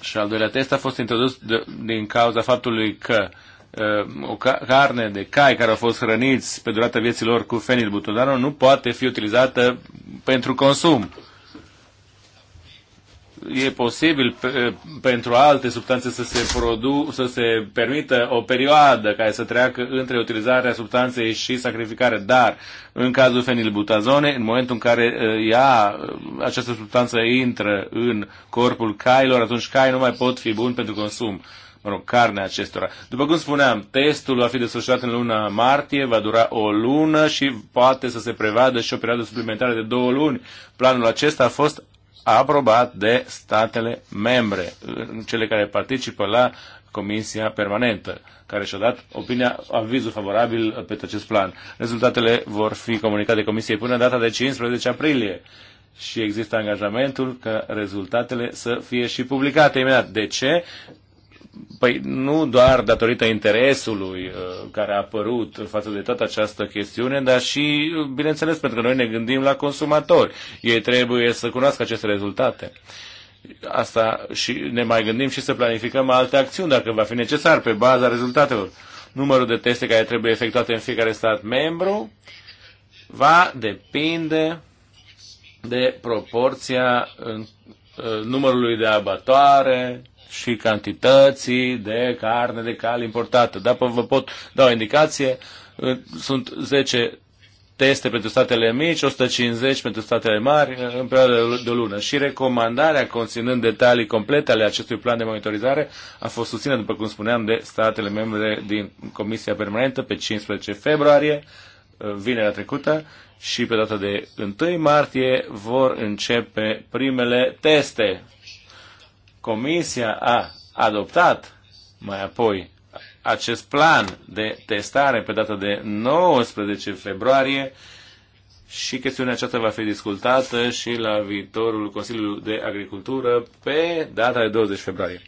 Și al doilea test a fost introdus de, din cauza faptului că uh, Uh, o carne de cai care au fost hrăniți pe durata vieții lor cu fenilbutanol nu poate fi utilizată pentru consum. E posibil pe, pentru alte substanțe să se, produ- să se permită o perioadă care să treacă între utilizarea substanței și sacrificare, dar în cazul fenilbutazone, în momentul în care uh, ea, uh, această substanță intră în corpul cailor, atunci cai nu mai pot fi buni pentru consum mă rog, carnea acestora. După cum spuneam, testul va fi desfășurat în luna martie, va dura o lună și poate să se prevadă și o perioadă suplimentară de două luni. Planul acesta a fost aprobat de statele membre, cele care participă la Comisia Permanentă, care și-a dat opinia, avizul favorabil pe acest plan. Rezultatele vor fi comunicate Comisiei până data de 15 aprilie și există angajamentul că rezultatele să fie și publicate imediat. De ce? Păi nu doar datorită interesului uh, care a apărut față de toată această chestiune, dar și, uh, bineînțeles, pentru că noi ne gândim la consumatori. Ei trebuie să cunoască aceste rezultate. Asta și ne mai gândim și să planificăm alte acțiuni, dacă va fi necesar, pe baza rezultatelor. Numărul de teste care trebuie efectuate în fiecare stat membru va depinde de proporția în, uh, numărului de abatoare, și cantității de carne de cal importată. Dacă vă pot da o indicație, uh, sunt 10 teste pentru statele mici, 150 pentru statele mari uh, în perioada de o lună. Și recomandarea, conținând detalii complete ale acestui plan de monitorizare, a fost susținută, după cum spuneam, de statele membre din Comisia Permanentă pe 15 februarie, uh, vinerea trecută, și pe data de 1 martie vor începe primele teste Comisia a adoptat mai apoi acest plan de testare pe data de 19 februarie și chestiunea aceasta va fi discutată și la viitorul Consiliu de Agricultură pe data de 20 februarie.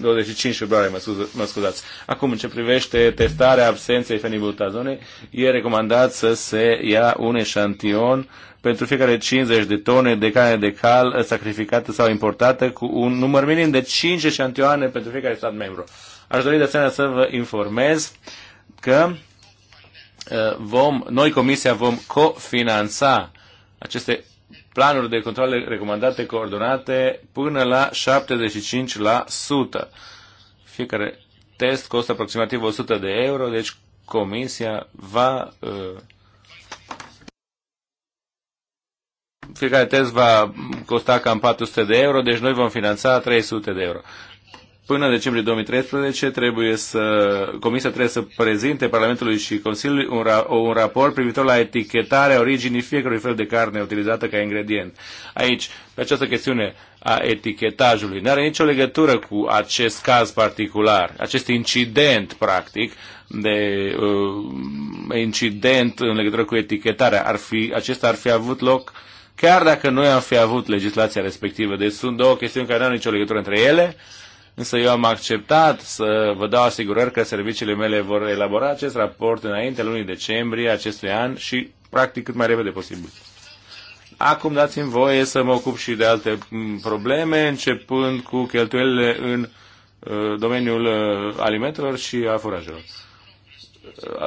25 februarie, mă, scuzați. Acum, în ce privește testarea absenței fenibutazonei, e recomandat să se ia un eșantion pentru fiecare 50 de tone de carne de cal sacrificată sau importată cu un număr minim de 5 eșantioane pentru fiecare stat membru. Aș dori de asemenea să vă informez că uh, vom, noi Comisia vom cofinanța aceste planuri de controle recomandate coordonate până la 75%. Fiecare test costă aproximativ 100 de euro, deci Comisia va uh, fiecare test va costa cam 400 de euro, deci noi vom finanța 300 de euro. Până în decembrie 2013 trebuie să, Comisia trebuie să prezinte Parlamentului și Consiliului un, ra, un raport privitor la etichetarea originii fiecărui fel de carne utilizată ca ingredient. Aici, pe această chestiune a etichetajului, nu are nicio legătură cu acest caz particular, acest incident practic, de uh, incident în legătură cu etichetarea. Ar fi, acesta ar fi avut loc chiar dacă noi am fi avut legislația respectivă. Deci sunt două chestiuni care nu au nicio legătură între ele, însă eu am acceptat să vă dau asigurări că serviciile mele vor elabora acest raport înainte lunii decembrie acestui an și practic cât mai repede posibil. Acum dați-mi voie să mă ocup și de alte mm, probleme, începând cu cheltuielile în uh, domeniul uh, alimentelor și a furajelor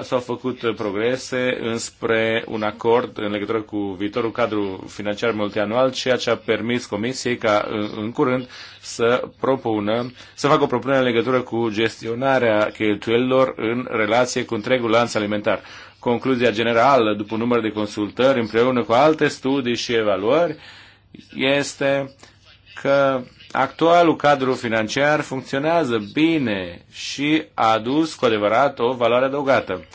s-au făcut progrese înspre un acord în legătură cu viitorul cadru financiar multianual, ceea ce a permis Comisiei ca în curând să propună, să facă o propunere în legătură cu gestionarea cheltuielilor în relație cu întregul lanț alimentar. Concluzia generală, după număr de consultări, împreună cu alte studii și evaluări, este că actualul cadru financiar funcționează bine și a adus cu adevărat o valoare adăugată,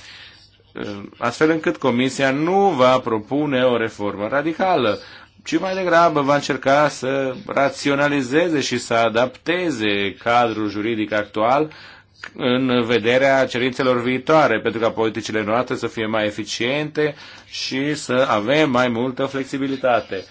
uh, astfel încât Comisia nu va propune o reformă radicală, ci mai degrabă va încerca să raționalizeze și să adapteze cadrul juridic actual în vederea cerințelor viitoare, pentru ca politicile noastre să fie mai eficiente și să avem mai multă flexibilitate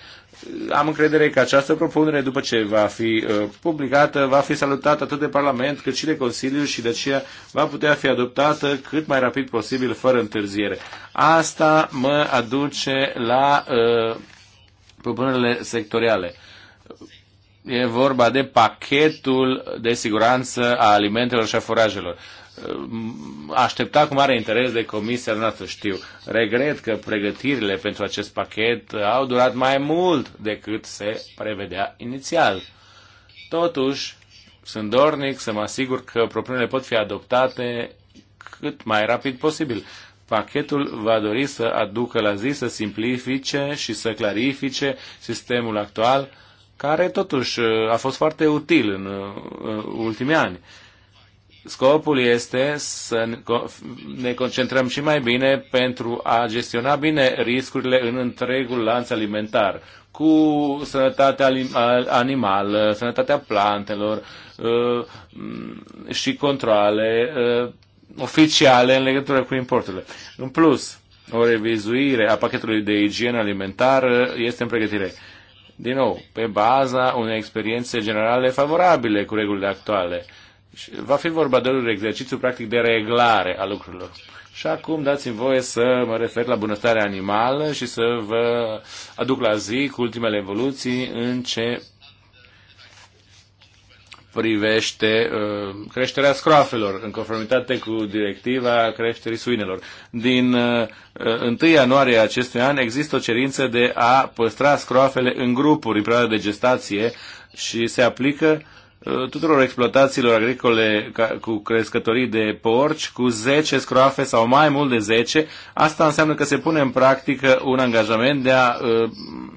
am încredere că această propunere, după ce va fi uh, publicată, va fi salutată atât de Parlament cât și de Consiliu și de aceea va putea fi adoptată cât mai rapid posibil, fără întârziere. Asta mă aduce la uh, propunerile sectoriale. E vorba de pachetul de siguranță a alimentelor și a forajelor aștepta cu mare interes de comisia noastră, știu. Regret că pregătirile pentru acest pachet au durat mai mult decât se prevedea inițial. Totuși, sunt dornic să mă asigur că propunerile pot fi adoptate cât mai rapid posibil. Pachetul va dori să aducă la zi, să simplifice și să clarifice sistemul actual, care totuși a fost foarte util în ultimii ani. Scopul este să ne concentrăm și mai bine pentru a gestiona bine riscurile în întregul lanț alimentar, cu sănătatea animală, sănătatea plantelor uh, și controle uh, oficiale în legătură cu importurile. În plus, o revizuire a pachetului de igienă alimentară este în pregătire din nou, pe baza unei experiențe generale favorabile cu regulile actuale. Va fi vorba de un exercițiu practic de reglare a lucrurilor. Și acum dați-mi voie să mă refer la bunăstarea animală și să vă aduc la zi cu ultimele evoluții în ce privește uh, creșterea scroafelor în conformitate cu directiva creșterii suinelor. Din uh, 1 ianuarie acestui an există o cerință de a păstra scroafele în grupuri în perioada de gestație și se aplică uh, Uh, tuturor exploatațiilor agricole cu crescătorii de porci cu 10 scroafe sau mai mult de 10. Asta înseamnă că se pune în practică un angajament de a uh,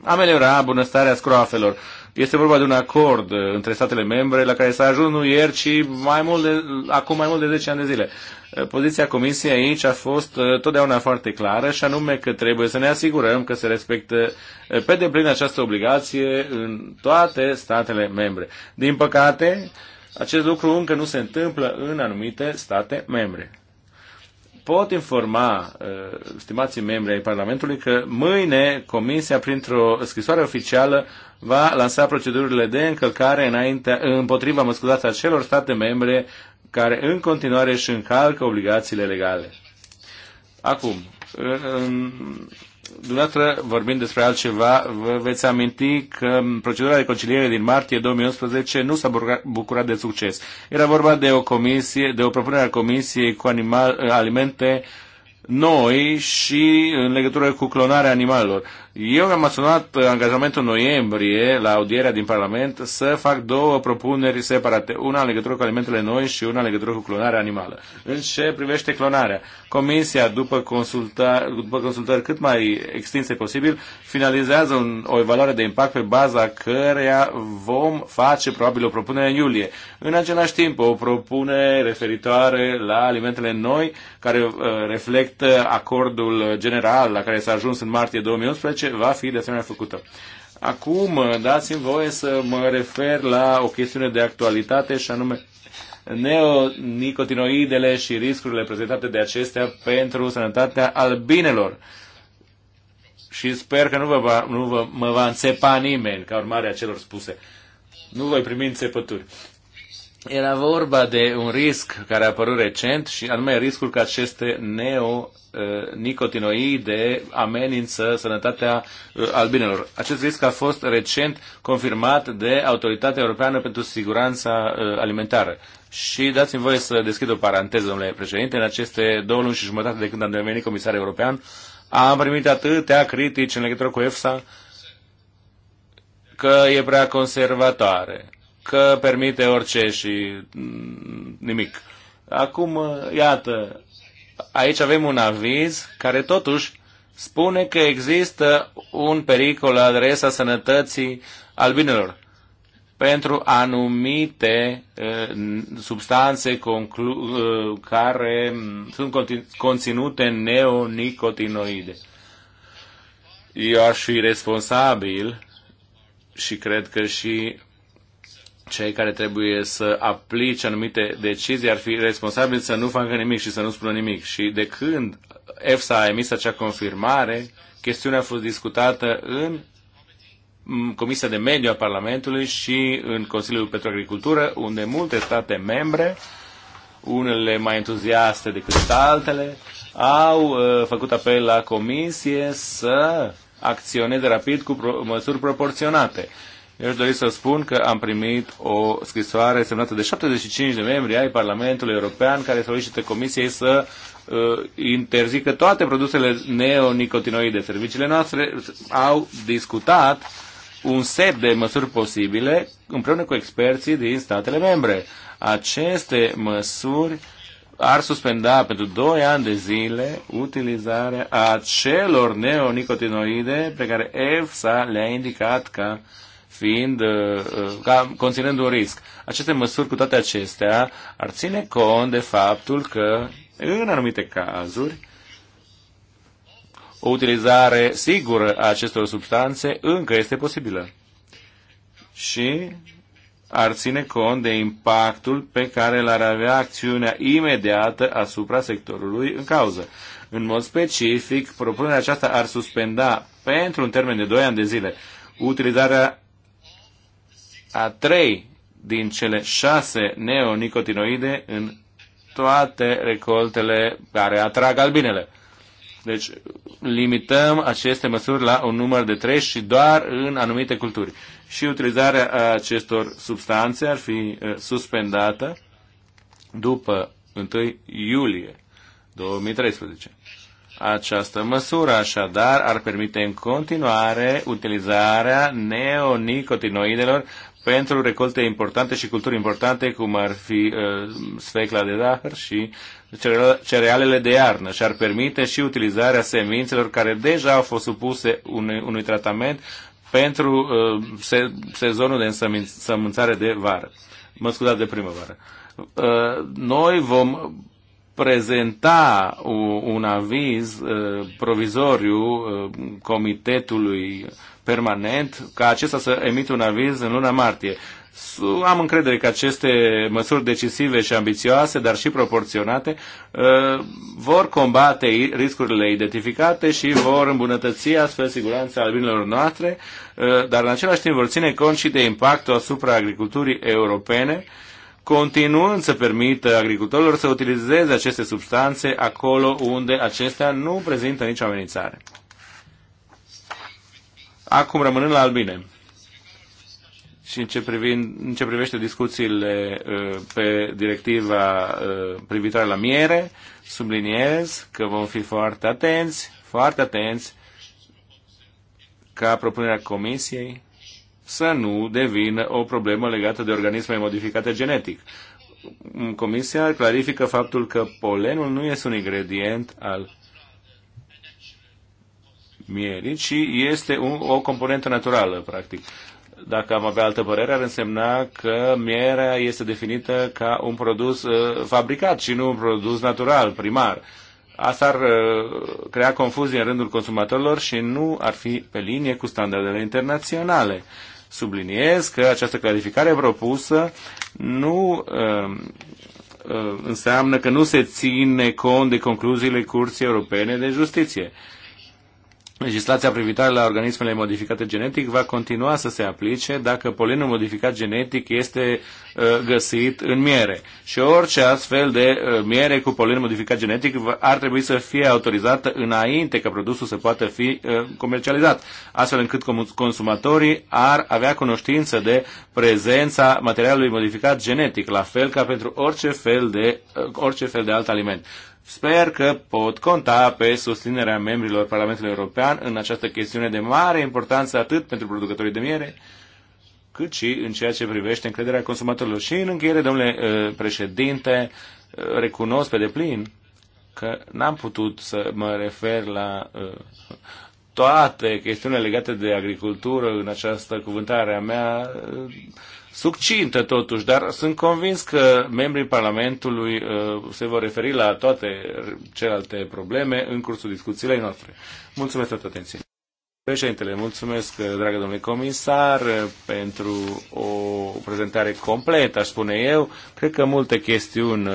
ameliora bunăstarea scroafelor. Este vorba de un acord eh, între statele membre la care s-a ajuns nu ieri, ci mai mult de, acum mai mult de 10 ani de zile. Eh, poziția Comisiei aici a fost eh, totdeauna foarte clară și anume că trebuie să ne asigurăm că se respectă pe deplin această obligație în toate statele membre. Din păcate, acest lucru încă nu se întâmplă în anumite state membre pot informa uh, stimații membri ai Parlamentului că mâine Comisia, printr-o scrisoare oficială, va lansa procedurile de încălcare înainte, împotriva, mă scuzați, a celor state membre care în continuare își încalcă obligațiile legale. Acum, în dumneavoastră, vorbind despre altceva, vă veți aminti că procedura de conciliere din martie 2011 nu s-a bucurat de succes. Era vorba de o comisie, de o propunere a comisiei cu animal, alimente noi și în legătură cu clonarea animalelor. Eu am asumat angajamentul noiembrie la audierea din Parlament să fac două propuneri separate, una în legătură cu alimentele noi și una în legătură cu clonarea animală. În ce privește clonarea, Comisia, după, consulta, după consultări cât mai extinse posibil, finalizează un, o evaluare de impact pe baza căreia vom face probabil o propunere în iulie. În același timp, o propune referitoare la alimentele noi, care uh, reflectă acordul general la care s-a ajuns în martie 2011, va fi de asemenea făcută. Acum, uh, dați-mi voie să mă refer la o chestiune de actualitate și anume neonicotinoidele și riscurile prezentate de acestea pentru sănătatea albinelor. Și sper că nu, vă va, nu vă, mă va înțepa nimeni ca urmare a celor spuse. Nu voi primi înțepături. Era vorba de un risc care a apărut recent și anume riscul că aceste neonicotinoide amenință sănătatea uh, albinelor. Acest risc a fost recent confirmat de Autoritatea Europeană pentru Siguranța uh, Alimentară. Și dați-mi voie să deschid o paranteză, domnule președinte, în aceste două luni și jumătate de când am devenit comisar european, am primit atâtea critici în legătură cu EFSA că e prea conservatoare că permite orice și mm, nimic. Acum, iată, aici avem un aviz care totuși spune că există un pericol la adresa sănătății albinelor pentru anumite uh, substanțe conclu- uh, care sunt conținute neonicotinoide. Eu aș fi responsabil și cred că și cei care trebuie să aplice anumite decizii ar fi responsabili să nu facă nimic și să nu spună nimic. Și de când EFSA a emis acea confirmare, chestiunea a fost discutată în Comisia de Mediu a Parlamentului și în Consiliul pentru Agricultură, unde multe state membre, unele mai entuziaste decât altele, au uh, făcut apel la Comisie să acționeze rapid cu pro- măsuri proporționate. Eu aș dori să spun că am primit o scrisoare semnată de 75 de membri ai Parlamentului European care solicită Comisiei să uh, interzică toate produsele neonicotinoide. Serviciile noastre au discutat un set de măsuri posibile împreună cu experții din statele membre. Aceste măsuri ar suspenda pentru 2 ani de zile utilizarea acelor neonicotinoide pe care EFSA le-a indicat ca fiind, uh, uh, ca conținând un risc. Aceste măsuri, cu toate acestea, ar ține cont de faptul că, în anumite cazuri, o utilizare sigură a acestor substanțe încă este posibilă. Și ar ține cont de impactul pe care l-ar avea acțiunea imediată asupra sectorului în cauză. În mod specific, propunerea aceasta ar suspenda pentru un termen de 2 ani de zile utilizarea a trei din cele șase neonicotinoide în toate recoltele care atrag albinele. Deci limităm aceste măsuri la un număr de trei și doar în anumite culturi. Și utilizarea acestor substanțe ar fi uh, suspendată după 1 iulie 2013. Această măsură, așadar, ar permite în continuare utilizarea neonicotinoidelor pentru recolte importante și culturi importante, cum ar fi uh, sfecla de zahăr și cerealele de iarnă și ar permite și utilizarea semințelor care deja au fost supuse unui, unui tratament pentru uh, se, sezonul de însămânțare de vară. Mă scuzați de primăvară. Uh, noi vom prezenta un, un aviz uh, provizoriu uh, Comitetului permanent ca acesta să emită un aviz în luna martie. Am încredere că aceste măsuri decisive și ambițioase, dar și proporționate, uh, vor combate riscurile identificate și vor îmbunătăți astfel siguranța albinelor noastre, uh, dar în același timp vor ține cont și de impactul asupra agriculturii europene, continuând să permită agricultorilor să utilizeze aceste substanțe acolo unde acestea nu prezintă nicio amenințare. Acum, rămânând la albine și în ce, privind, în ce privește discuțiile ă, pe directiva ă, privitoare la miere, subliniez că vom fi foarte atenți, foarte atenți ca propunerea Comisiei să nu devină o problemă legată de organisme modificate genetic. Comisia clarifică faptul că polenul nu este un ingredient al mierii, ci este un, o componentă naturală, practic. Dacă am avea altă părere, ar însemna că mierea este definită ca un produs uh, fabricat și nu un produs natural, primar. Asta ar uh, crea confuzie în rândul consumatorilor și nu ar fi pe linie cu standardele internaționale. Subliniez că această clarificare propusă nu uh, înseamnă că nu se ține cont de concluziile Curții Europene de Justiție. Legislația privitoare la organismele modificate genetic va continua să se aplice dacă polenul modificat genetic este uh, găsit în miere. Și orice astfel de uh, miere cu polen modificat genetic ar trebui să fie autorizată înainte ca produsul să poată fi uh, comercializat, astfel încât consumatorii ar avea cunoștință de prezența materialului modificat genetic, la fel ca pentru orice fel de, orice fel de alt aliment. Sper că pot conta pe susținerea membrilor Parlamentului European în această chestiune de mare importanță atât pentru producătorii de miere, cât și în ceea ce privește încrederea consumatorilor. Și în încheiere, domnule uh, președinte, uh, recunosc pe deplin că n-am putut să mă refer la uh, toate chestiunile legate de agricultură în această cuvântare a mea succintă totuși, dar sunt convins că membrii Parlamentului uh, se vor referi la toate celelalte probleme în cursul discuțiilor noastre. Mulțumesc pentru atenție. Președintele, mulțumesc, uh, dragă domnule comisar, uh, pentru o prezentare completă, aș spune eu. Cred că multe chestiuni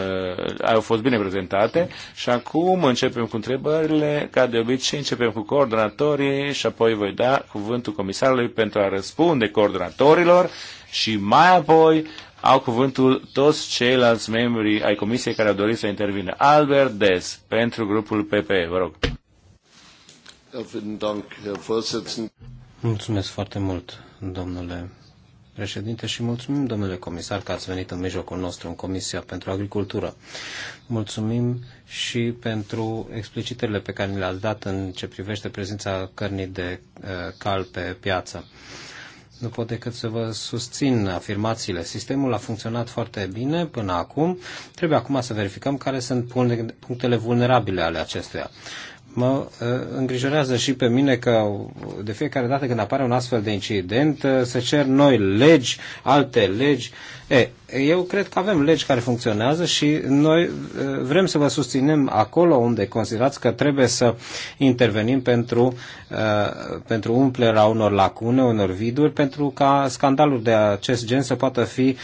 au fost bine prezentate și acum începem cu întrebările. Ca de obicei, începem cu coordonatorii și apoi voi da cuvântul comisarului pentru a răspunde coordonatorilor și mai apoi au cuvântul toți ceilalți membri ai comisiei care au dorit să intervină. Albert Des, pentru grupul PPE, vă rog. Mulțumesc foarte mult, domnule președinte, și mulțumim, domnule comisar, că ați venit în mijlocul nostru, în Comisia pentru Agricultură. Mulțumim și pentru explicitările pe care le-ați dat în ce privește prezența cărnii de uh, cal pe piață nu pot decât să vă susțin afirmațiile. Sistemul a funcționat foarte bine până acum. Trebuie acum să verificăm care sunt punctele vulnerabile ale acestuia mă uh, îngrijorează și pe mine că de fiecare dată când apare un astfel de incident uh, se cer noi legi, alte legi. E, eu cred că avem legi care funcționează și noi uh, vrem să vă susținem acolo unde considerați că trebuie să intervenim pentru, pentru umplerea unor lacune, unor viduri, pentru ca scandalul de acest gen să poată fi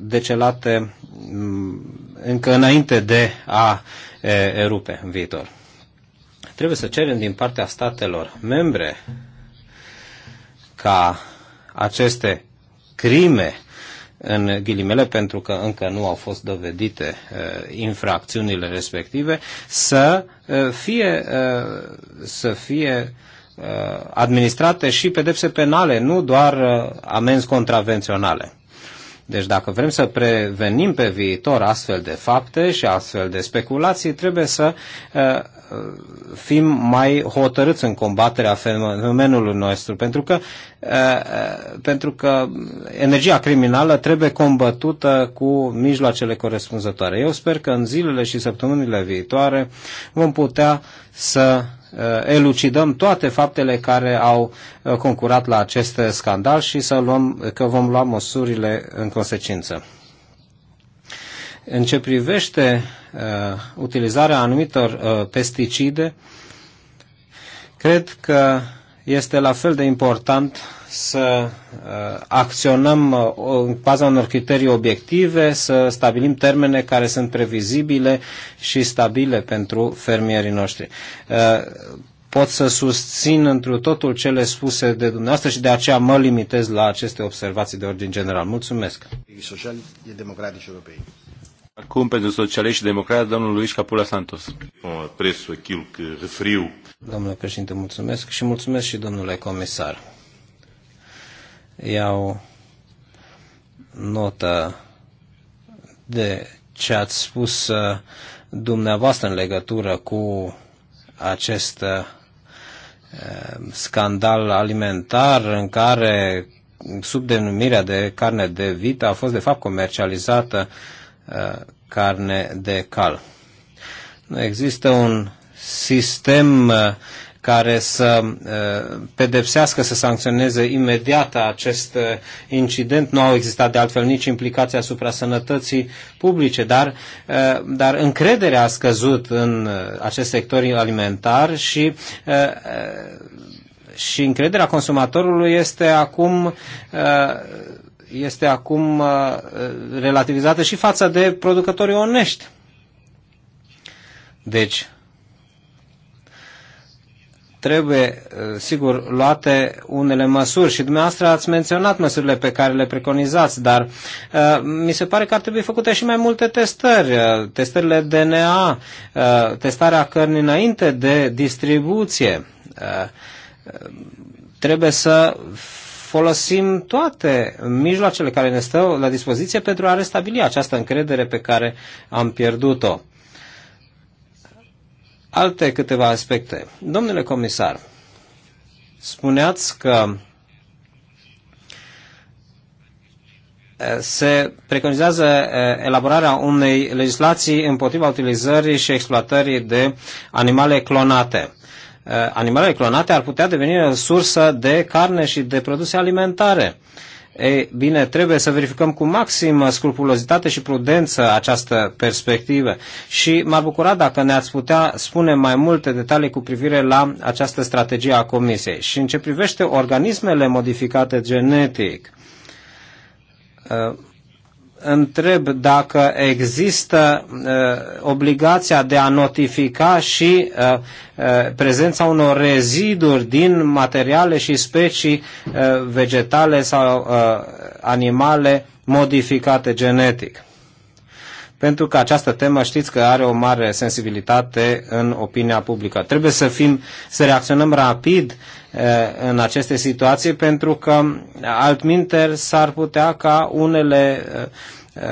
decelate mm, încă înainte de a erupe în viitor. Trebuie să cerem din partea statelor membre ca aceste crime în ghilimele, pentru că încă nu au fost dovedite uh, infracțiunile respective, să uh, fie, uh, să fie uh, administrate și pedepse penale, nu doar uh, amenzi contravenționale. Deci dacă vrem să prevenim pe viitor astfel de fapte și astfel de speculații, trebuie să uh, uh, fim mai hotărâți în combaterea fenomenului nostru, pentru că, uh, pentru că energia criminală trebuie combătută cu mijloacele corespunzătoare. Eu sper că în zilele și săptămânile viitoare vom putea să Uh, elucidăm toate faptele care au uh, concurat la acest scandal și să luăm, că vom lua măsurile în consecință. În ce privește uh, utilizarea anumitor uh, pesticide, cred că este la fel de important să uh, acționăm uh, în baza unor criterii obiective, să stabilim termene care sunt previzibile și stabile pentru fermierii noștri. Uh, pot să susțin întru totul cele spuse de dumneavoastră și de aceea mă limitez la aceste observații de ordin general. Mulțumesc! Sociali e democratici europei. Acum, pentru socialiști și democrați, domnul Luis Capula Santos. referiu. Domnule președinte, mulțumesc și mulțumesc și domnule comisar iau notă de ce ați spus uh, dumneavoastră în legătură cu acest uh, scandal alimentar în care sub denumirea de carne de vită a fost de fapt comercializată uh, carne de cal. Nu există un sistem care să uh, pedepsească, să sancționeze imediat acest uh, incident. Nu au existat de altfel nici implicații asupra sănătății publice, dar, uh, dar încrederea a scăzut în acest sector alimentar și și încrederea consumatorului este acum este acum relativizată și față de producătorii onești. Deci, trebuie, eh, sigur, luate unele măsuri și dumneavoastră ați menționat măsurile pe care le preconizați, dar eh, mi se pare că ar trebui făcute și mai multe testări, eh, testările DNA, testarea cărnii înainte de distribuție. Trebuie să folosim toate mijloacele care ne stau la dispoziție pentru a restabili această încredere pe care am pierdut-o. Alte câteva aspecte. Domnule comisar, spuneați că eh, se preconizează eh, elaborarea unei legislații împotriva utilizării și exploatării de animale clonate. Eh, animalele clonate ar putea deveni o sursă de carne și de produse alimentare. Uh, E bine, trebuie să verificăm cu maximă scrupulozitate și prudență această perspectivă și m-ar bucura dacă ne-ați putea spune mai multe detalii cu privire la această strategie a Comisiei. Și în ce privește organismele modificate genetic, întreb dacă există uh, obligația de a notifica și uh, uh, prezența unor reziduri din materiale și specii uh, vegetale sau uh, animale modificate genetic pentru că această temă știți că are o mare sensibilitate în opinia publică. Trebuie să, fim, să reacționăm rapid eh, în aceste situații pentru că altminter s-ar putea ca unele eh,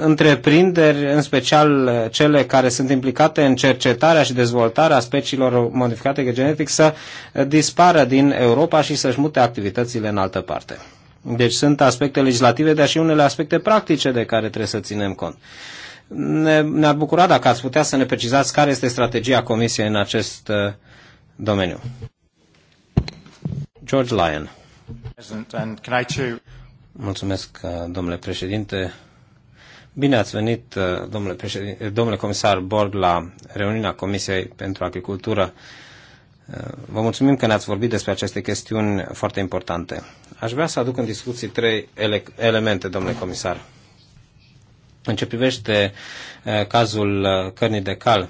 întreprinderi, în special eh, cele care sunt implicate în cercetarea și dezvoltarea speciilor modificate genetic, să dispară din Europa și să-și mute activitățile în altă parte. Deci sunt aspecte legislative, dar și unele aspecte practice de care trebuie să ținem cont. Ne, ne-ar bucura dacă ați putea să ne precizați care este strategia Comisiei în acest uh, domeniu. George Lyon. Mulțumesc, uh, domnule președinte. Bine ați venit, uh, domnule, președinte, domnule comisar Borg, la reuniunea Comisiei pentru Agricultură. Vă mulțumim că ne-ați vorbit despre aceste chestiuni foarte importante. Aș vrea să aduc în discuții trei ele- elemente, domnule comisar. În ce privește eh, cazul eh, cărnii de cal,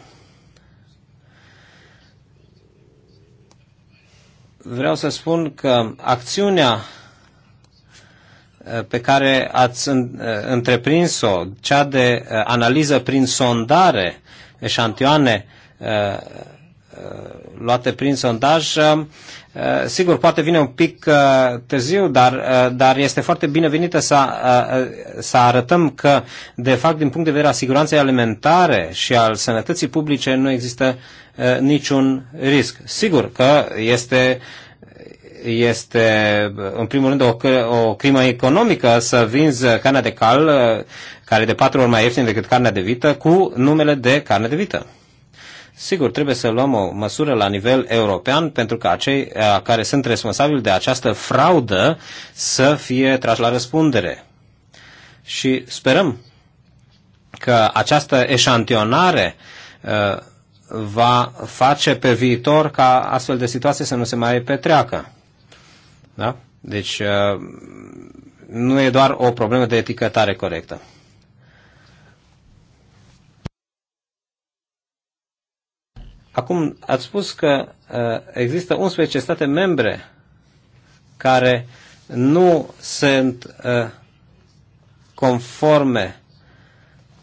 vreau să spun că acțiunea eh, pe care ați întreprins-o, cea de analiză prin sondare, eșantioane Uh, luate prin sondaj. Uh, uh, sigur, poate vine un pic târziu, dar, dar este foarte binevenită să, să arătăm că, de fapt, din punct de vedere a siguranței alimentare și al sănătății publice, nu există niciun risc. Sigur că este este, în primul rând, o, o crimă economică să vinzi carnea de cal, care e de patru ori mai ieftin decât carnea de vită, cu numele de carne de vită. Sigur, trebuie să luăm o măsură la nivel european pentru că acei eh, care sunt responsabili de această fraudă să fie trași la răspundere. Și sperăm că această eșantionare eh, va face pe viitor ca astfel de situații să nu se mai petreacă. Da? Deci eh, nu e doar o problemă de etichetare corectă. Acum, ați spus că uh, există 11 state membre care nu sunt uh, conforme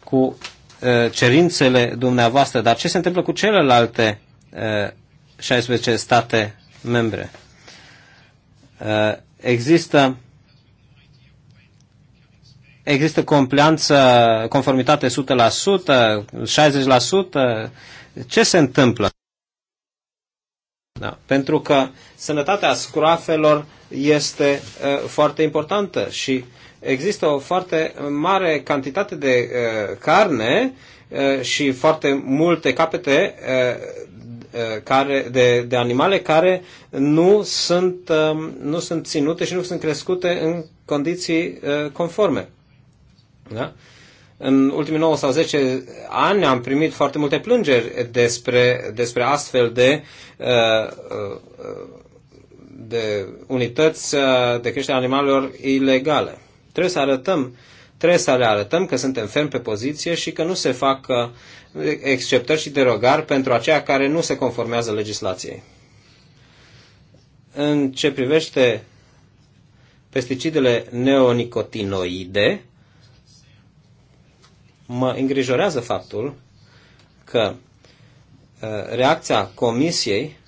cu uh, cerințele dumneavoastră, dar ce se întâmplă cu celelalte 16 state membre? Există există compleanță, conformitate 100%, 60%, ce se întâmplă? Da. Pentru că sănătatea scroafelor este uh, foarte importantă și există o foarte mare cantitate de uh, carne uh, și foarte multe capete uh, uh care, de, de animale care nu sunt, uh, nu sunt ținute și nu sunt crescute în condiții uh, conforme. Da? Uh, în ultimii 9 sau 10 ani am primit foarte multe plângeri despre, despre astfel de, uh, uh, de unități uh, de creștere animalelor ilegale. Trebuie să arătăm trebuie să le arătăm că suntem ferm pe poziție și că nu se fac exceptări și derogari pentru aceia care nu se conformează legislației. În ce privește pesticidele neonicotinoide, mă îngrijorează faptul că uh, reacția comisiei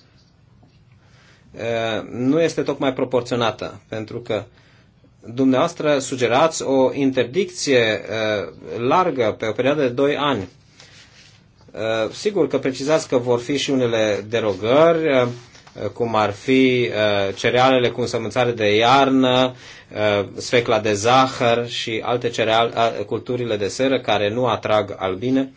uh, nu este tocmai proporționată, pentru că dumneavoastră sugerați o interdicție uh, largă pe o perioadă de 2 ani. Sigur că precizați că vor fi și unele derogări, Eh, cum ar fi eh, cerealele cu însămânțare de iarnă, eh, sfecla de zahăr și alte cereale, culturile de seră care nu atrag albine.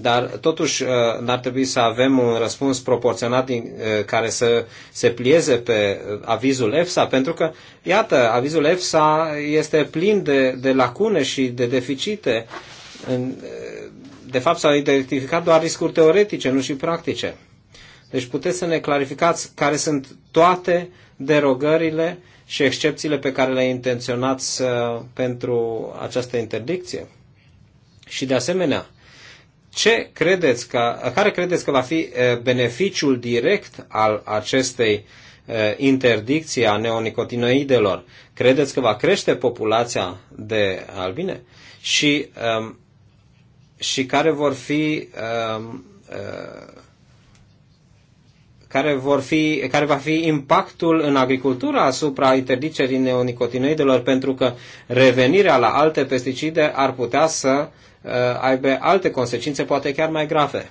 Dar totuși ar trebui să avem un răspuns proporționat din, care să se plieze pe avizul EFSA, pentru că, iată, avizul EFSA este plin de, de lacune și de deficite. De fapt, s-au identificat doar riscuri teoretice, nu și practice. Deci puteți să ne clarificați care sunt toate derogările și excepțiile pe care le intenționat să pentru această interdicție? Și de asemenea, ce credeți că, care credeți că va fi beneficiul direct al acestei interdicții a neonicotinoidelor? Credeți că va crește populația de albine? Și, și care vor fi care, vor fi, care va fi impactul în agricultură asupra interdicerii neonicotinoidelor, pentru că revenirea la alte pesticide ar putea să uh, aibă alte consecințe, poate chiar mai grave.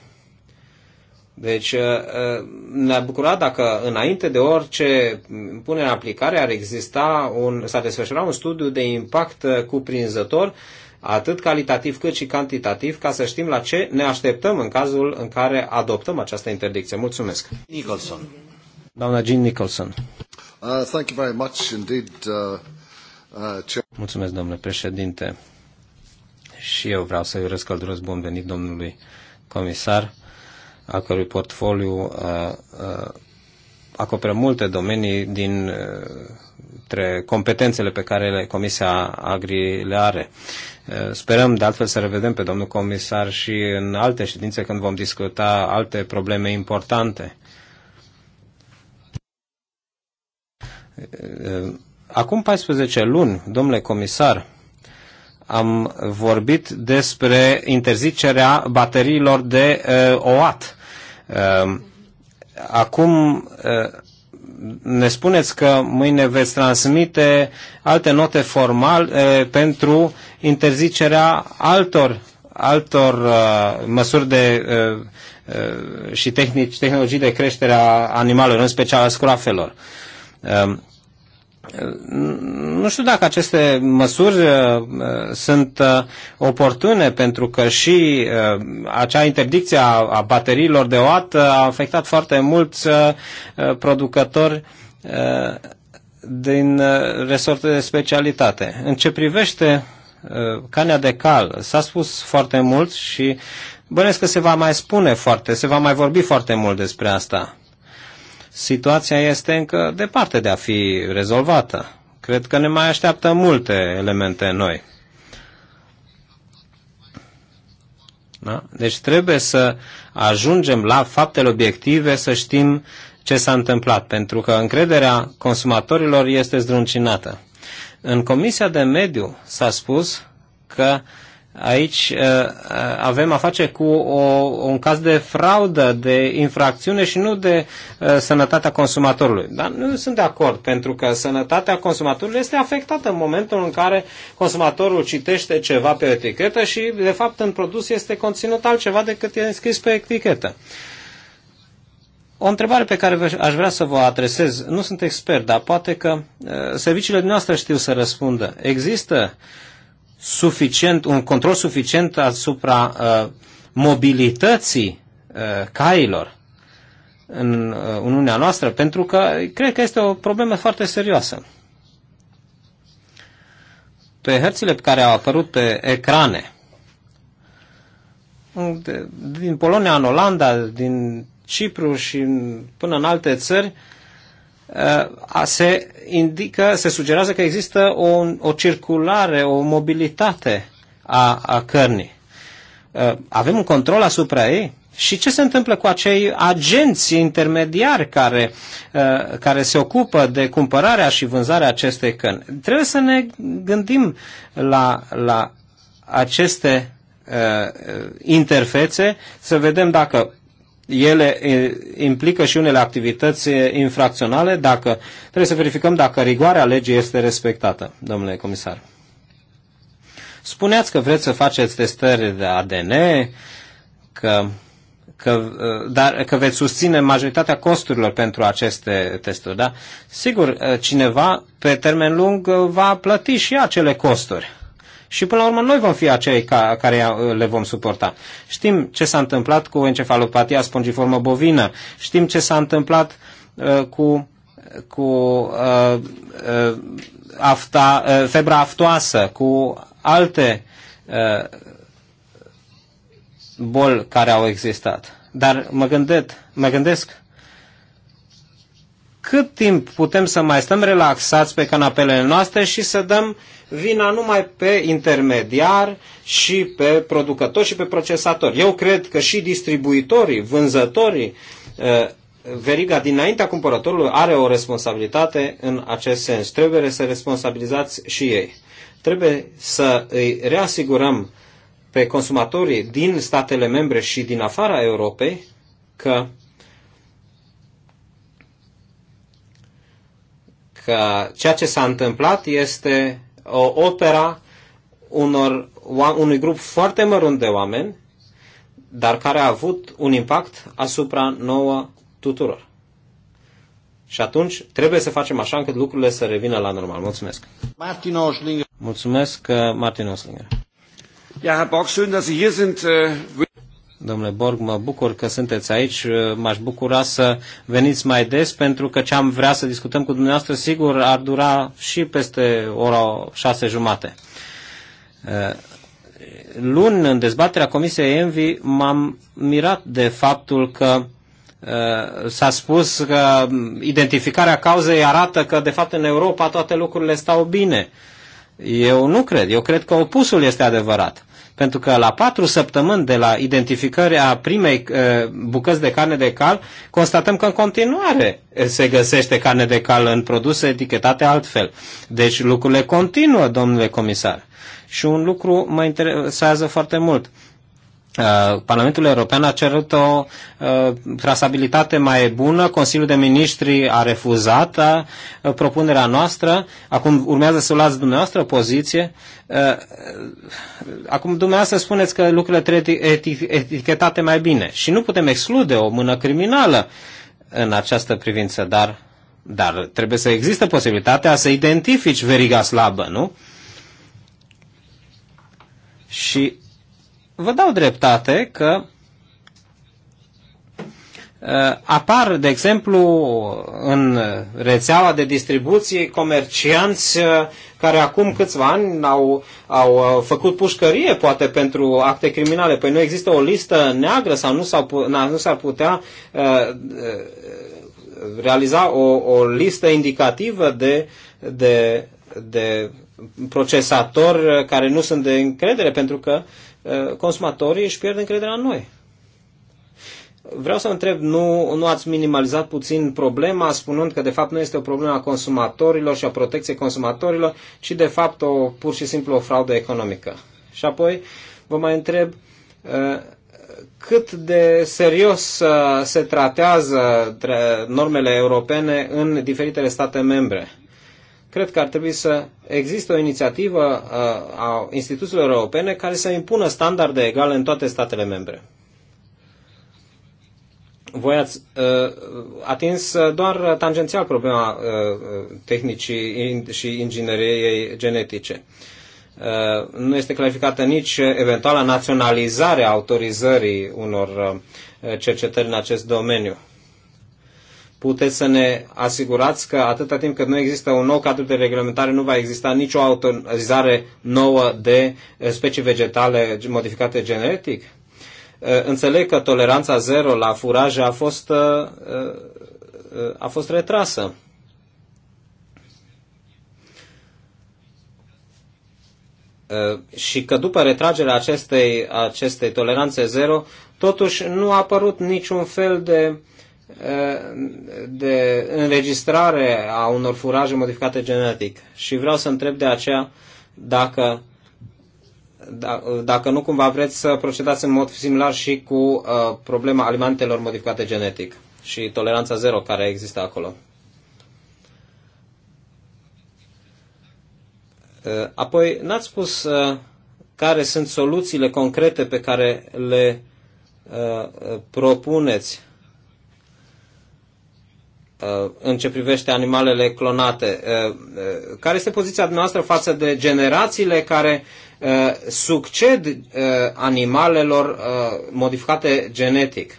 Deci uh, uh, ne-a bucurat dacă înainte de orice punere în aplicare ar exista un, s-ar desfășura un studiu de impact cuprinzător atât calitativ cât și cantitativ, ca să știm la ce ne așteptăm în cazul în care adoptăm această interdicție. Mulțumesc. Nicholson. Doamna Jean Nicholson. Uh, thank you very much indeed, uh, uh, Mulțumesc, domnule președinte. Și eu vreau să-i urez călduros bun venit domnului comisar, a cărui portfoliu uh, uh, acoperă multe domenii din uh, între competențele pe care Comisia Agri le are. Sperăm de altfel să revedem pe domnul comisar și în alte ședințe când vom discuta alte probleme importante. Acum 14 luni, domnule comisar, am vorbit despre interzicerea bateriilor de uh, OAT. Uh, acum uh, ne spuneți că mâine veți transmite alte note formale eh, pentru interzicerea altor, altor eh, măsuri de, eh, și tehnici, tehnologii de creștere a animalelor, în special a scurafelor nu știu dacă aceste măsuri uh, sunt uh, oportune, pentru că și uh, acea interdicție a bateriilor de OAT a afectat foarte mulți producători din resorte de specialitate. În ce privește cania de cal, s-a spus foarte mult și bănesc că se va mai spune foarte, se va mai vorbi foarte mult despre asta situația este încă departe de a fi rezolvată. Cred că ne mai așteaptă multe elemente noi. Da? Deci trebuie să ajungem la faptele obiective, să știm ce s-a întâmplat, pentru că încrederea consumatorilor este zdruncinată. În Comisia de Mediu s-a spus că uh, Aici uh, uh, avem a face cu o, un caz de fraudă, de infracțiune și nu de uh, sănătatea consumatorului. Dar nu sunt de acord, pentru că sănătatea consumatorului este afectată în momentul în care consumatorul citește ceva pe etichetă și, de fapt, în produs este conținut altceva decât e înscris pe etichetă. O întrebare pe care aș vrea să vă adresez, nu sunt expert, dar poate că serviciile noastre știu să răspundă. Există uh, suficient, un control suficient asupra uh, mobilității uh, cailor în uh, Uniunea noastră, pentru că cred că este o problemă foarte serioasă. Pe hărțile care au apărut pe ecrane, de, din Polonia în Olanda, din Cipru și în, până în alte țări, uh, se indică, se sugerează că există o, o circulare, o mobilitate a, a cărnii. Uh, avem un control asupra ei? Și ce se întâmplă cu acei agenți intermediari care, uh, care se ocupă de cumpărarea și vânzarea acestei căni? Trebuie să ne gândim la, la aceste uh, interfețe, să vedem dacă ele implică și unele activități infracționale, dacă trebuie să verificăm dacă rigoarea legii este respectată, domnule comisar. Spuneați că vreți să faceți testări de ADN, că, că, dar că veți susține majoritatea costurilor pentru aceste testuri, da? Sigur, cineva pe termen lung va plăti și acele costuri și până la urmă noi vom fi acei ca, care uh, le vom suporta. Știm ce s-a întâmplat cu encefalopatia spongiformă bovină, știm ce s-a întâmplat uh, cu, cu uh, uh, afta, uh, febra aftoasă, cu alte uh, boli care au existat. Dar mă, gândet, mă gândesc cât timp putem să mai stăm relaxați pe canapelele noastre și să dăm vina numai pe intermediar și pe producători și pe procesatori. Eu cred că și distribuitorii, vânzătorii, uh, veriga dinaintea cumpărătorului are o responsabilitate în acest sens. Trebuie să responsabilizați și ei. Trebuie să îi reasigurăm pe consumatorii din statele membre și din afara Europei că că ceea ce s-a întâmplat este o opera unor, unui grup foarte mărunt de oameni, dar care a avut un impact asupra nouă tuturor. Și atunci trebuie să facem așa încât lucrurile să revină la normal. Mulțumesc. Martin Oslinger. Mulțumesc, uh, Martin Oslinger. Ja, Herr Bock, schön, dass Sie hier sind. Äh, Domnule Borg, mă bucur că sunteți aici. M-aș bucura să veniți mai des, pentru că ce am vrea să discutăm cu dumneavoastră, sigur, ar dura și peste ora șase jumate. Uh, luni, în dezbaterea Comisiei Envi, m-am mirat de faptul că uh, s-a spus că identificarea cauzei arată că, de fapt, în Europa toate lucrurile stau bine. Eu nu cred. Eu cred că opusul este adevărat pentru că la patru săptămâni de la identificarea primei uh, bucăți de carne de cal, constatăm că în continuare uh, se găsește carne de cal în produse etichetate altfel. Deci lucrurile continuă, domnule comisar. Și un lucru mă interesează foarte mult. Uh, Uh, Parlamentul European a cerut o uh, trasabilitate mai bună, Consiliul de Ministri a refuzat uh, propunerea noastră, acum urmează să luați dumneavoastră poziție. Acum dumneavoastră spuneți că lucrurile trebuie etichetate mai bine și nu putem exclude o mână criminală în această privință, dar, dar trebuie să există posibilitatea să identifici veriga slabă, nu? Și vă dau dreptate că uh, apar, de exemplu, în rețeaua de distribuție comercianți uh, care acum câțiva ani au, au uh, făcut pușcărie, poate, pentru acte criminale. Păi nu există o listă neagră sau nu, s-au, nu s-ar putea realiza o, o listă indicativă de, de, de procesatori care nu sunt de încredere, pentru că Eh, consumatorii își pierd încrederea în noi. Vreau să întreb, nu, nu ați minimalizat puțin problema, spunând că de fapt nu este o problemă a consumatorilor și a protecției consumatorilor, ci de fapt o, pur și simplu o fraudă economică. Și apoi vă mai întreb eh, cât de serios eh, se tratează normele europene în diferitele state membre Cred că ar trebui să existe o inițiativă uh, a instituțiilor europene care să impună standarde egale în toate statele membre. Voi ați uh, atins doar tangențial problema uh, tehnicii și ingineriei genetice. Uh, nu este clarificată nici eventuala naționalizare a autorizării unor uh, cercetări în acest domeniu. Uh, puteți să ne asigurați că atâta timp cât nu există un nou cadru de reglementare, nu va exista nicio autorizare nouă de eh, specii vegetale modificate genetic? Eh, înțeleg că toleranța zero la furaje a fost, eh, a fost retrasă. și că după retragerea acestei, acestei toleranțe zero, totuși nu a apărut niciun fel de uh, de înregistrare a unor furaje modificate genetic. Și vreau să întreb de aceea dacă, da, dacă nu cumva vreți să procedați în mod similar și cu uh, problema alimentelor modificate genetic și toleranța zero care există acolo. Uh, apoi, n-ați spus uh, care sunt soluțiile concrete pe care le uh, uh propuneți Uh, în ce privește animalele clonate. Uh, uh, care este poziția noastră față de generațiile care succed animalelor modificate genetic?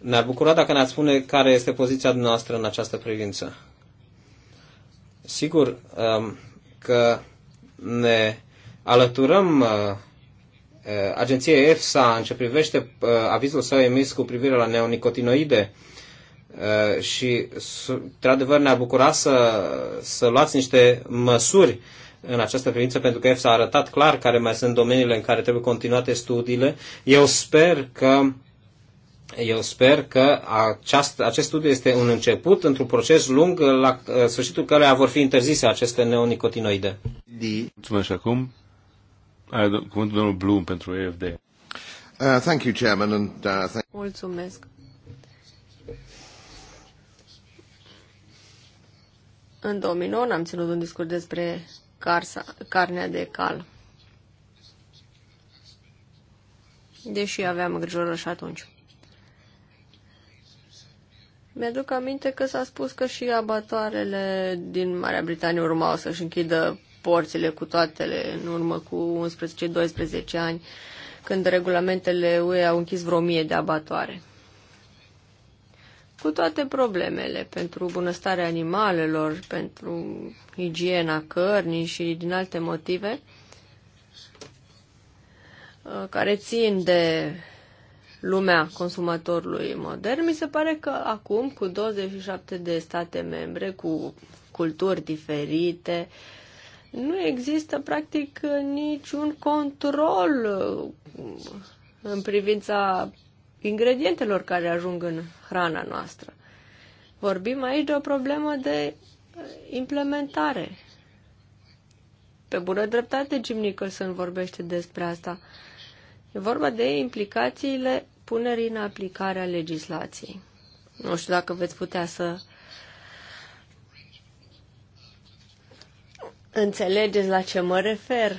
Ne-ar bucura dacă ne-ați spune care este poziția noastră în această privință. Sigur um, că ne alăturăm agenției EFSA în ce privește avizul său emis cu privire la neonicotinoide Uh, și, într-adevăr, ne-a bucurat să, să luați niște măsuri în această privință, pentru că s a arătat clar care mai sunt domeniile în care trebuie continuate studiile. Eu sper că eu sper că aceast, acest studiu este un început într-un proces lung, la uh, sfârșitul căruia vor fi interzise aceste neonicotinoide. Mulțumesc acum. cuvântul domnul Bloom pentru EFD. Uh, thank you, Chairman, and, uh, thank... Mulțumesc. În 2009 am ținut un discurs despre carsa, carnea de cal. Deși aveam îngrijorări și atunci. Mi-aduc aminte că s-a spus că și abatoarele din Marea Britanie urmau să-și închidă porțile cu toatele în urmă cu 11-12 ani, când regulamentele UE au închis vreo mie de abatoare cu toate problemele pentru bunăstarea animalelor, pentru igiena cărnii și din alte motive uh, care țin de lumea consumatorului modern, mi se pare că acum, cu 27 de state membre, cu culturi diferite, nu există practic niciun control uh, în privința ingredientelor care ajung în hrana noastră. Vorbim aici de o problemă de implementare. Pe bună dreptate, Jim Nicholson vorbește despre asta. E vorba de implicațiile punerii în aplicare a legislației. Nu știu dacă veți putea să înțelegeți la ce mă refer.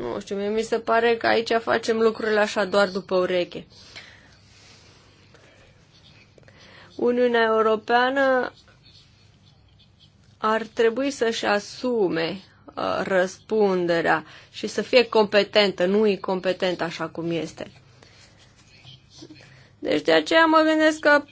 Nu știu, mie mi se pare că aici facem lucrurile așa doar după ureche. Uniunea Europeană ar trebui să-și asume uh, răspunderea și să fie competentă, nu incompetentă așa cum este. Deci de aceea mă gândesc că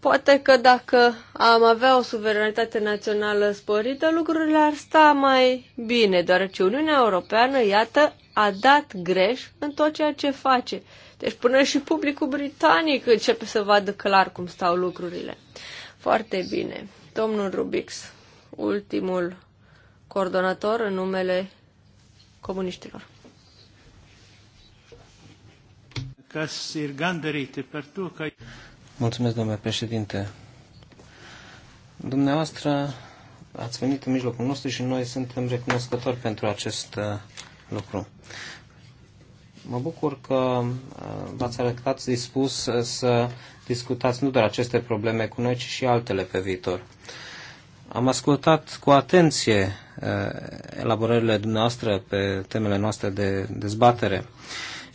Poate că dacă am avea o suveranitate națională sporită, lucrurile ar sta mai bine, deoarece Uniunea Europeană, iată, a dat greș în tot ceea ce face. Deci până și publicul britanic începe să vadă clar cum stau lucrurile. Foarte bine. Domnul Rubix, ultimul coordonator în numele comuniștilor. Ca să Mulțumesc, domnule președinte. Dumneavoastră ați venit în mijlocul nostru și noi suntem recunoscători pentru acest uh, lucru. Mă bucur că uh, v-ați arătat dispus uh, să discutați nu doar aceste probleme cu noi, ci și altele pe viitor. Am ascultat cu atenție elaborările dumneavoastră pe temele noastre de dezbatere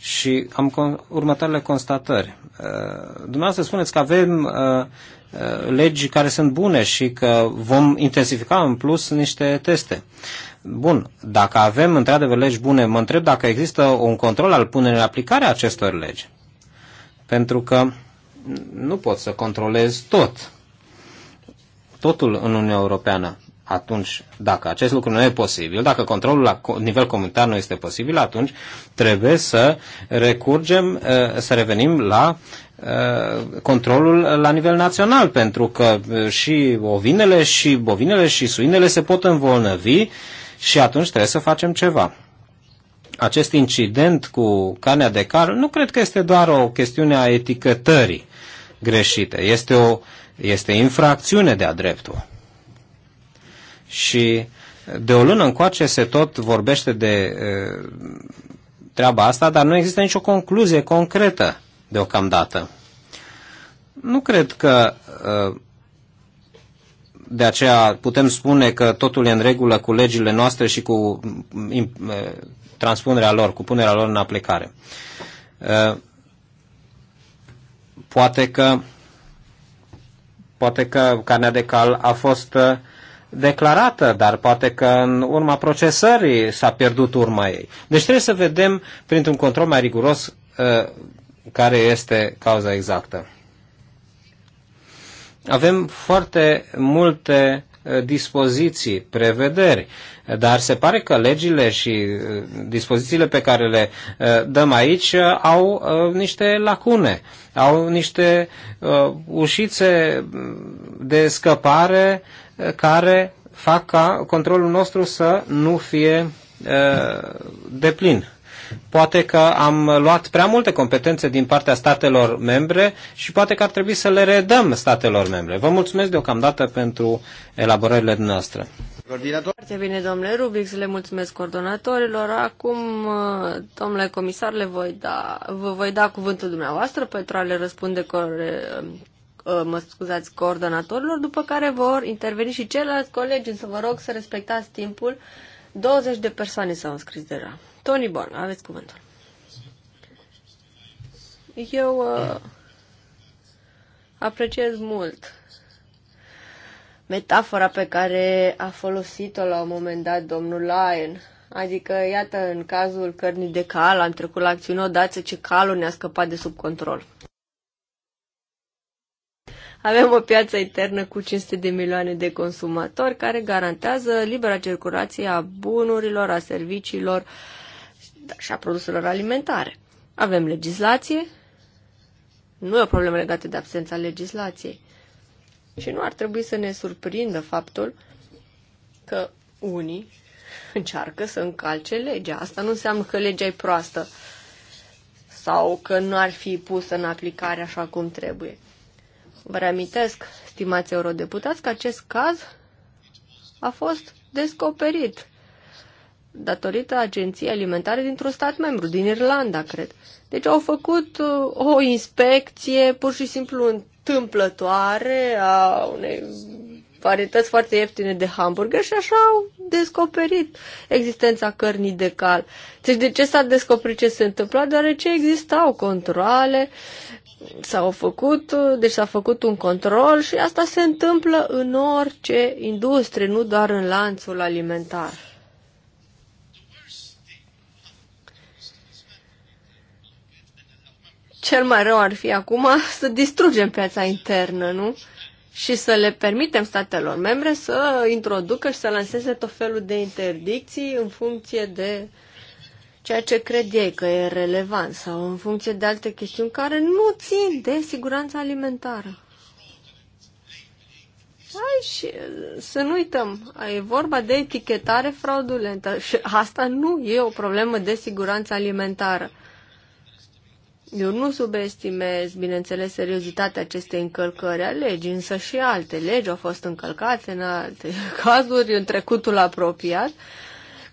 și am con- următoarele constatări. Uh, dumneavoastră spuneți că avem uh, uh, legi care sunt bune și că vom intensifica în plus niște teste. Bun, dacă avem într-adevăr legi bune, mă întreb dacă există un control al punerii în aplicare a acestor legi. Pentru că nu pot să controlez tot. Totul în Uniunea Europeană atunci, dacă acest lucru nu e posibil, dacă controlul la nivel comunitar nu este posibil, atunci trebuie să recurgem, uh, să revenim la uh, controlul la nivel național, pentru că uh, și ovinele și bovinele și suinele se pot învolnăvi și atunci trebuie să facem ceva. Acest incident cu canea de car nu cred că este doar o chestiune a etichetării greșite, este o este infracțiune de-a dreptul. Și de o lună încoace se tot vorbește de treaba asta, dar nu există nicio concluzie concretă deocamdată. Nu cred că de aceea putem spune că totul e în regulă cu legile noastre și cu transpunerea lor, cu punerea lor în aplicare. Poate că poate că carnea de cal a fost declarată, dar poate că în urma procesării s-a pierdut urma ei. Deci trebuie să vedem printr-un control mai riguros uh, care este cauza exactă. Avem foarte multe uh, dispoziții, prevederi, dar se pare că legile și uh, dispozițiile pe care le dăm aici au niște lacune, au niște ușițe mm, de scăpare care fac ca controlul nostru să nu fie uh, deplin. Poate că am luat prea multe competențe din partea statelor membre și poate că ar trebui să le redăm statelor membre. Vă mulțumesc deocamdată pentru elaborările noastre. Foarte bine, domnule Rubic, să le mulțumesc coordonatorilor. Acum, uh, domnule comisar, le voi da, vă voi da cuvântul dumneavoastră pentru a le răspunde Uh, mă scuzați, coordonatorilor, după care vor interveni și ceilalți colegi, însă vă rog să respectați timpul. 20 de persoane s-au înscris deja. Tony Bon, aveți cuvântul. Eu uh, apreciez mult metafora pe care a folosit-o la un moment dat domnul Lyon. Adică, iată, în cazul cărnii de cal am trecut la acțiune odată ce calul ne-a scăpat de sub control. Avem o piață internă cu 500 de milioane de consumatori care garantează libera circulație a bunurilor, a serviciilor și a produselor alimentare. Avem legislație, nu e o problemă legată de absența legislației. Și nu ar trebui să ne surprindă faptul că unii încearcă să încalce legea. Asta nu înseamnă că legea e proastă sau că nu ar fi pusă în aplicare așa cum trebuie. Vă reamintesc, stimați eurodeputați, că acest caz a fost descoperit datorită Agenției Alimentare dintr-un stat membru, din Irlanda, cred. Deci au făcut uh, o inspecție pur și simplu întâmplătoare a unei varietăți foarte ieftine de hamburger și așa au descoperit existența cărnii de cal. Deci de ce s-a descoperit ce se întâmpla? Deoarece existau controle, s-au făcut, deci s-a făcut un control și asta se întâmplă în orice industrie, nu doar în lanțul alimentar. Cel mai rău ar fi acum să distrugem piața internă, nu? Și să le permitem statelor membre să introducă și să lanseze tot felul de interdicții în funcție de uh, ceea ce credeai că e relevant sau în funcție de alte chestiuni care nu țin de siguranța alimentară. Hai și uh, să nu uităm, e vorba de etichetare fraudulentă și asta nu e o problemă de siguranță alimentară. Eu nu subestimez, bineînțeles, seriozitatea acestei încălcări a legii, însă și alte legi au fost încălcate în alte cazuri în trecutul apropiat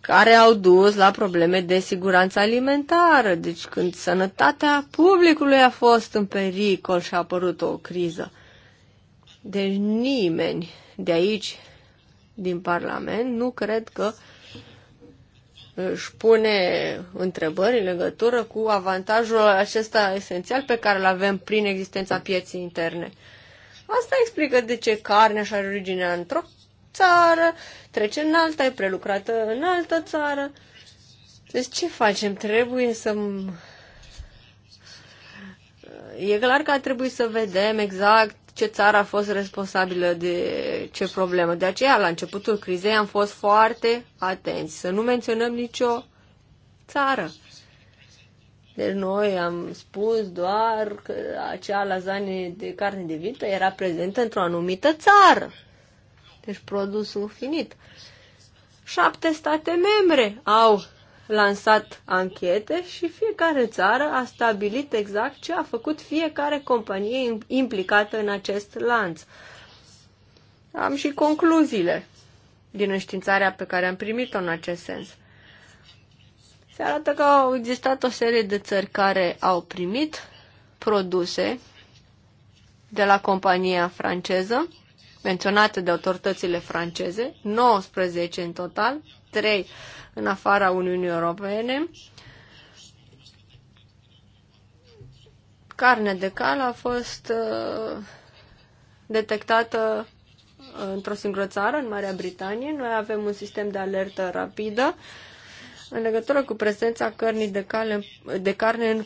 care au dus la probleme de siguranță alimentară, deci când sănătatea publicului a fost în pericol și a apărut o criză. Deci nimeni de aici, din Parlament, nu cred că își pune întrebări în legătură cu avantajul acesta esențial pe care îl avem prin existența pieței interne. Asta explică de ce carnea și are originea într-o țară, trece în alta, e prelucrată în altă țară. Deci ce facem? Trebuie să... E clar că ar trebui să vedem exact ce țară a fost responsabilă de ce problemă. De aceea, la începutul crizei, am fost foarte atenți să nu menționăm nicio țară. Deci noi am spus doar că acea lasagne de carne de vită era prezentă într-o anumită țară deci produsul finit. Șapte state membre au lansat anchete și fiecare țară a stabilit exact ce a făcut fiecare companie implicată în acest lanț. Am și concluziile din înștiințarea pe care am primit-o în acest sens. Se arată că au existat o serie de țări care au primit produse de la compania franceză menționate de autoritățile franceze, 19 în total, 3 în afara Uniunii Europene. Carne de cal a fost uh, detectată uh, într-o singură țară, în Marea Britanie. Noi avem un sistem de alertă rapidă în legătură cu prezența cărnii de, cale, de carne în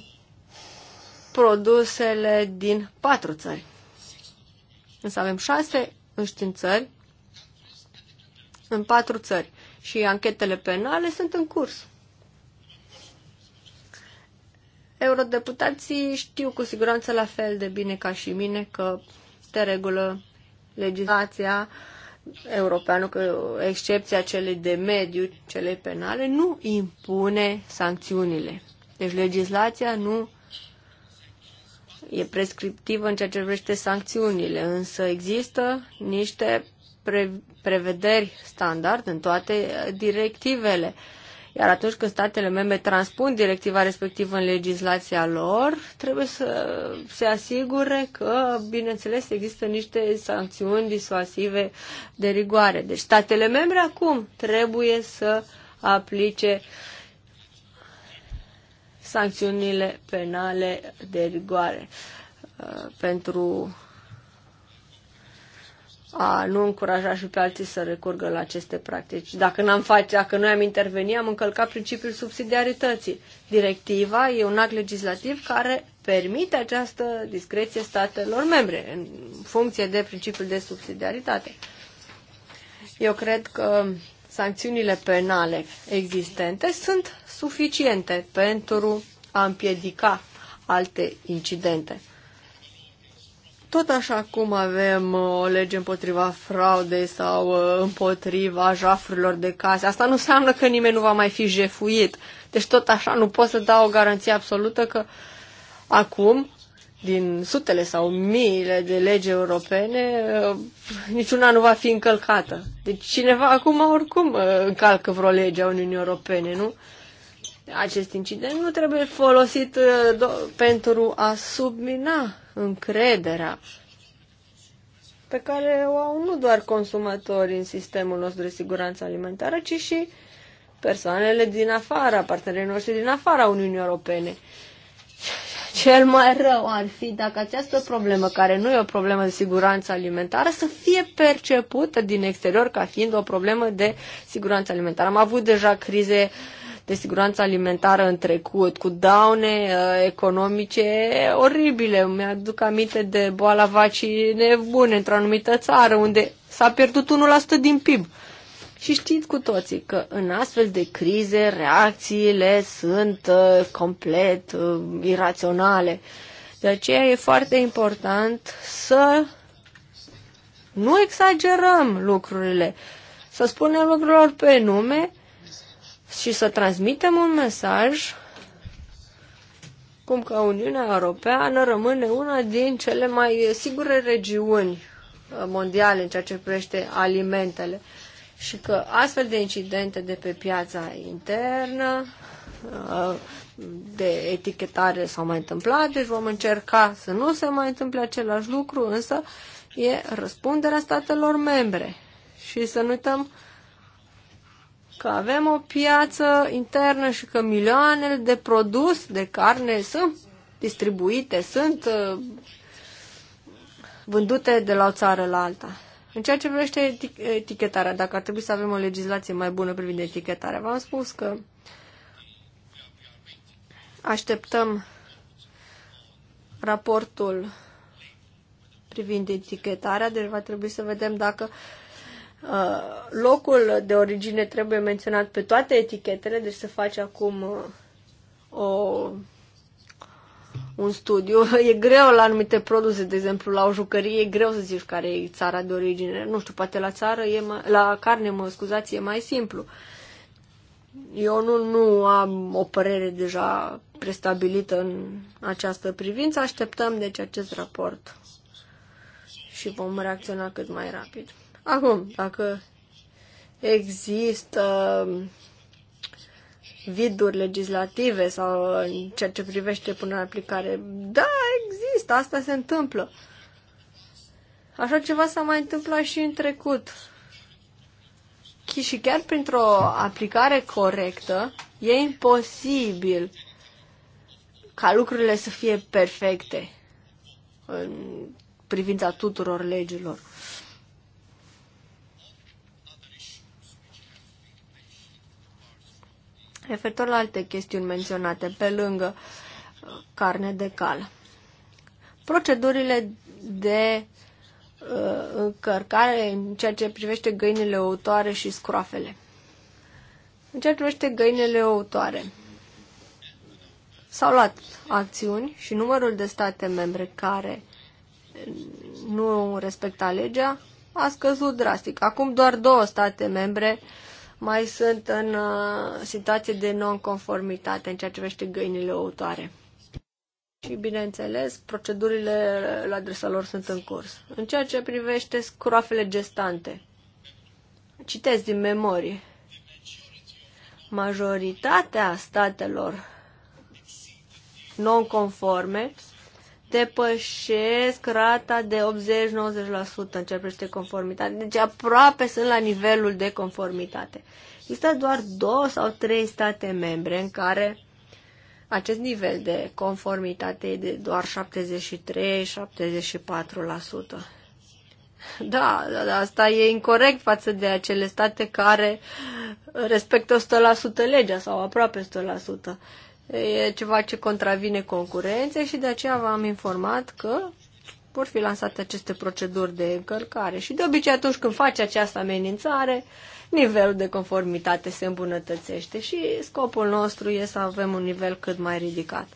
produsele din patru țări. Însă avem șase în țări, în patru țări. Și anchetele penale sunt în curs. Eurodeputații știu cu siguranță la fel de bine ca și mine că de regulă legislația europeană, că excepția celei de mediu, celei penale, nu impune sancțiunile. Deci legislația nu e prescriptivă în ceea ce privește sancțiunile, însă există niște pre- prevederi standard în toate uh, directivele. Iar atunci când statele membre transpun directiva respectivă în legislația lor, trebuie să se asigure că, bineînțeles, există niște sancțiuni disuasive de rigoare. Deci statele membre acum trebuie să aplice uh, sancțiunile penale de rigoare uh, pentru a nu încuraja și pe alții să recurgă la aceste practici. Dacă n-am face, dacă noi am intervenit, am încălcat principiul subsidiarității. Directiva e un act legislativ care permite această discreție statelor membre în funcție de principiul de subsidiaritate. Eu cred că sancțiunile penale existente sunt suficiente pentru a împiedica alte incidente. Tot așa cum avem uh, o lege împotriva fraudei sau uh, împotriva jafurilor de case, asta nu înseamnă că nimeni nu va mai fi jefuit. Deci tot așa nu pot să dau o garanție absolută că acum din sutele sau miile de legi europene, eh, niciuna nu va fi încălcată. Deci cineva acum oricum eh, încalcă vreo lege a Uniunii Europene, nu? Acest incident nu trebuie folosit eh, pentru a submina încrederea pe care o au nu doar consumatorii în sistemul nostru de siguranță alimentară, ci și persoanele din afara, partenerii noștri din afara Uniunii Europene. Cel mai rău ar fi dacă această problemă, care nu e o problemă de siguranță alimentară, să fie percepută din exterior ca fiind o problemă de siguranță alimentară. Am avut deja crize de siguranță alimentară în trecut, cu daune uh, economice oribile. Mi-aduc aminte de boala vacii nebune într-o anumită țară, unde s-a pierdut 1% din PIB. Și știți cu toții că în astfel de crize reacțiile sunt uh, complet uh, iraționale. De aceea e foarte important să nu exagerăm lucrurile, să spunem lucrurilor pe nume și să transmitem un mesaj cum că Uniunea Europeană rămâne una din cele mai sigure regiuni uh, mondiale în ceea ce privește alimentele și că astfel de incidente de pe piața internă uh, de etichetare s-au mai întâmplat, deci vom încerca să nu se mai întâmple același lucru, însă e răspunderea statelor membre. Și să nu uităm că avem o piață internă și că milioanele de produs de carne sunt distribuite, sunt uh, vândute de la o țară la alta. În ceea ce privește etichetarea, dacă ar trebui să avem o legislație mai bună privind etichetarea, v-am spus că așteptăm raportul privind etichetarea, deci va trebui să vedem dacă uh, locul de origine trebuie menționat pe toate etichetele, deci să face acum uh, o un studiu. E greu la anumite produse, de exemplu, la o jucărie, e greu să zici care e țara de origine. Nu știu, poate la țară, e mai, la carne, mă scuzați, e mai simplu. Eu nu, nu am o părere deja prestabilită în această privință. Așteptăm, deci, acest raport și vom reacționa cât mai rapid. Acum, dacă există viduri legislative sau în ceea ce privește până în aplicare. Da, există, asta se întâmplă. Așa ceva s-a mai întâmplat și în trecut. Și chiar printr-o aplicare corectă, e imposibil ca lucrurile să fie perfecte în privința tuturor legilor. referitor la alte chestiuni menționate pe lângă uh, carne de cal. Procedurile de uh, încărcare în ceea ce privește găinile outoare și scroafele. În ceea ce privește găinile outoare, s-au luat acțiuni și numărul de state membre care nu respecta legea a scăzut drastic. Acum doar două state membre uh, mai sunt în uh, situație de nonconformitate în ceea ce privește găinile outoare. Și, bineînțeles, procedurile la adresa lor sunt în curs. În ceea ce privește scroafele gestante, citesc din memorie, majoritatea statelor nonconforme depășesc rata de 80-90% în ce privește conformitate. Deci aproape sunt la nivelul de conformitate. Există doar două sau trei state membre în care acest nivel de conformitate e de doar 73-74%. Da, da, da, asta e incorrect față de acele state care respectă 100% legea sau aproape 100% e ceva ce contravine concurenței și de aceea v-am informat că vor fi lansate aceste proceduri de încălcare. Și de obicei atunci când faci această amenințare, nivelul de conformitate se îmbunătățește și scopul nostru e să avem un nivel cât mai ridicat.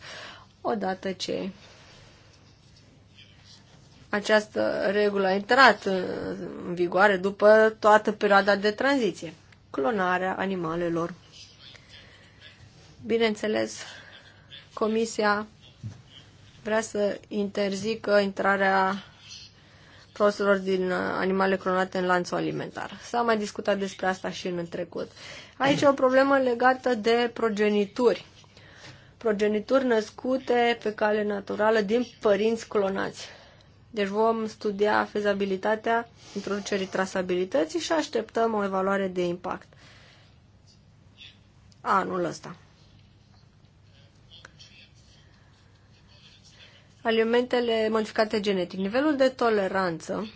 Odată ce această regulă a intrat în vigoare după toată perioada de tranziție, clonarea animalelor Bineînțeles, Comisia vrea să interzică intrarea proselor din uh, animale clonate în lanțul alimentar. S-a mai discutat despre asta și în trecut. Aici e o problemă legată de progenituri. Progenituri născute pe cale naturală din părinți clonați. Deci vom studia fezabilitatea introducerii trasabilității și așteptăm o evaluare de impact anul ăsta. alimentele modificate genetic, nivelul de toleranță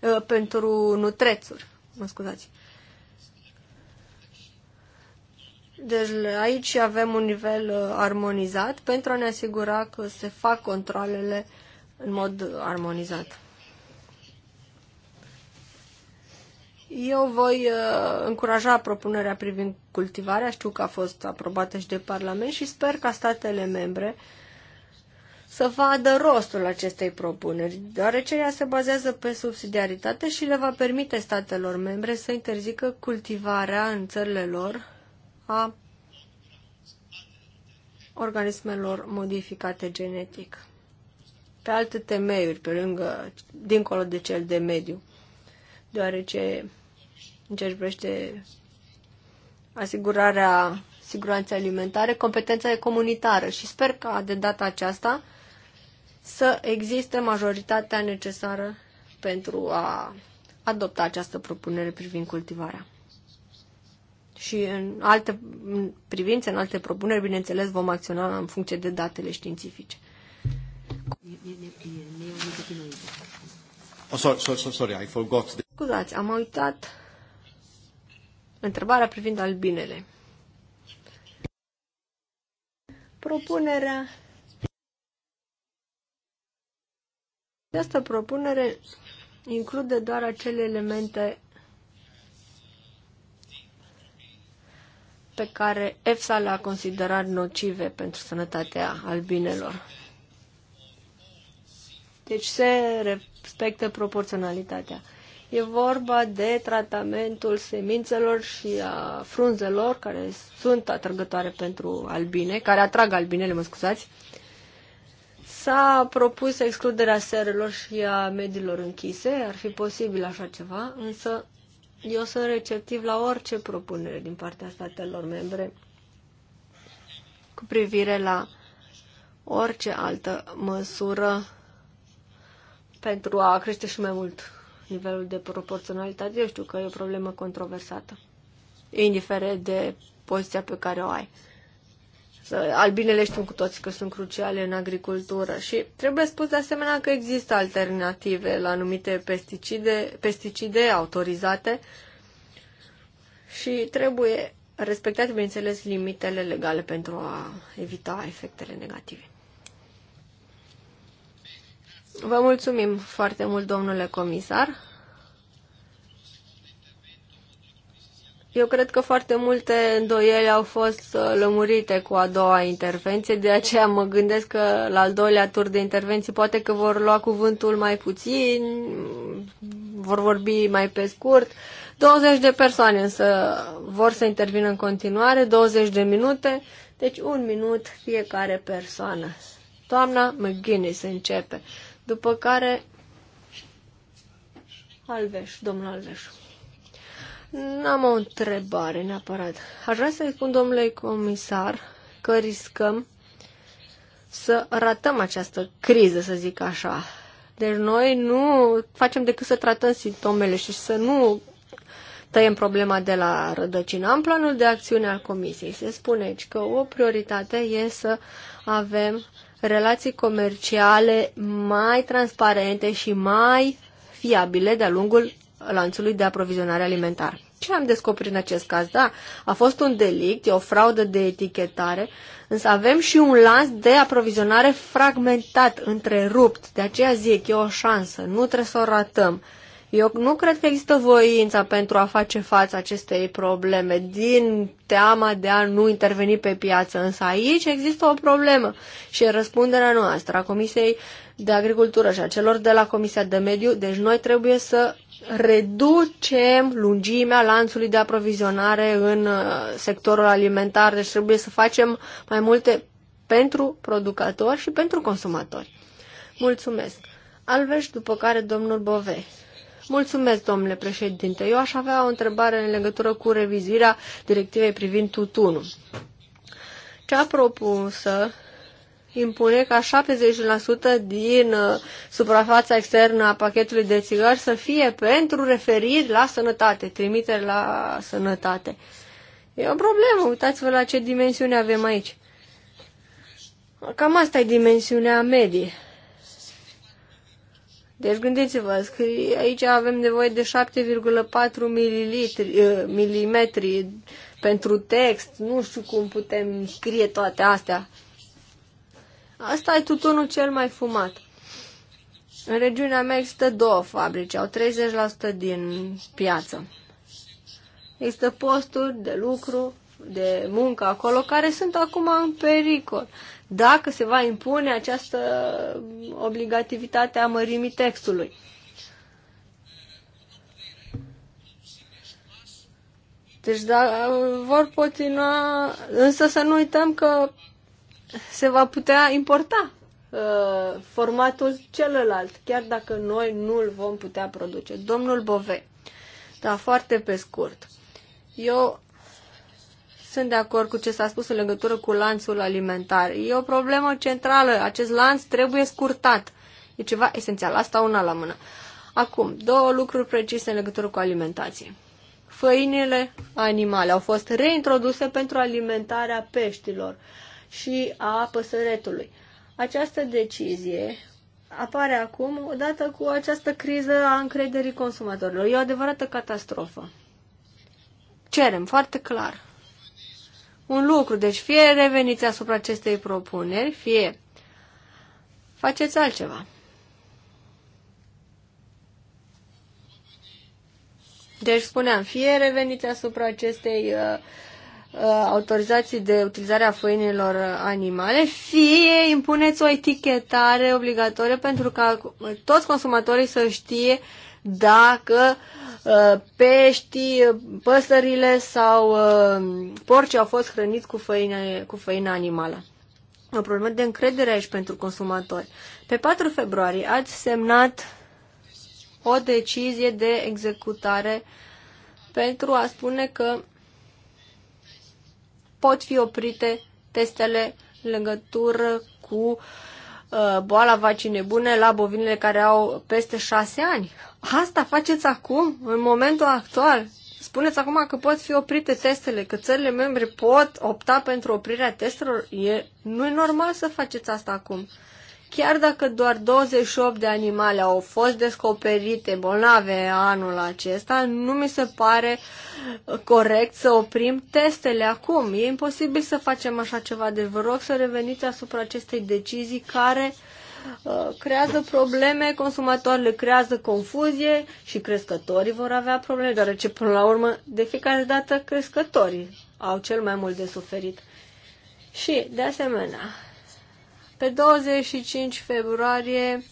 uh, pentru nutrețuri, mă scuzați. Deci aici avem un nivel uh, armonizat pentru a ne asigura că se fac controlele în mod armonizat. Eu voi uh, încuraja propunerea privind cultivarea, știu că a fost aprobată și de Parlament și sper ca statele membre uh, să vadă rostul acestei propuneri, deoarece ea se bazează pe subsidiaritate și le va permite statelor membre să interzică cultivarea în țările lor a organismelor modificate genetic pe alte temeiuri, pe lângă, dincolo de cel de mediu, deoarece în ce privește asigurarea siguranței alimentare, competența e comunitară și sper că de data aceasta să existe majoritatea necesară pentru a adopta această propunere privind cultivarea. Și în alte privințe, în alte propuneri, bineînțeles, vom acționa în funcție de datele științifice. Oh, sorry, sorry, sorry, I forgot. Scuzați, am uitat întrebarea privind albinele. Propunerea Această propunere include doar acele elemente pe care EFSA le-a considerat nocive pentru sănătatea albinelor. Deci se respectă proporționalitatea. E vorba de tratamentul semințelor și a frunzelor care sunt atrăgătoare pentru albine, care atrag albinele, mă scuzați, S-a propus excluderea serelor și a mediilor închise, ar fi posibil așa ceva, însă eu sunt receptiv la orice propunere din partea statelor membre cu privire la orice altă măsură pentru a crește și mai mult nivelul de proporționalitate. Eu știu că e o problemă controversată, indiferent de poziția pe care o ai. Albinele știm cu toți că sunt cruciale în agricultură și trebuie spus de asemenea că există alternative la anumite pesticide, pesticide autorizate și trebuie respectate, bineînțeles, limitele legale pentru a evita efectele negative. Vă mulțumim foarte mult, domnule comisar. Eu cred că foarte multe îndoieli au fost uh, lămurite cu a doua intervenție, de aceea mă gândesc că la al doilea tur de intervenții poate că vor lua cuvântul mai puțin, vor vorbi mai pe scurt. 20 de persoane însă vor să intervină în continuare, 20 de minute, deci un minut fiecare persoană. Doamna McGuinness începe, după care Alveș, domnul Alveșu. N-am o întrebare neapărat. Aș vrea să-i spun domnule comisar că riscăm să ratăm această criză, să zic așa. Deci noi nu facem decât să tratăm simptomele și să nu tăiem problema de la rădăcină. Am planul de acțiune al Comisiei. Se spune aici că o prioritate e să avem relații comerciale mai transparente și mai fiabile de-a lungul lanțului de aprovizionare alimentar. Ce am descoperit în acest caz? Da, a fost un delict, e o fraudă de etichetare, însă avem și un lanț de aprovizionare fragmentat, întrerupt. De aceea zic, e o șansă, nu trebuie să o ratăm. Eu nu cred că există voința pentru a face față acestei probleme din teama de a nu interveni pe piață, însă aici există o problemă și e răspunderea noastră a Comisiei de Agricultură și a celor de la Comisia de Mediu, deci noi trebuie să reducem lungimea lanțului de aprovizionare în uh, sectorul alimentar, deci trebuie să facem mai multe pentru producători și pentru consumatori. Mulțumesc. Alveș, după care domnul Bove. Mulțumesc, domnule președinte. Eu aș avea o întrebare în legătură cu revizuirea directivei privind tutunul. Cea propusă impune ca 70% din uh, suprafața externă a pachetului de țigări să fie pentru referiri la sănătate, trimitere la sănătate. E o problemă, uitați-vă la ce dimensiune avem aici. Cam asta e dimensiunea medie. Deci gândiți-vă, aici avem nevoie de 7,4 mm uh, pentru text, nu știu cum putem scrie toate astea. Asta e tutunul cel mai fumat. În regiunea mea există două fabrici, au 30% din piață. Există posturi de lucru, de muncă acolo, care sunt acum în pericol. Dacă se va impune această obligativitate a mărimii textului. Deci da, vor continua, însă să nu uităm că se va putea importa uh, formatul celălalt, chiar dacă noi nu îl vom putea produce. Domnul Bove, da, foarte pe scurt. Eu sunt de acord cu ce s-a spus în legătură cu lanțul alimentar. E o problemă centrală. Acest lanț trebuie scurtat. E ceva esențial. Asta una la mână. Acum, două lucruri precise în legătură cu alimentație. Făinile animale au fost reintroduse pentru alimentarea peștilor. Uh, și a păsăretului. Această decizie apare acum odată cu această criză a încrederii consumatorilor. E o adevărată catastrofă. Cerem foarte clar un lucru, deci fie reveniți asupra acestei propuneri, fie faceți altceva. Deci spuneam, fie reveniți asupra acestei uh, Uh, autorizații de utilizare a făinilor animale, fie impuneți o etichetare obligatorie pentru ca toți consumatorii să știe dacă uh, pești, păsările sau uh, porcii au fost hrăniți cu făină, cu făină animală. O problemă de încredere aici pentru consumatori. Pe 4 februarie ați semnat o decizie de executare pentru a spune că pot fi oprite testele în legătură cu uh, boala vacii nebune la bovinele care au peste șase ani. Asta faceți acum, în momentul actual. Spuneți acum că pot fi oprite testele, că țările membre pot opta pentru oprirea testelor. E, nu e normal să faceți asta acum. Chiar dacă doar 28 de animale au fost descoperite bolnave anul acesta, nu mi se pare uh, corect să oprim testele acum. E imposibil să facem așa ceva, deci vă rog să reveniți asupra acestei decizii care uh, creează probleme, consumatoarele creează confuzie și crescătorii vor avea probleme, deoarece până la urmă de fiecare dată crescătorii au cel mai mult de suferit. Și, de asemenea, pe 25 februarie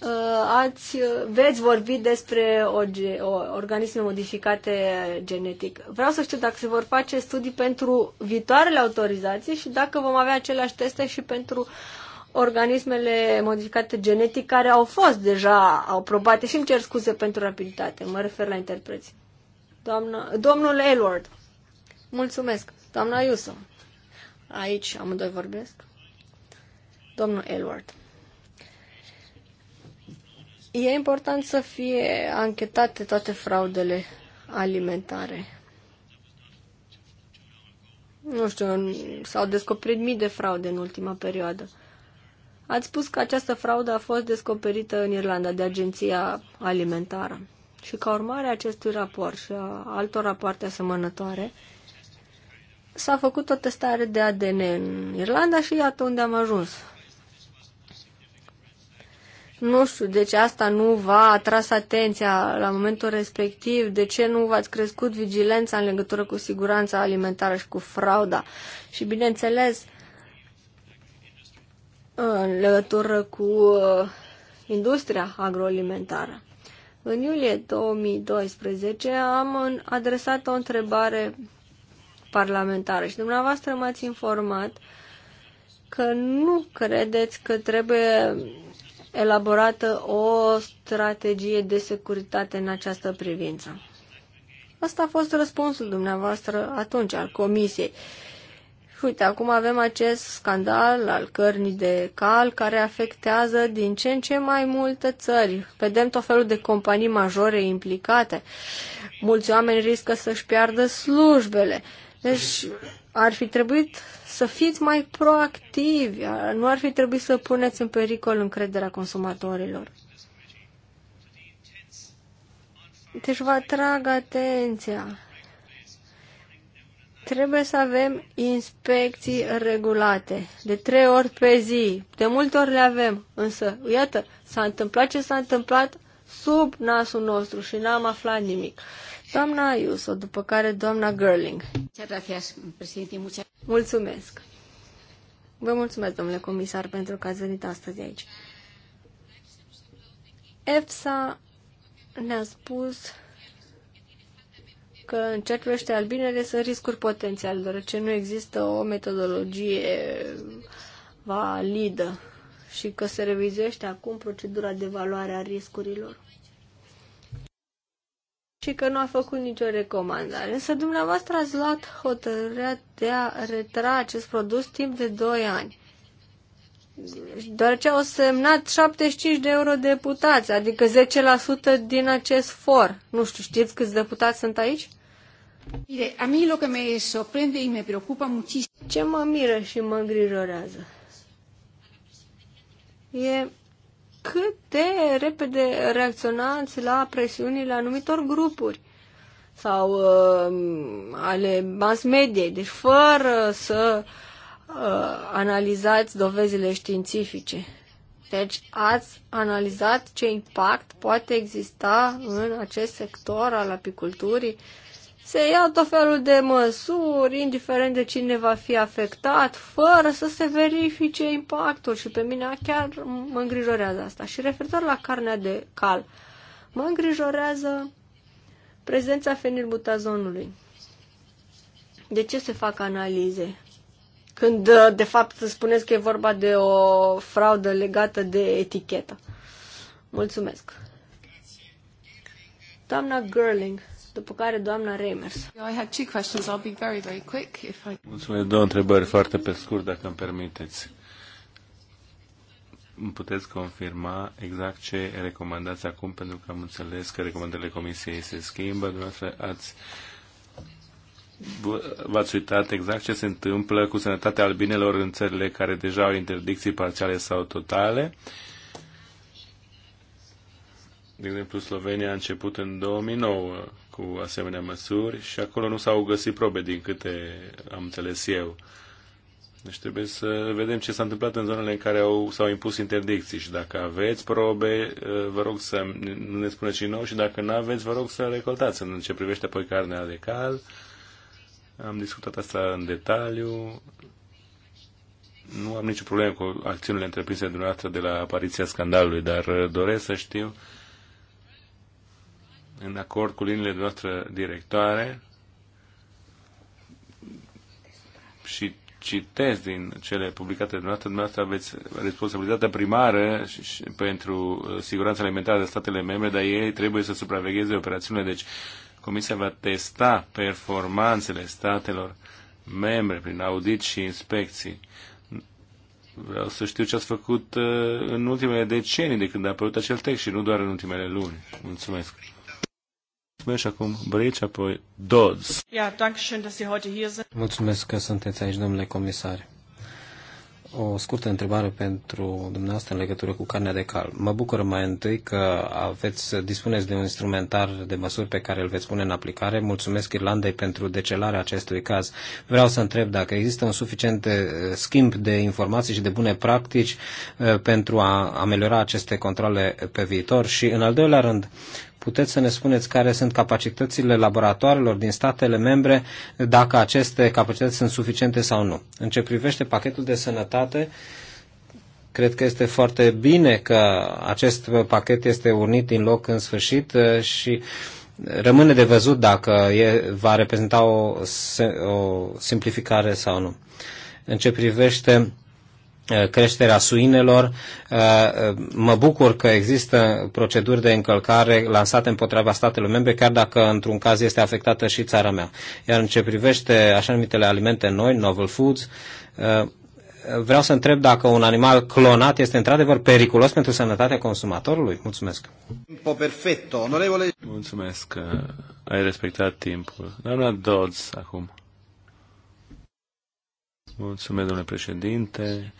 uh, ați, uh, veți vorbi despre o, o, organisme modificate genetic. Vreau să știu dacă se vor face studii pentru viitoarele autorizații și dacă vom avea aceleași teste și pentru organismele modificate genetic care au fost deja aprobate și îmi cer scuze pentru rapiditate. Mă refer la interpreți. Doamna, domnul Elward. Mulțumesc. Doamna Iuso. Aici amândoi vorbesc domnul Elward. E important să fie anchetate toate fraudele alimentare. Nu știu, s-au descoperit mii de fraude în ultima perioadă. Ați spus că această fraudă a fost descoperită în Irlanda de Agenția Alimentară. Și ca urmare a acestui raport și a altor rapoarte asemănătoare, s-a făcut o testare de ADN în Irlanda și iată unde am ajuns. Nu știu de ce asta nu v-a atras atenția la momentul respectiv, de ce nu v-ați crescut vigilența în legătură cu siguranța alimentară și cu frauda. Și bineînțeles, în legătură cu uh, industria agroalimentară. În iulie 2012 am adresat o întrebare parlamentară și dumneavoastră m-ați informat că nu credeți că trebuie elaborată o strategie de securitate în această privință. Asta a fost răspunsul dumneavoastră atunci al comisiei. uite, acum avem acest scandal al cărnii de cal care afectează din ce în ce mai multe țări. Vedem tot felul de companii majore implicate. Mulți oameni riscă să-și piardă slujbele. Deci ar fi trebuit să fiți mai proactivi, nu ar fi trebuit să puneți în pericol încrederea consumatorilor. Deci vă atrag atenția. Trebuie să avem inspecții regulate, de trei ori pe zi. De multe ori le avem, însă, iată, s-a întâmplat ce s-a întâmplat sub nasul nostru și n-am aflat nimic. Doamna Ayuso, după care doamna Gerling. Mulțumesc. Vă mulțumesc, domnule comisar, pentru că ați venit astăzi aici. EFSA ne-a spus că în ceea ce privește albinele sunt riscuri potențiale, deoarece nu există o metodologie validă și că se revizuiește acum procedura de evaluare a riscurilor și că nu a făcut nicio recomandare. Însă dumneavoastră ați luat hotărârea de a retra acest produs timp de 2 ani. ce au semnat 75 de euro deputați, adică 10% din acest for. Nu știu, știți câți deputați sunt aici? Mire, a mí lo que me sorprende y me preocupa muchísimo. Ce mă miră și mă îngrijorează? E cât de repede reacționați la presiunile anumitor grupuri sau uh, ale mass mediei, deci fără să uh, analizați dovezile științifice. Deci ați analizat ce impact poate exista în acest sector al apiculturii se ia tot felul de măsuri, indiferent de cine va fi afectat, fără să se verifice impactul și pe mine chiar mă îngrijorează asta. Și referitor la carnea de cal, mă îngrijorează prezența fenilbutazonului. De ce se fac analize? Când, de fapt, spuneți că e vorba de o fraudă legată de etichetă. Mulțumesc. Doamna Gerling după care doamna Remers. Mulțumesc. Două întrebări foarte pe scurt, dacă îmi permiteți. Puteți confirma exact ce recomandați acum, pentru că am înțeles că recomandările Comisiei se schimbă. Dumneavoastră ați v-ați uitat exact ce se întâmplă cu sănătatea albinelor în țările care deja au interdicții parțiale sau totale. De exemplu, Slovenia a început în 2009 cu asemenea măsuri și acolo nu s-au găsit probe, din câte am înțeles eu. Deci trebuie să vedem ce s-a întâmplat în zonele în care au, s-au impus interdicții și dacă aveți probe, eh, vă rog să ne spuneți și nou și dacă nu aveți, vă rog să recoltați. În ce privește apoi carnea de cal, am discutat asta în detaliu. Nu am nicio problemă cu acțiunile întreprinse dumneavoastră de la apariția scandalului, dar eh, doresc să știu uh, în acord cu liniile noastre directoare și citez din cele publicate de noastră dumneavoastră aveți responsabilitatea primară și, și, pentru uh, siguranța alimentară de statele membre, dar ei trebuie să supravegheze operațiunile. Deci Comisia va testa performanțele statelor membre prin audit și inspecții. Vreau să știu ce ați făcut uh, în ultimele decenii de când a apărut acel text și nu doar în ultimele luni. Mulțumesc. Mulțumesc acum Brici, apoi Dodds. Ja, danke schön, dass Sie heute hier sind. Mulțumesc că sunteți aici, domnule comisar. O scurtă întrebare pentru dumneavoastră în legătură cu carnea de cal. Mă bucur mai întâi că aveți, dispuneți de un instrumentar de măsuri pe care îl veți pune în aplicare. Mulțumesc Irlandei pentru decelarea acestui caz. Vreau să întreb dacă există un suficient eh, schimb de informații și de bune practici eh, pentru a ameliora aceste controle pe viitor și, în al doilea rând, Puteți să ne spuneți care sunt capacitățile laboratoarelor din statele membre, dacă aceste capacități sunt suficiente sau nu. În ce privește pachetul de sănătate, cred că este foarte bine că acest pachet este urnit din loc în sfârșit uh, și rămâne de văzut dacă e, va reprezenta o, o simplificare sau nu. În ce privește Eh, creșterea suinelor. Eh, eh, mă bucur că există proceduri de încălcare lansate împotriva statelor membre, chiar dacă într-un caz este afectată și țara mea. Iar în ce privește așa numitele alimente noi, novel foods, vreau să întreb dacă un animal clonat este într-adevăr periculos pentru sănătatea consumatorului. Mulțumesc. Timpo perfetto, Mulțumesc. Ai respectat timpul. Doamna Dodds, acum. Mulțumesc, domnule președinte,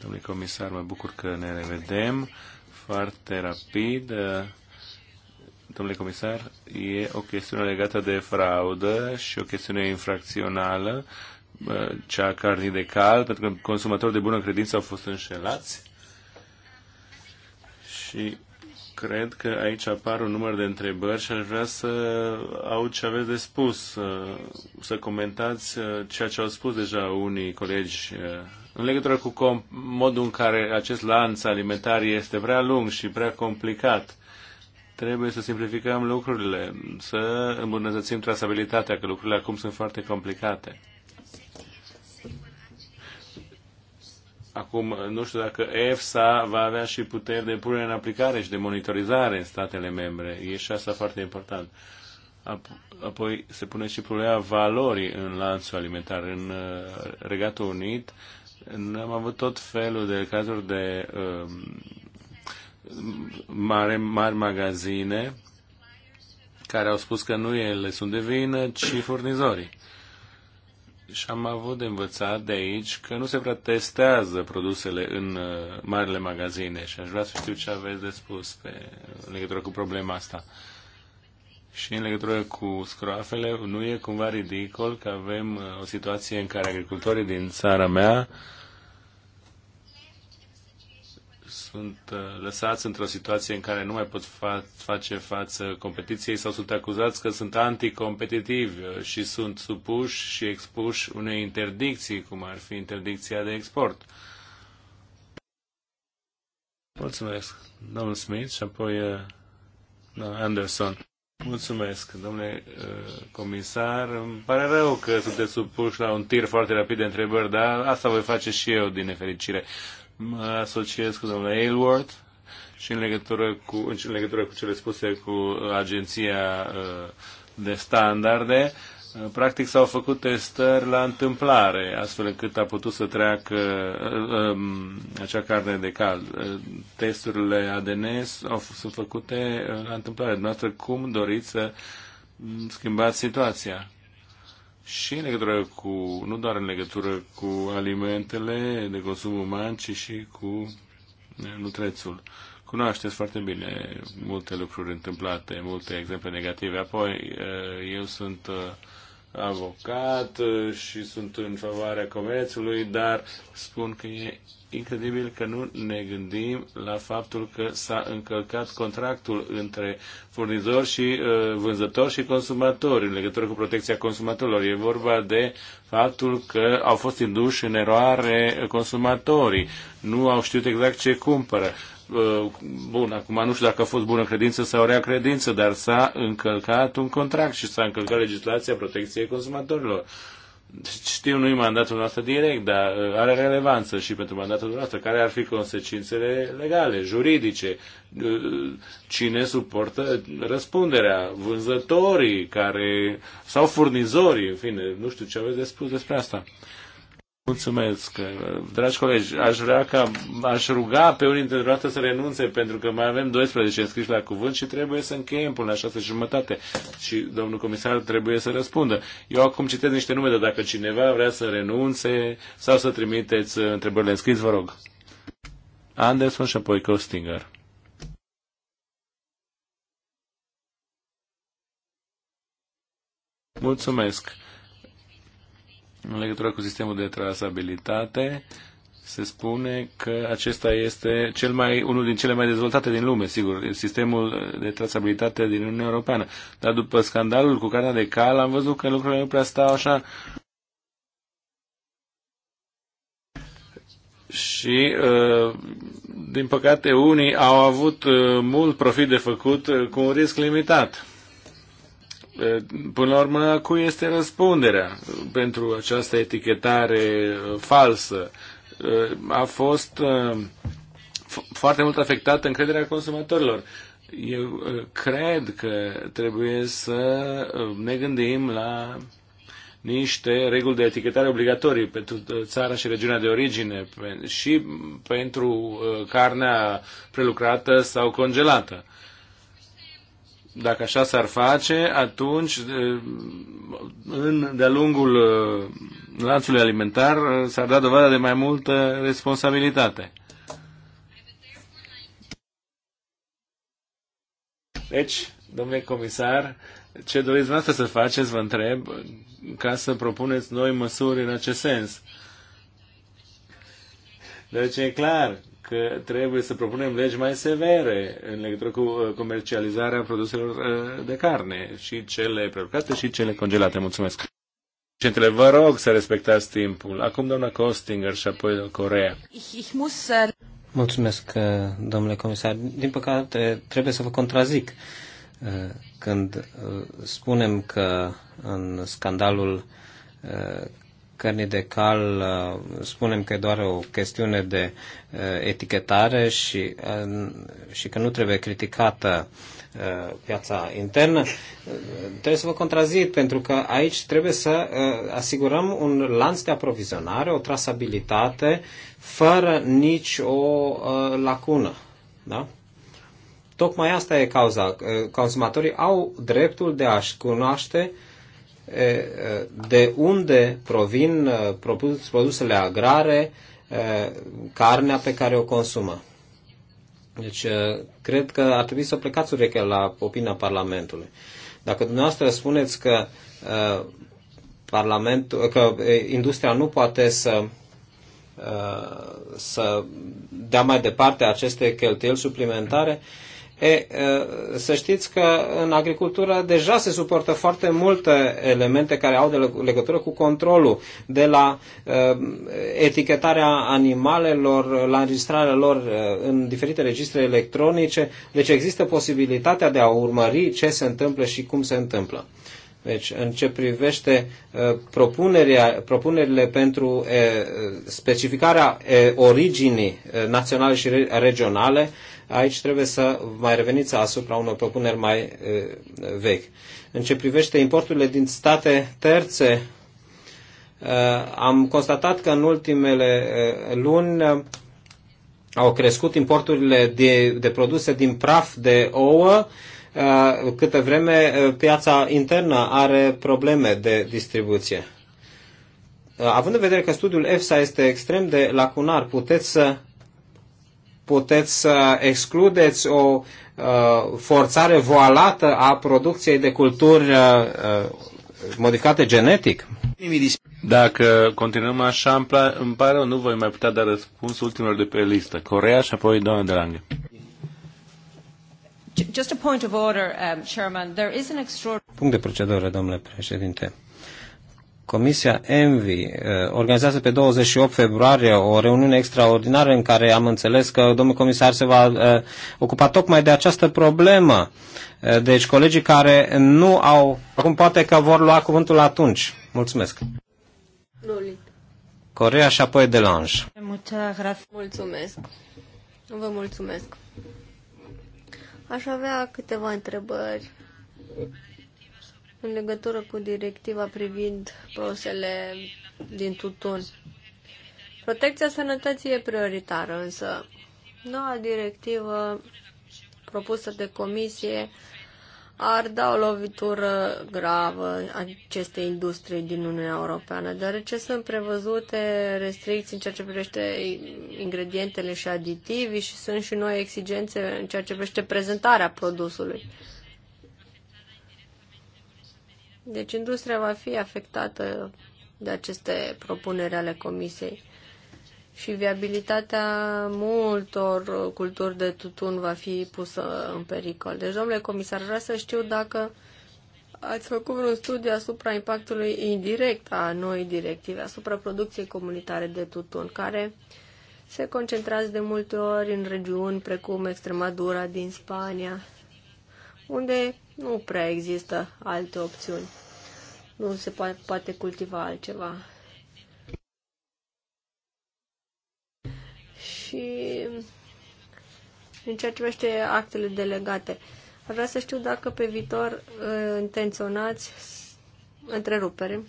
domnule comisar, mă bucur că ne revedem foarte rapid. Domnule comisar, e o chestiune legată de fraudă și o chestiune infracțională, cea a carnii de cal, pentru că consumatorii de bună credință au fost înșelați și cred că aici apar un număr de întrebări și aș vrea să aud ce aveți de spus, să, să comentați uh, ceea ce au spus deja unii colegi uh, în legătură cu modul în care acest lanț alimentar este prea lung și prea complicat. Trebuie să simplificăm lucrurile, să îmbunătățim trasabilitatea, că lucrurile acum sunt foarte complicate. Acum, nu știu dacă EFSA va avea și puteri de punere în aplicare și de monitorizare în statele membre. E și asta foarte important. Apoi se pune și problema valorii în lanțul alimentar. În uh, Regatul Unit am avut tot felul de cazuri de uh, mare, mari magazine care au spus că nu ele sunt de vină, ci furnizorii și am avut de învățat de aici că nu se prea testează produsele în uh, marile magazine și aș vrea să știu ce aveți de spus pe, în legătură cu problema asta. Și în legătură cu scroafele, nu e cumva ridicol că avem uh, o situație în care agricultorii din țara mea uh, sunt uh, lăsați într-o situație în care nu mai pot fa- face față competiției sau sunt acuzați că sunt anticompetitivi uh, și sunt supuși și expuși unei interdicții, cum ar fi interdicția de export. Mulțumesc, domnul Smith și apoi uh, no, Anderson. Mulțumesc, domnule comisar. Îmi pare rău că sunteți supuși la un tir foarte rapid de întrebări, dar asta voi face și eu, din nefericire. Mă asociez cu domnul Aylward și în legătură cu, în legătură cu cele spuse cu agenția uh, de standarde. Uh, practic s-au făcut testări la întâmplare, astfel încât a putut să treacă uh, um, acea carne de cald. Testurile ADN au sunt făcute la întâmplare. Noastră cum doriți să schimbați situația? și în legătură cu, nu doar în legătură cu alimentele de consum uman, ci și cu eh, nutrețul. Cunoașteți foarte bine multe lucruri întâmplate, multe exemple negative. Apoi, eh, eu sunt eh, avocat uh, și sunt în favoarea comerțului, dar spun că e incredibil că nu ne gândim la faptul că s-a încălcat contractul între furnizori și uh, vânzători și consumatori în legătură cu protecția consumatorilor. E vorba de faptul că au fost induși în eroare consumatorii, nu au știut exact ce cumpără. Uh, bun, acum nu știu dacă a fost bună credință sau rea credință, dar s-a încălcat un contract și s-a încălcat legislația protecției consumatorilor. Știu, nu-i mandatul nostru direct, dar uh, are relevanță și pentru mandatul nostru. Care ar fi consecințele legale, juridice? Uh, cine suportă răspunderea? Vânzătorii care, sau furnizorii, în fine, nu știu ce aveți de spus despre asta. Mulțumesc. Dragi colegi, aș vrea ca, aș ruga pe unii dintre dumneavoastră să renunțe, pentru că mai avem 12 înscriși la cuvânt și trebuie să încheiem până la 6 jumătate și domnul comisar trebuie să răspundă. Eu acum citesc niște nume, dar dacă cineva vrea să renunțe sau să trimiteți întrebările înscris, vă rog. Anderson și apoi Costinger. Mulțumesc. În legătură cu sistemul de trasabilitate, se spune că acesta este cel mai, unul din cele mai dezvoltate din lume, sigur, sistemul de trasabilitate din Uniunea Europeană. Dar după scandalul cu carnea de cal am văzut că lucrurile nu prea stau așa. Și, uh, din păcate, unii au avut uh, mult profit de făcut uh, cu un risc limitat. Până la urmă, cui este răspunderea pentru această etichetare falsă? A fost foarte mult afectată încrederea consumatorilor. Eu cred că trebuie să ne gândim la niște reguli de etichetare obligatorii pentru țara și regiunea de origine și pentru carnea prelucrată sau congelată dacă așa s-ar face, atunci în, de-a lungul uh, lanțului alimentar uh, s-ar da dovadă de mai multă responsabilitate. Deci, domnule comisar, ce doriți dumneavoastră să faceți, vă întreb, ca să propuneți noi măsuri în acest sens? Deci e clar că trebuie să propunem legi mai severe în legătură cu uh, comercializarea produselor uh, de carne, și cele prelucrate și cele congelate. Mulțumesc! Centrele, vă rog să respectați timpul. Acum doamna Costinger și apoi Corea. Uh, Mulțumesc, domnule comisar. Din păcate, trebuie să vă contrazic când spunem că în scandalul cărnii de cal uh, spunem că e doar o chestiune de uh, etichetare și, uh, și că nu trebuie criticată piața internă, trebuie să vă contrazic, pentru că aici trebuie să asigurăm un lanț de aprovizionare, o trasabilitate, fără nici o lacună. Da? Tocmai asta e cauza. Consumatorii au dreptul de a-și cunoaște uh, de unde provin produsele agrare, carnea pe care o consumă. Deci, cred că ar trebui să plecați urechea la opinia Parlamentului. Dacă dumneavoastră spuneți că, parlamentul, că industria nu poate să să dea mai departe aceste cheltuieli suplimentare, E, să știți că în agricultură deja se suportă foarte multe elemente care au de legătură cu controlul, de la etichetarea animalelor, la înregistrarea lor în diferite registre electronice, deci există posibilitatea de a urmări ce se întâmplă și cum se întâmplă. Deci, în ce privește propunerea, propunerile pentru specificarea originii naționale și regionale, aici trebuie să mai reveniți asupra unor propuneri mai vechi. În ce privește importurile din state terțe, am constatat că în ultimele luni au crescut importurile de, de produse din praf de ouă, câte vreme piața internă are probleme de distribuție. Având în vedere că studiul EFSA este extrem de lacunar, puteți să puteți să excludeți o uh, forțare voalată a producției de culturi uh, uh, modificate genetic? Dacă continuăm așa, îmi pare nu voi mai putea da răspuns ultimul de pe listă. Corea și apoi doamna de Lange. Just a point of order, um, Chairman. There is an extraordinary... Punct de procedură, domnule președinte. Comisia ENVI eh, organizează pe 28 februarie o reuniune extraordinară în care am înțeles că domnul comisar se va eh, ocupa tocmai de această problemă. Eh, deci colegii care nu au, acum poate că vor lua cuvântul atunci. Mulțumesc. Corea și apoi Delange. Mulțumesc. Vă mulțumesc. Aș avea câteva întrebări în legătură cu directiva privind prosele din tutun. Protecția sănătății e prioritară, însă noua directivă propusă de comisie ar da o lovitură gravă acestei industrii din Uniunea Europeană, deoarece sunt prevăzute restricții în ceea ce privește ingredientele și aditivii și sunt și noi exigențe în ceea ce privește prezentarea produsului. Deci industria va fi afectată de aceste propuneri ale Comisiei și viabilitatea multor culturi de tutun va fi pusă în pericol. Deci, domnule comisar, vreau să știu dacă ați făcut un studiu asupra impactului indirect a noii directive, asupra producției comunitare de tutun, care se concentrează de multe ori în regiuni precum Extremadura din Spania, unde nu prea există alte opțiuni. Nu se poate, poate cultiva altceva. Și în ceea ce privește actele delegate, ar vrea să știu dacă pe viitor uh, intenționați întrerupere.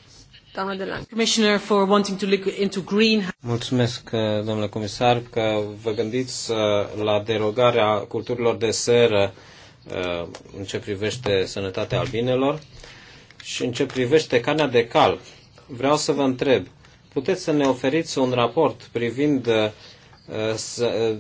Doamna de Lang. Commissioner for wanting to look into green. Mulțumesc, uh, domnule comisar, că vă gândiți uh, la derogarea culturilor de seră Uh, în ce privește sănătatea albinelor și în ce privește carnea de cal. Vreau să vă întreb, puteți să ne oferiți un raport privind uh, uh,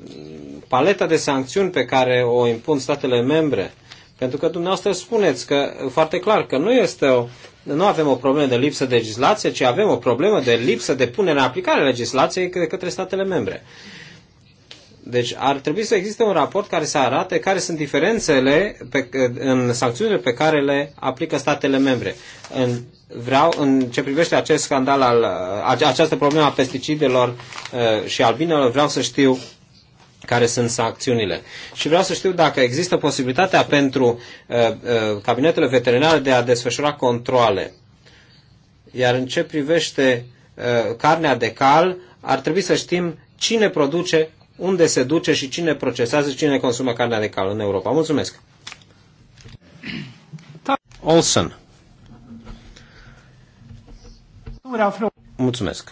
paleta de sancțiuni pe care o impun statele membre? Pentru că dumneavoastră spuneți că foarte clar că nu este o nu avem o problemă de lipsă de legislație, ci avem o problemă de lipsă de punere în aplicare a legislației de către statele membre. Deci ar trebui să existe un raport care să arate care sunt diferențele pe, în sancțiunile pe care le aplică statele membre. În, vreau, în ce privește acest scandal, al, această problemă a pesticidelor uh, și albinelor, vreau să știu care sunt sancțiunile. Și vreau să știu dacă există posibilitatea pentru uh, uh, cabinetele veterinare de a desfășura controle. Iar în ce privește uh, carnea de cal, ar trebui să știm cine produce unde se duce și cine procesează și cine consumă carnea de cal în Europa. Mulțumesc! Olson. Mulțumesc.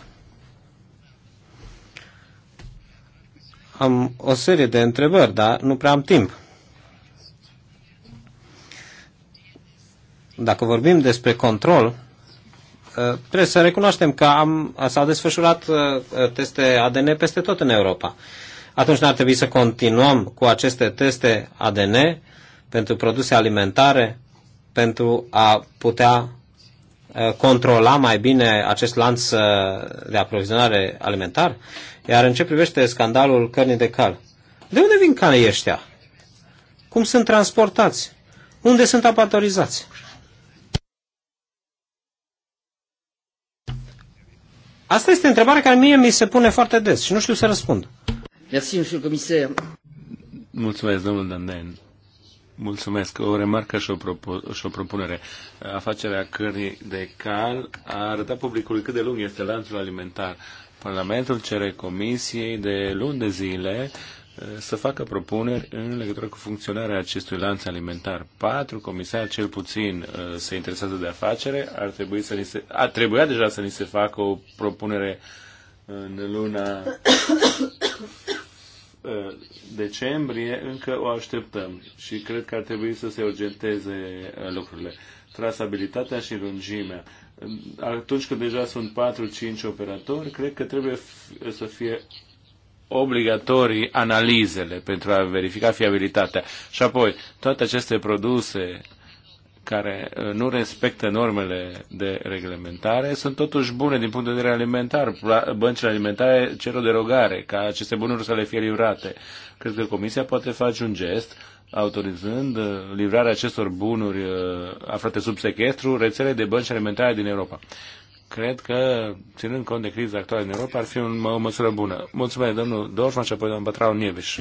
Am o serie de întrebări, dar nu prea am timp. Dacă vorbim despre control, eh, trebuie să recunoaștem că am, s-au desfășurat eh, teste ADN peste tot în Europa atunci n-ar trebui să continuăm cu aceste teste ADN pentru produse alimentare, pentru a putea uh, controla mai bine acest lanț uh, de aprovizionare alimentar? Iar în ce privește scandalul cărnii de cal, de unde vin canii ăștia? Cum sunt transportați? Unde sunt apatorizați? Asta este întrebarea care mie mi se pune foarte des și nu știu să răspund monsieur le commissaire. Mulțumesc, domnul Danden. Mulțumesc. O remarcă și o, propo- și o propunere. Afacerea cărnii de cal a arătat publicului cât de lung este lanțul alimentar. Parlamentul cere comisiei de luni de zile eh, să facă propuneri în legătură cu funcționarea acestui lanț alimentar. Patru comisari, cel puțin, eh, se interesează de afacere. Ar trebui să ni se, a trebuia deja să ni se facă o propunere în luna Uh, decembrie încă o așteptăm și cred că ar trebui să se urgenteze uh, lucrurile. Trasabilitatea și lungimea. Uh, atunci când deja sunt 4-5 operatori, cred că trebuie să fie obligatorii analizele pentru a verifica fiabilitatea. Și apoi, toate aceste produse care uh, nu respectă normele de reglementare sunt totuși bune din punct de vedere alimentar. Băncile alimentare cer o derogare ca aceste bunuri să le fie livrate. Cred că Comisia poate face un gest autorizând uh, livrarea acestor bunuri uh, aflate sub sechestru rețele de bănci alimentare din Europa cred că, ținând cont de criza actuală în Europa, ar fi un, o măsură bună. Mulțumesc, domnul Dorfman și apoi domnul Bătrau Nieviș.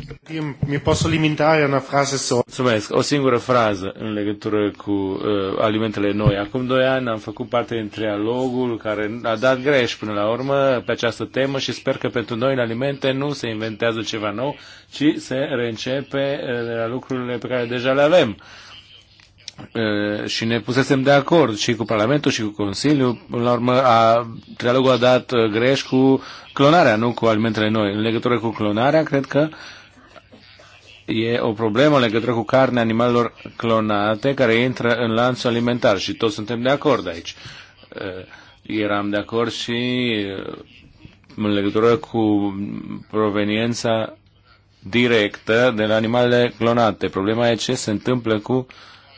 Mi posso limitare în frase sola. Mulțumesc. O singură frază în legătură cu uh, alimentele noi. Acum doi ani am făcut parte din trialogul care a dat greș până la urmă pe această temă și sper că pentru noi în alimente nu se inventează ceva nou, ci se reîncepe uh, la lucrurile pe care deja le avem și ne pusesem de acord și cu Parlamentul și cu Consiliul. Până la urmă, a, trialogul a dat greș cu clonarea, nu cu alimentele noi. În legătură cu clonarea, cred că e o problemă în legătură cu carnea animalelor clonate care intră în lanțul alimentar și toți suntem de acord aici. Eram de acord și în legătură cu proveniența directă de la animalele clonate. Problema e ce se întâmplă cu uh,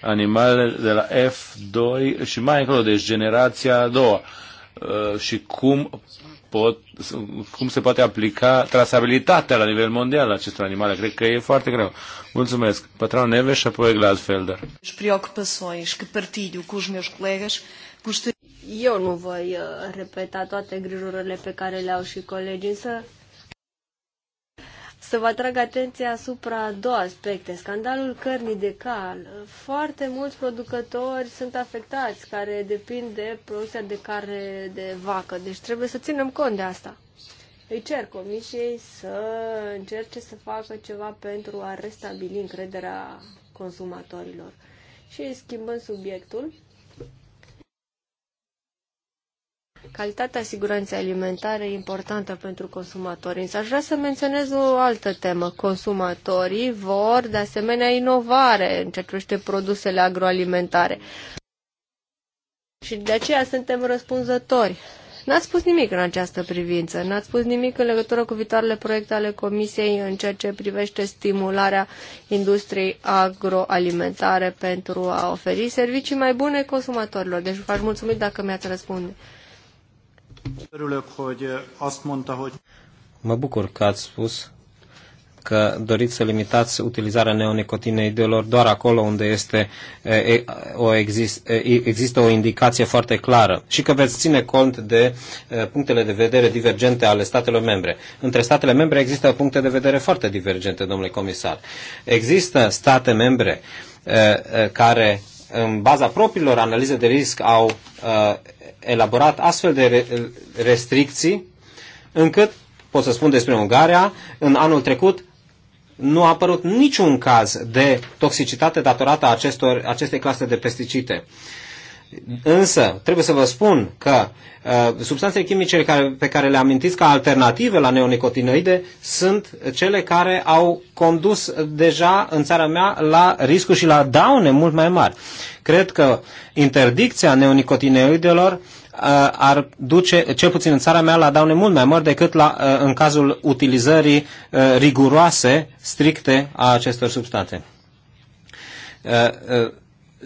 animalele de la F2 și mai încolo, deci generația a doua. Uh, și cum, pot, cum se poate aplica trasabilitatea la nivel mondial la acestor animale. Cred că e foarte greu. Mulțumesc. Patrão Neves și apoi Glasfelder. preocupações que partilho com os meus colegas Eu nu voi uh, repeta toate grijurile pe care le au și colegii, însă să vă atrag atenția asupra două aspecte. Scandalul cărnii de cal. Foarte mulți producători sunt afectați, care depind de producția de care de vacă. Deci trebuie să ținem cont de asta. Îi cer comisiei să încerce să facă ceva pentru a restabili încrederea consumatorilor. Și schimbând subiectul, Calitatea siguranței alimentare e importantă pentru consumatori, însă aș vrea să menționez o altă temă. Consumatorii vor, de asemenea, inovare în ceea ce privește produsele agroalimentare. Și de aceea suntem răspunzători. N-ați spus nimic în această privință, n-ați spus nimic în legătură cu viitoarele proiecte ale Comisiei în ceea ce privește stimularea industriei agroalimentare pentru a oferi servicii mai bune consumatorilor. Deci v-aș mulțumi dacă mi-ați răspunde. Mă bucur că ați spus că doriți să limitați utilizarea neonicotinoidelor doar acolo unde este, o exist, există o indicație foarte clară și că veți ține cont de punctele de vedere divergente ale statelor membre. Între statele membre există puncte de vedere foarte divergente, domnule comisar. Există state membre care în baza propriilor analize de risc au elaborat astfel de restricții încât, pot să spun despre Ungaria, în anul trecut nu a apărut niciun caz de toxicitate datorată acestor, acestei clase de pesticide. Însă, trebuie să vă spun că uh, substanțele chimice care, pe care le amintiți ca alternative la neonicotinoide sunt cele care au condus deja în țara mea la riscuri și la daune mult mai mari. Cred că interdicția neonicotinoidelor uh, ar duce, cel puțin în țara mea, la daune mult mai mari decât la, uh, în cazul utilizării uh, riguroase, stricte a acestor substanțe. Uh, uh,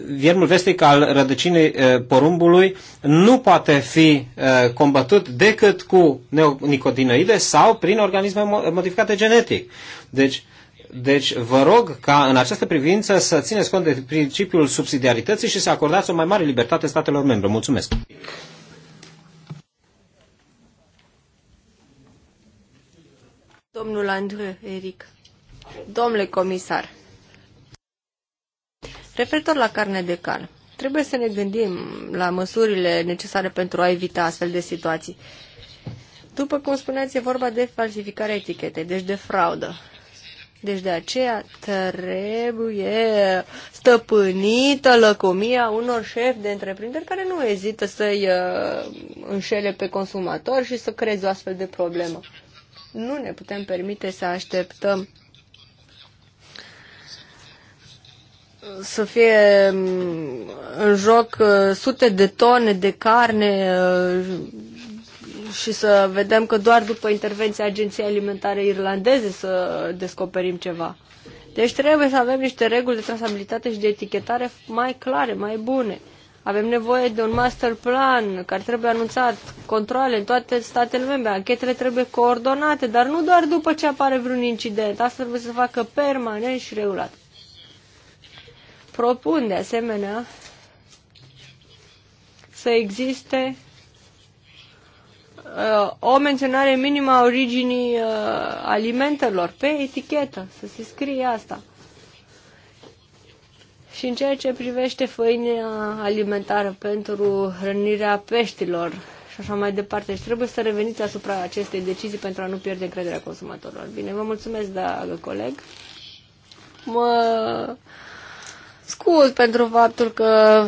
viermul vestic al rădăcinii eh, porumbului nu poate fi eh, combătut decât cu neonicotinoide sau prin organisme modificate genetic. Deci, deci vă rog ca în această privință să țineți cont de principiul subsidiarității și să acordați o mai mare libertate statelor membre. Mulțumesc! Domnul Andrei Eric, domnule comisar, Referitor la carne de cal, trebuie să ne gândim la măsurile necesare pentru a evita astfel de situații. După cum spuneați, e vorba de falsificarea etichetei, deci de fraudă. Deci de aceea trebuie stăpânită lăcomia unor șefi de întreprinderi care nu ezită să-i uh, înșele pe consumator și să creeze o astfel de problemă. Nu ne putem permite să așteptăm să fie mm, în joc uh, sute de tone de carne uh, și să vedem că doar după intervenția Agenției Alimentare Irlandeze să descoperim ceva. Deci trebuie să avem niște reguli de trasabilitate și de etichetare mai clare, mai bune. Avem nevoie de un master plan care trebuie anunțat, controle în toate statele membre, anchetele trebuie coordonate, dar nu doar după ce apare vreun incident. Asta trebuie să facă permanent și regulat. Propun de asemenea să existe uh, o menționare minimă a originii uh, alimentelor pe etichetă, să se scrie asta. Și în ceea ce privește făinea alimentară pentru hrănirea peștilor și așa mai departe. Și deci trebuie să reveniți asupra acestei decizii pentru a nu pierde încrederea consumatorilor. Bine, vă mulțumesc, da, coleg. Mă scuz pentru faptul că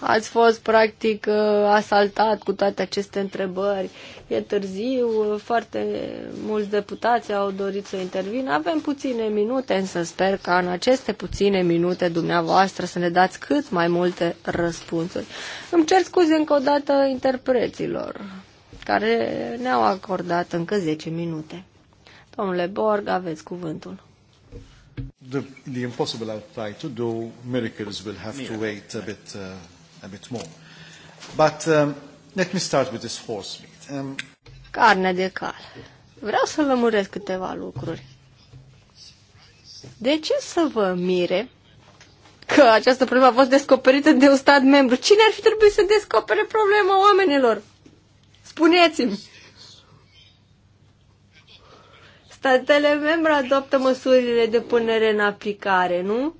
ați fost practic uh, asaltat cu toate aceste întrebări. E târziu, foarte mulți deputați au dorit să intervină. Avem puține minute, însă sper ca în aceste puține minute dumneavoastră să ne dați cât mai multe răspunsuri. Îmi cer scuze încă o dată interpreților care ne-au acordat încă 10 minute. Domnule Borg, aveți cuvântul. The, the impossible I'll try to do, miracles will have to wait a bit, uh, a bit more. But um, let me start with this horse meat. Um, Carne de cal. Vreau să lămuresc câteva lucruri. De ce să vă mire că această problemă a fost descoperită de un stat membru? Cine ar fi trebuit să descopere problema oamenilor? Spuneți-mi! statele membre adoptă măsurile de punere în aplicare, nu?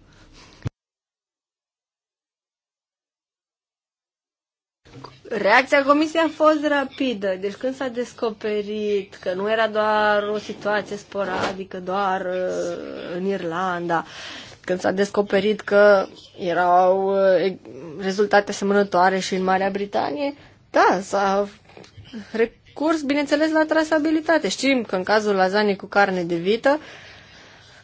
Reacția comisiei a fost rapidă, deci când s-a descoperit că nu era doar o situație sporadică, doar uh, în Irlanda, când s-a descoperit că erau uh, rezultate asemănătoare și în Marea Britanie, da, s-a rec- recurs, bineînțeles, la trasabilitate. Știm că în cazul lasagnei cu carne de vită,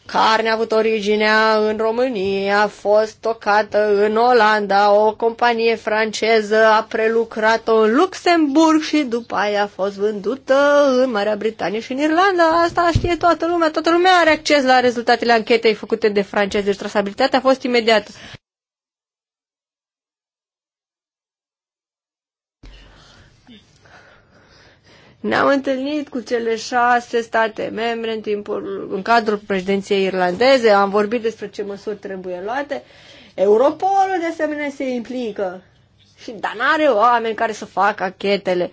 carnea a avut originea în România, a fost tocată în Olanda, o companie franceză a prelucrat-o în Luxemburg și după aia a fost vândută în Marea Britanie și în Irlanda. Asta știe toată lumea, toată lumea are acces la rezultatele anchetei făcute de francezi, deci trasabilitatea a fost imediată. Ne-am întâlnit cu cele șase state membre în, timpul, în cadrul președinției irlandeze, am vorbit despre ce măsuri trebuie luate. Europolul, de asemenea, se implică. Și dar n-are oameni care să facă achetele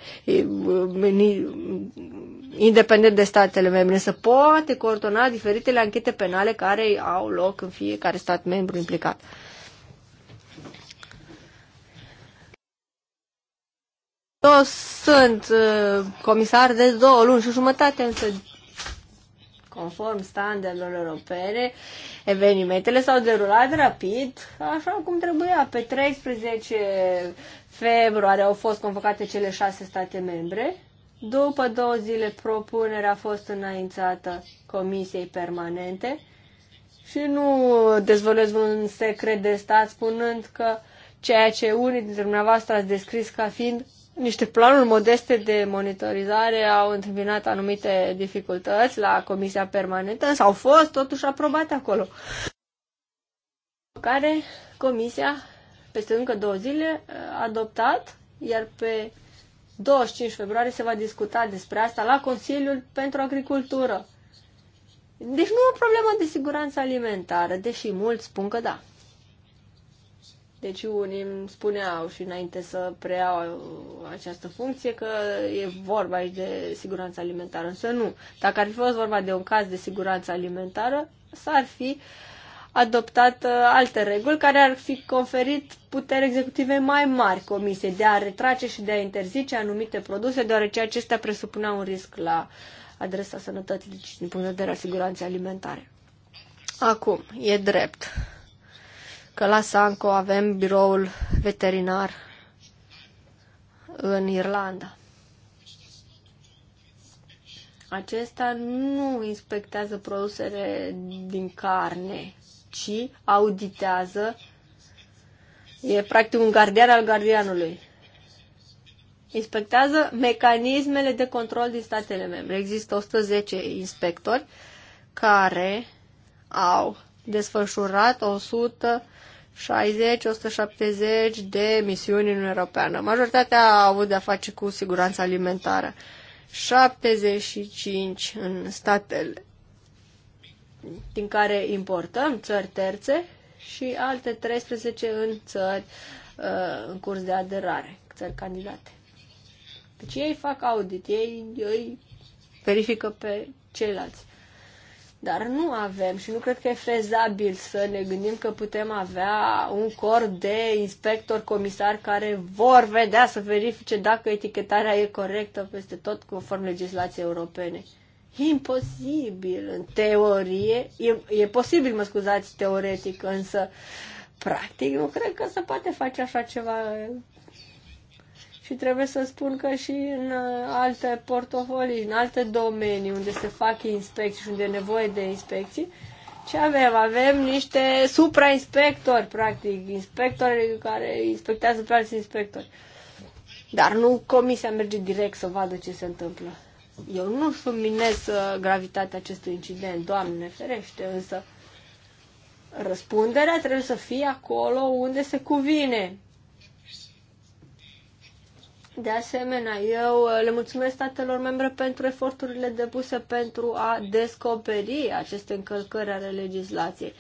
independent de statele membre, să poate coordona diferitele anchete penale care au loc în fiecare stat membru implicat. Eu sunt uh, comisar de două luni și jumătate, însă conform standardelor europene, evenimentele s-au derulat rapid, așa cum trebuia. Pe 13 februarie au fost convocate cele șase state membre. După două zile, propunerea a fost înaințată Comisiei Permanente și nu dezvăluiesc un secret de stat spunând că ceea ce unii dintre dumneavoastră ați descris ca fiind niște planuri modeste de monitorizare au întâmpinat anumite dificultăți la Comisia Permanentă, însă au fost totuși aprobate acolo. Care Comisia, peste încă două zile, a adoptat, iar pe 25 februarie se va discuta despre asta la Consiliul pentru Agricultură. Deci nu e o problemă de siguranță alimentară, deși mulți spun că da. Deci unii îmi spuneau și înainte să preiau această funcție că e vorba aici de siguranță alimentară, însă nu. Dacă ar fi fost vorba de un caz de siguranță alimentară, s-ar fi adoptat uh, alte reguli care ar fi conferit puteri executive mai mari comisiei de a retrage și de a interzice anumite produse, deoarece acestea presupuneau un risc la adresa sănătății, deci din punct de vedere al siguranței alimentare. Acum, e drept că la Sanco avem biroul veterinar în Irlanda. Acesta nu inspectează produsele din carne, ci auditează. E practic un gardian al gardianului. Inspectează mecanismele de control din statele membre. Există 110 inspectori care au desfășurat 100 60-170 de misiuni în Europeană. Majoritatea au avut de-a face cu siguranța alimentară. 75 în statele din care importăm țări terțe și alte 13 în țări uh, în curs de aderare, țări candidate. Deci ei fac audit, ei, ei verifică pe ceilalți. Dar nu avem și nu cred că e frezabil să ne gândim că putem avea un corp de inspector-comisar care vor vedea să verifice dacă etichetarea e corectă peste tot conform legislației europene. E imposibil în teorie, e, e posibil, mă scuzați, teoretic, însă practic nu cred că se poate face așa ceva și trebuie să spun că și în uh, alte portofolii, în alte domenii unde se fac inspecții și unde e nevoie de inspecții, ce avem? Avem niște supra-inspectori, practic, inspectori care inspectează pe alți inspectori. Dar nu comisia merge direct să vadă ce se întâmplă. Eu nu suminez uh, gravitatea acestui incident, Doamne ferește, însă răspunderea trebuie să fie acolo unde se cuvine. De asemenea, eu uh, le mulțumesc statelor membre pentru eforturile depuse pentru a descoperi aceste încălcări ale legislației.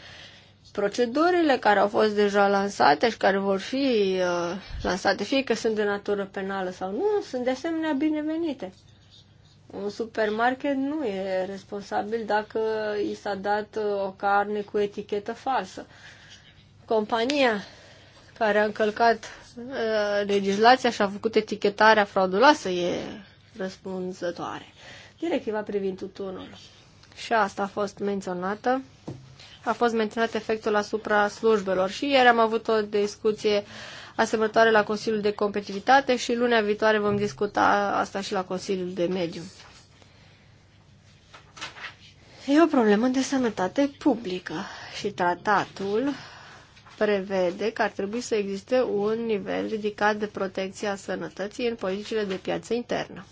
Procedurile care au fost deja lansate și care vor fi uh, lansate, fie că sunt de natură penală sau nu, sunt de asemenea binevenite. Un supermarket nu e responsabil dacă i s-a dat uh, o carne cu etichetă falsă. Compania care a încălcat Uh, legislația și-a făcut etichetarea frauduloasă e răspunzătoare. Directiva privind tutunul. Și asta a fost menționată. A fost menționat efectul asupra slujbelor. Și ieri am avut o discuție asemănătoare la Consiliul de Competitivitate și lunea viitoare vom discuta asta și la Consiliul de Mediu. E o problemă de sănătate publică și tratatul prevede că ar trebui să existe un nivel ridicat de protecție a sănătății în politicile de piață internă.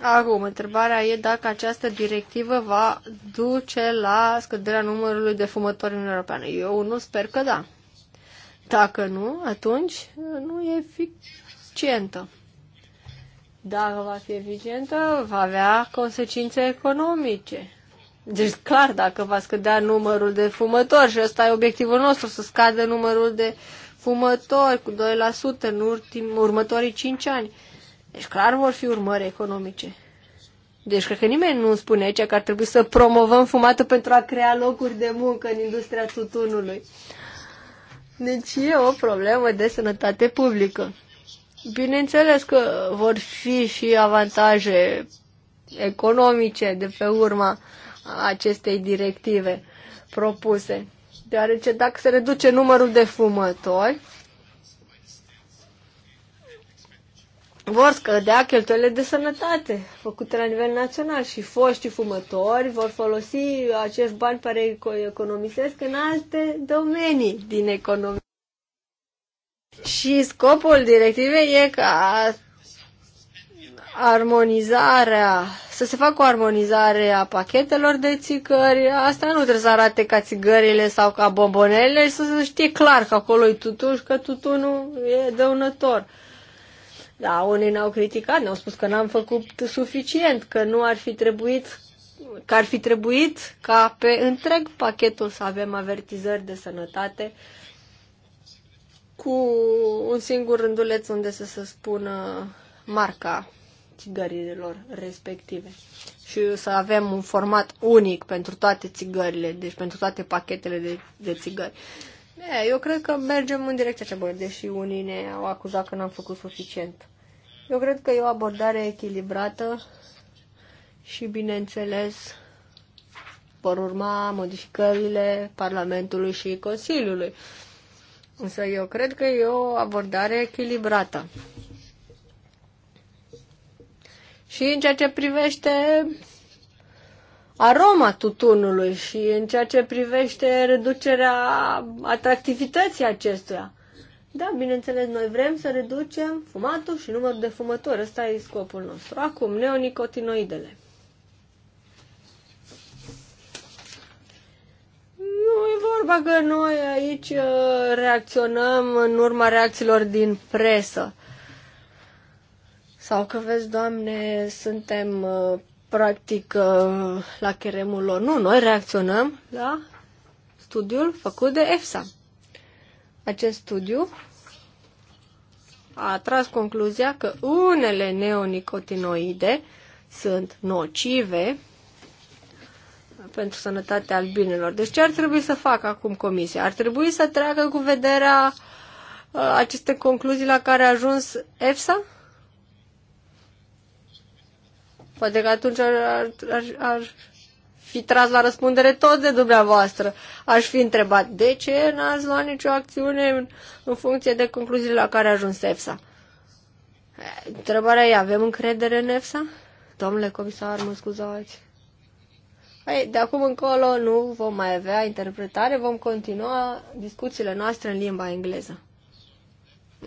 Acum, întrebarea e dacă această directivă va duce la scăderea numărului de fumători în Europeană. Eu nu sper că da. Dacă nu, atunci nu e eficientă. Dacă va fi eficientă, va avea consecințe economice deci, clar, dacă va scădea numărul de fumători și ăsta e obiectivul nostru, să scadă numărul de fumători cu 2% în ultim, următorii 5 ani. Deci, clar, vor fi urmări economice. Deci, cred că nimeni nu spune aici că ar trebui să promovăm fumatul pentru a crea locuri de muncă în industria tutunului. Deci e o problemă de sănătate publică. Bineînțeles că vor fi și avantaje economice de pe urma uh, acestei directive propuse. Deoarece dacă se reduce numărul de fumători, vor scădea cheltuielile de sănătate făcute la nivel național și foștii fumători vor folosi acești bani pe care economisesc în alte domenii din economie. Și scopul directivei e ca armonizarea să se facă o armonizare a pachetelor de țigări. Asta nu trebuie să arate ca țigările sau ca bombonele să se știe clar că acolo e tutun și că tutunul e dăunător. Da, unii ne-au criticat, ne-au spus că n-am făcut suficient, că nu ar fi trebuit că ar fi trebuit ca pe întreg pachetul să avem avertizări de sănătate cu un singur rânduleț unde să se spună marca țigărilor respective și să avem un format unic pentru toate țigările, deci pentru toate pachetele de, de țigări. E, eu cred că mergem în direcția cea bună, deși unii ne au acuzat că n-am făcut suficient. Eu cred că e o abordare echilibrată și, bineînțeles, vor urma modificările Parlamentului și Consiliului. Însă eu cred că e o abordare echilibrată și în ceea ce privește aroma tutunului și în ceea ce privește reducerea atractivității acestuia. Da, bineînțeles, noi vrem să reducem fumatul și numărul de fumători. Ăsta e scopul nostru. Acum, neonicotinoidele. Nu e vorba că noi aici uh, reacționăm în urma reacțiilor din presă. Sau că, vezi, Doamne, suntem uh, practic uh, la cheremul lor. Nu, noi reacționăm la da? studiul făcut de EFSA. Acest studiu a tras concluzia că unele neonicotinoide sunt nocive pentru sănătatea albinelor. Deci ce ar trebui să facă acum comisia? Ar trebui să treacă cu vederea uh, aceste concluzii la care a ajuns EFSA? Poate că atunci ar, ar, ar fi tras la răspundere tot de dumneavoastră. Aș fi întrebat de ce n-ați luat nicio acțiune în, în funcție de concluziile la care a ajuns EFSA. Întrebarea e, avem încredere în EFSA? Domnule comisar, mă scuzați. Ei, păi, de acum încolo nu vom mai avea interpretare, vom continua discuțiile noastre în limba engleză.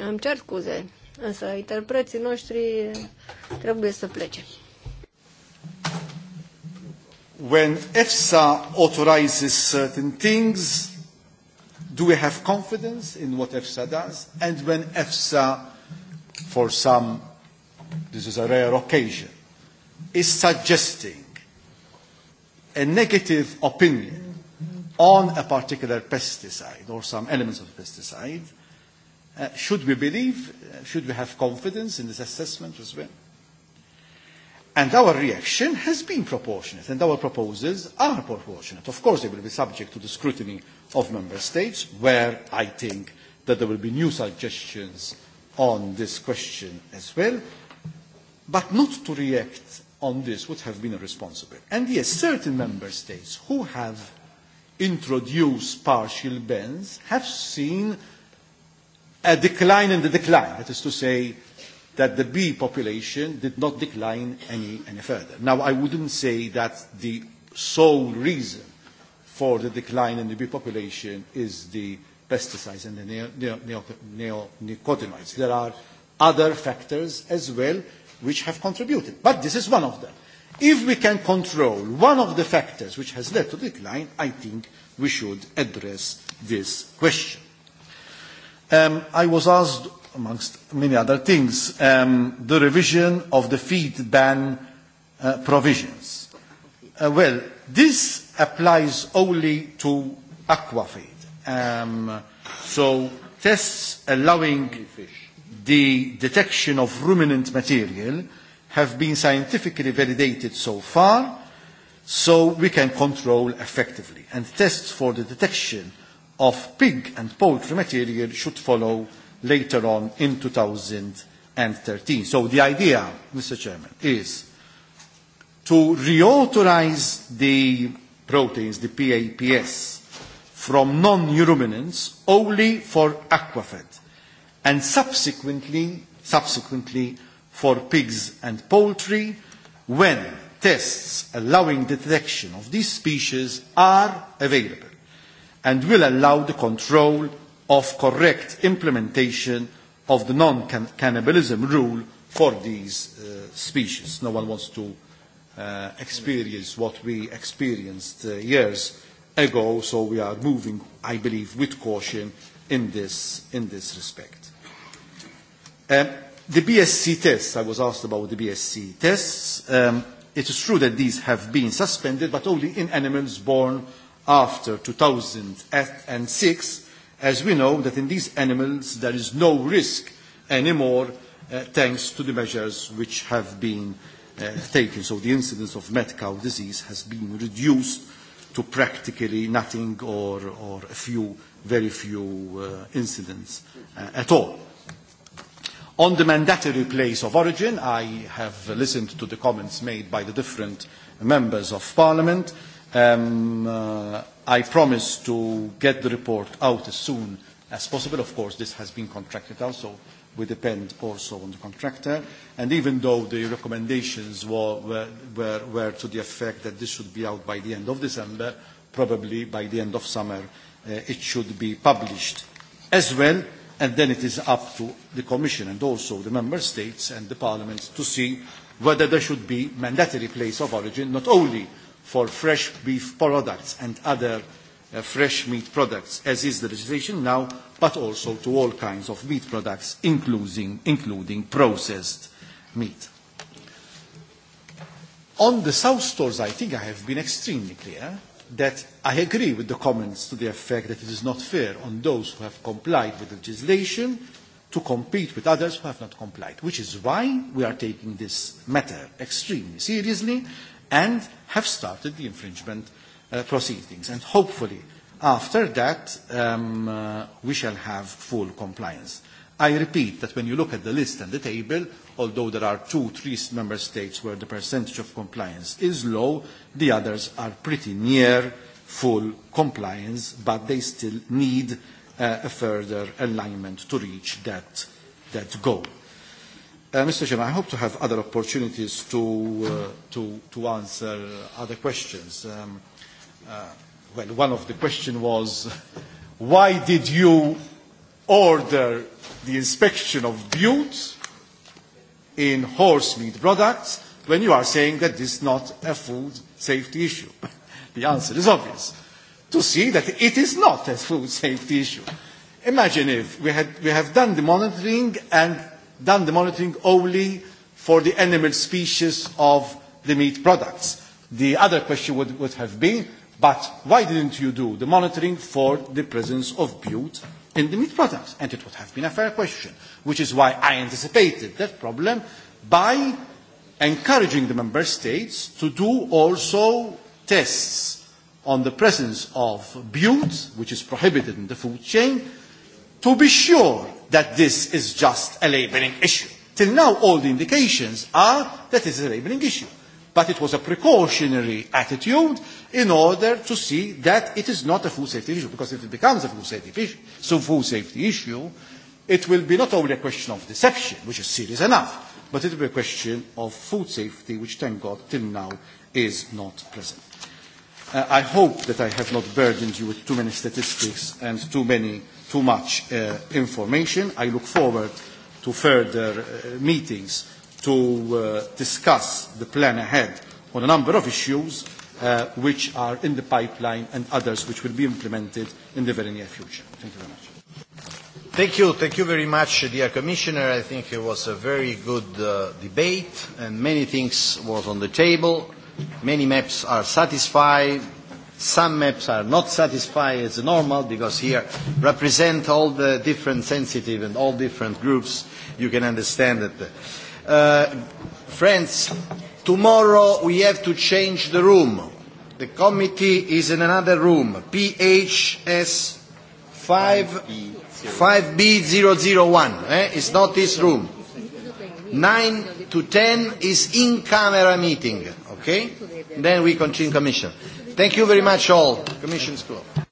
Îmi cer scuze, însă interpreții noștri trebuie să plece when EFSA authorizes certain things, do we have confidence in what EFSA does? And when EFSA, for some, this is a rare occasion, is suggesting a negative opinion on a particular pesticide or some elements of pesticide, uh, should we believe, uh, should we have confidence in this assessment as well? And our reaction has been proportionate, and our proposals are proportionate. Of course, they will be subject to the scrutiny of member states, where I think that there will be new suggestions on this question as well. But not to react on this would have been irresponsible. And yes, certain member states who have introduced partial bans have seen a decline in the decline, that is to say, that the bee population did not decline any, any further. Now, I wouldn't say that the sole reason for the decline in the bee population is the pesticides and the neonicotinoids. There are other factors as well which have contributed, but this is one of them. If we can control one of the factors which has led to decline, I think we should address this question. Um, I was asked amongst many other things, um, the revision of the feed ban uh, provisions. Uh, well, this applies only to aquafeed. Um, so tests allowing the detection of ruminant material have been scientifically validated so far, so we can control effectively. And tests for the detection of pig and poultry material should follow later on in 2013. So the idea, Mr. Chairman, is to reauthorize the proteins, the PAPS, from non-ruminants only for aquafed and subsequently, subsequently for pigs and poultry when tests allowing detection of these species are available and will allow the control of correct implementation of the non-cannibalism rule for these uh, species. No one wants to uh, experience what we experienced uh, years ago, so we are moving, I believe, with caution in this, in this respect. Um, the BSC tests, I was asked about the BSC tests. Um, it is true that these have been suspended, but only in animals born after 2006 as we know that in these animals there is no risk anymore uh, thanks to the measures which have been uh, taken. So the incidence of mad cow disease has been reduced to practically nothing or, or a few, very few uh, incidents uh, at all. On the mandatory place of origin, I have listened to the comments made by the different members of parliament. Uh, Um, uh, I promise to get the report out as soon as possible. Of course, this has been contracted out, so we depend also on the contractor. And even though the recommendations were, were, were, were to the effect that this should be out by the end of December, probably by the end of summer, uh, it should be published as well. And then it is up to the Commission and also the Member States and the Parliament to see whether there should be mandatory place of origin, not only for fresh beef products and other uh, fresh meat products, as is the legislation now, but also to all kinds of meat products, including, including processed meat. On the South stores, I think I have been extremely clear that I agree with the comments to the effect that it is not fair on those who have complied with the legislation to compete with others who have not complied, which is why we are taking this matter extremely seriously and have started the infringement uh, proceedings. And hopefully, after that, um, uh, we shall have full compliance. I repeat that when you look at the list and the table, although there are two, three member states where the percentage of compliance is low, the others are pretty near full compliance, but they still need uh, a further alignment to reach that, that goal. Uh, Mr. Chairman, I hope to have other opportunities to, uh, to, to answer other questions. Um, uh, well, one of the questions was, why did you order the inspection of Butte in horse meat products when you are saying that this is not a food safety issue? the answer is obvious. To see that it is not a food safety issue. Imagine if we, had, we have done the monitoring and done the monitoring only for the animal species of the meat products. The other question would, would have been, but why didn't you do the monitoring for the presence of bute in the meat products? And it would have been a fair question, which is why I anticipated that problem by encouraging the member states to do also tests on the presence of bute, which is prohibited in the food chain, to be sure that this is just a labelling issue. Till now, all the indications are that it is a labelling issue. But it was a precautionary attitude in order to see that it is not a food safety issue, because if it becomes a food safety issue, so food safety issue, it will be not only a question of deception, which is serious enough, but it will be a question of food safety, which, thank God, till now is not present. Uh, I hope that I have not burdened you with too many statistics and too many too much uh, information. I look forward to further uh, meetings to uh, discuss the plan ahead on a number of issues uh, which are in the pipeline and others which will be implemented in the very near future. Thank you very much. Thank you. Thank you very much, dear Commissioner. I think it was a very good uh, debate and many things were on the table. Many maps are satisfied Some maps are not satisfied as normal because here represent all the different sensitive and all different groups. You can understand it. Uh, friends, tomorrow we have to change the room. The committee is in another room, PHS 5B001. eh? It's not this room. 9 to 10 is in-camera meeting, okay? Then we continue commission. Thank you very much all. Commission's closed.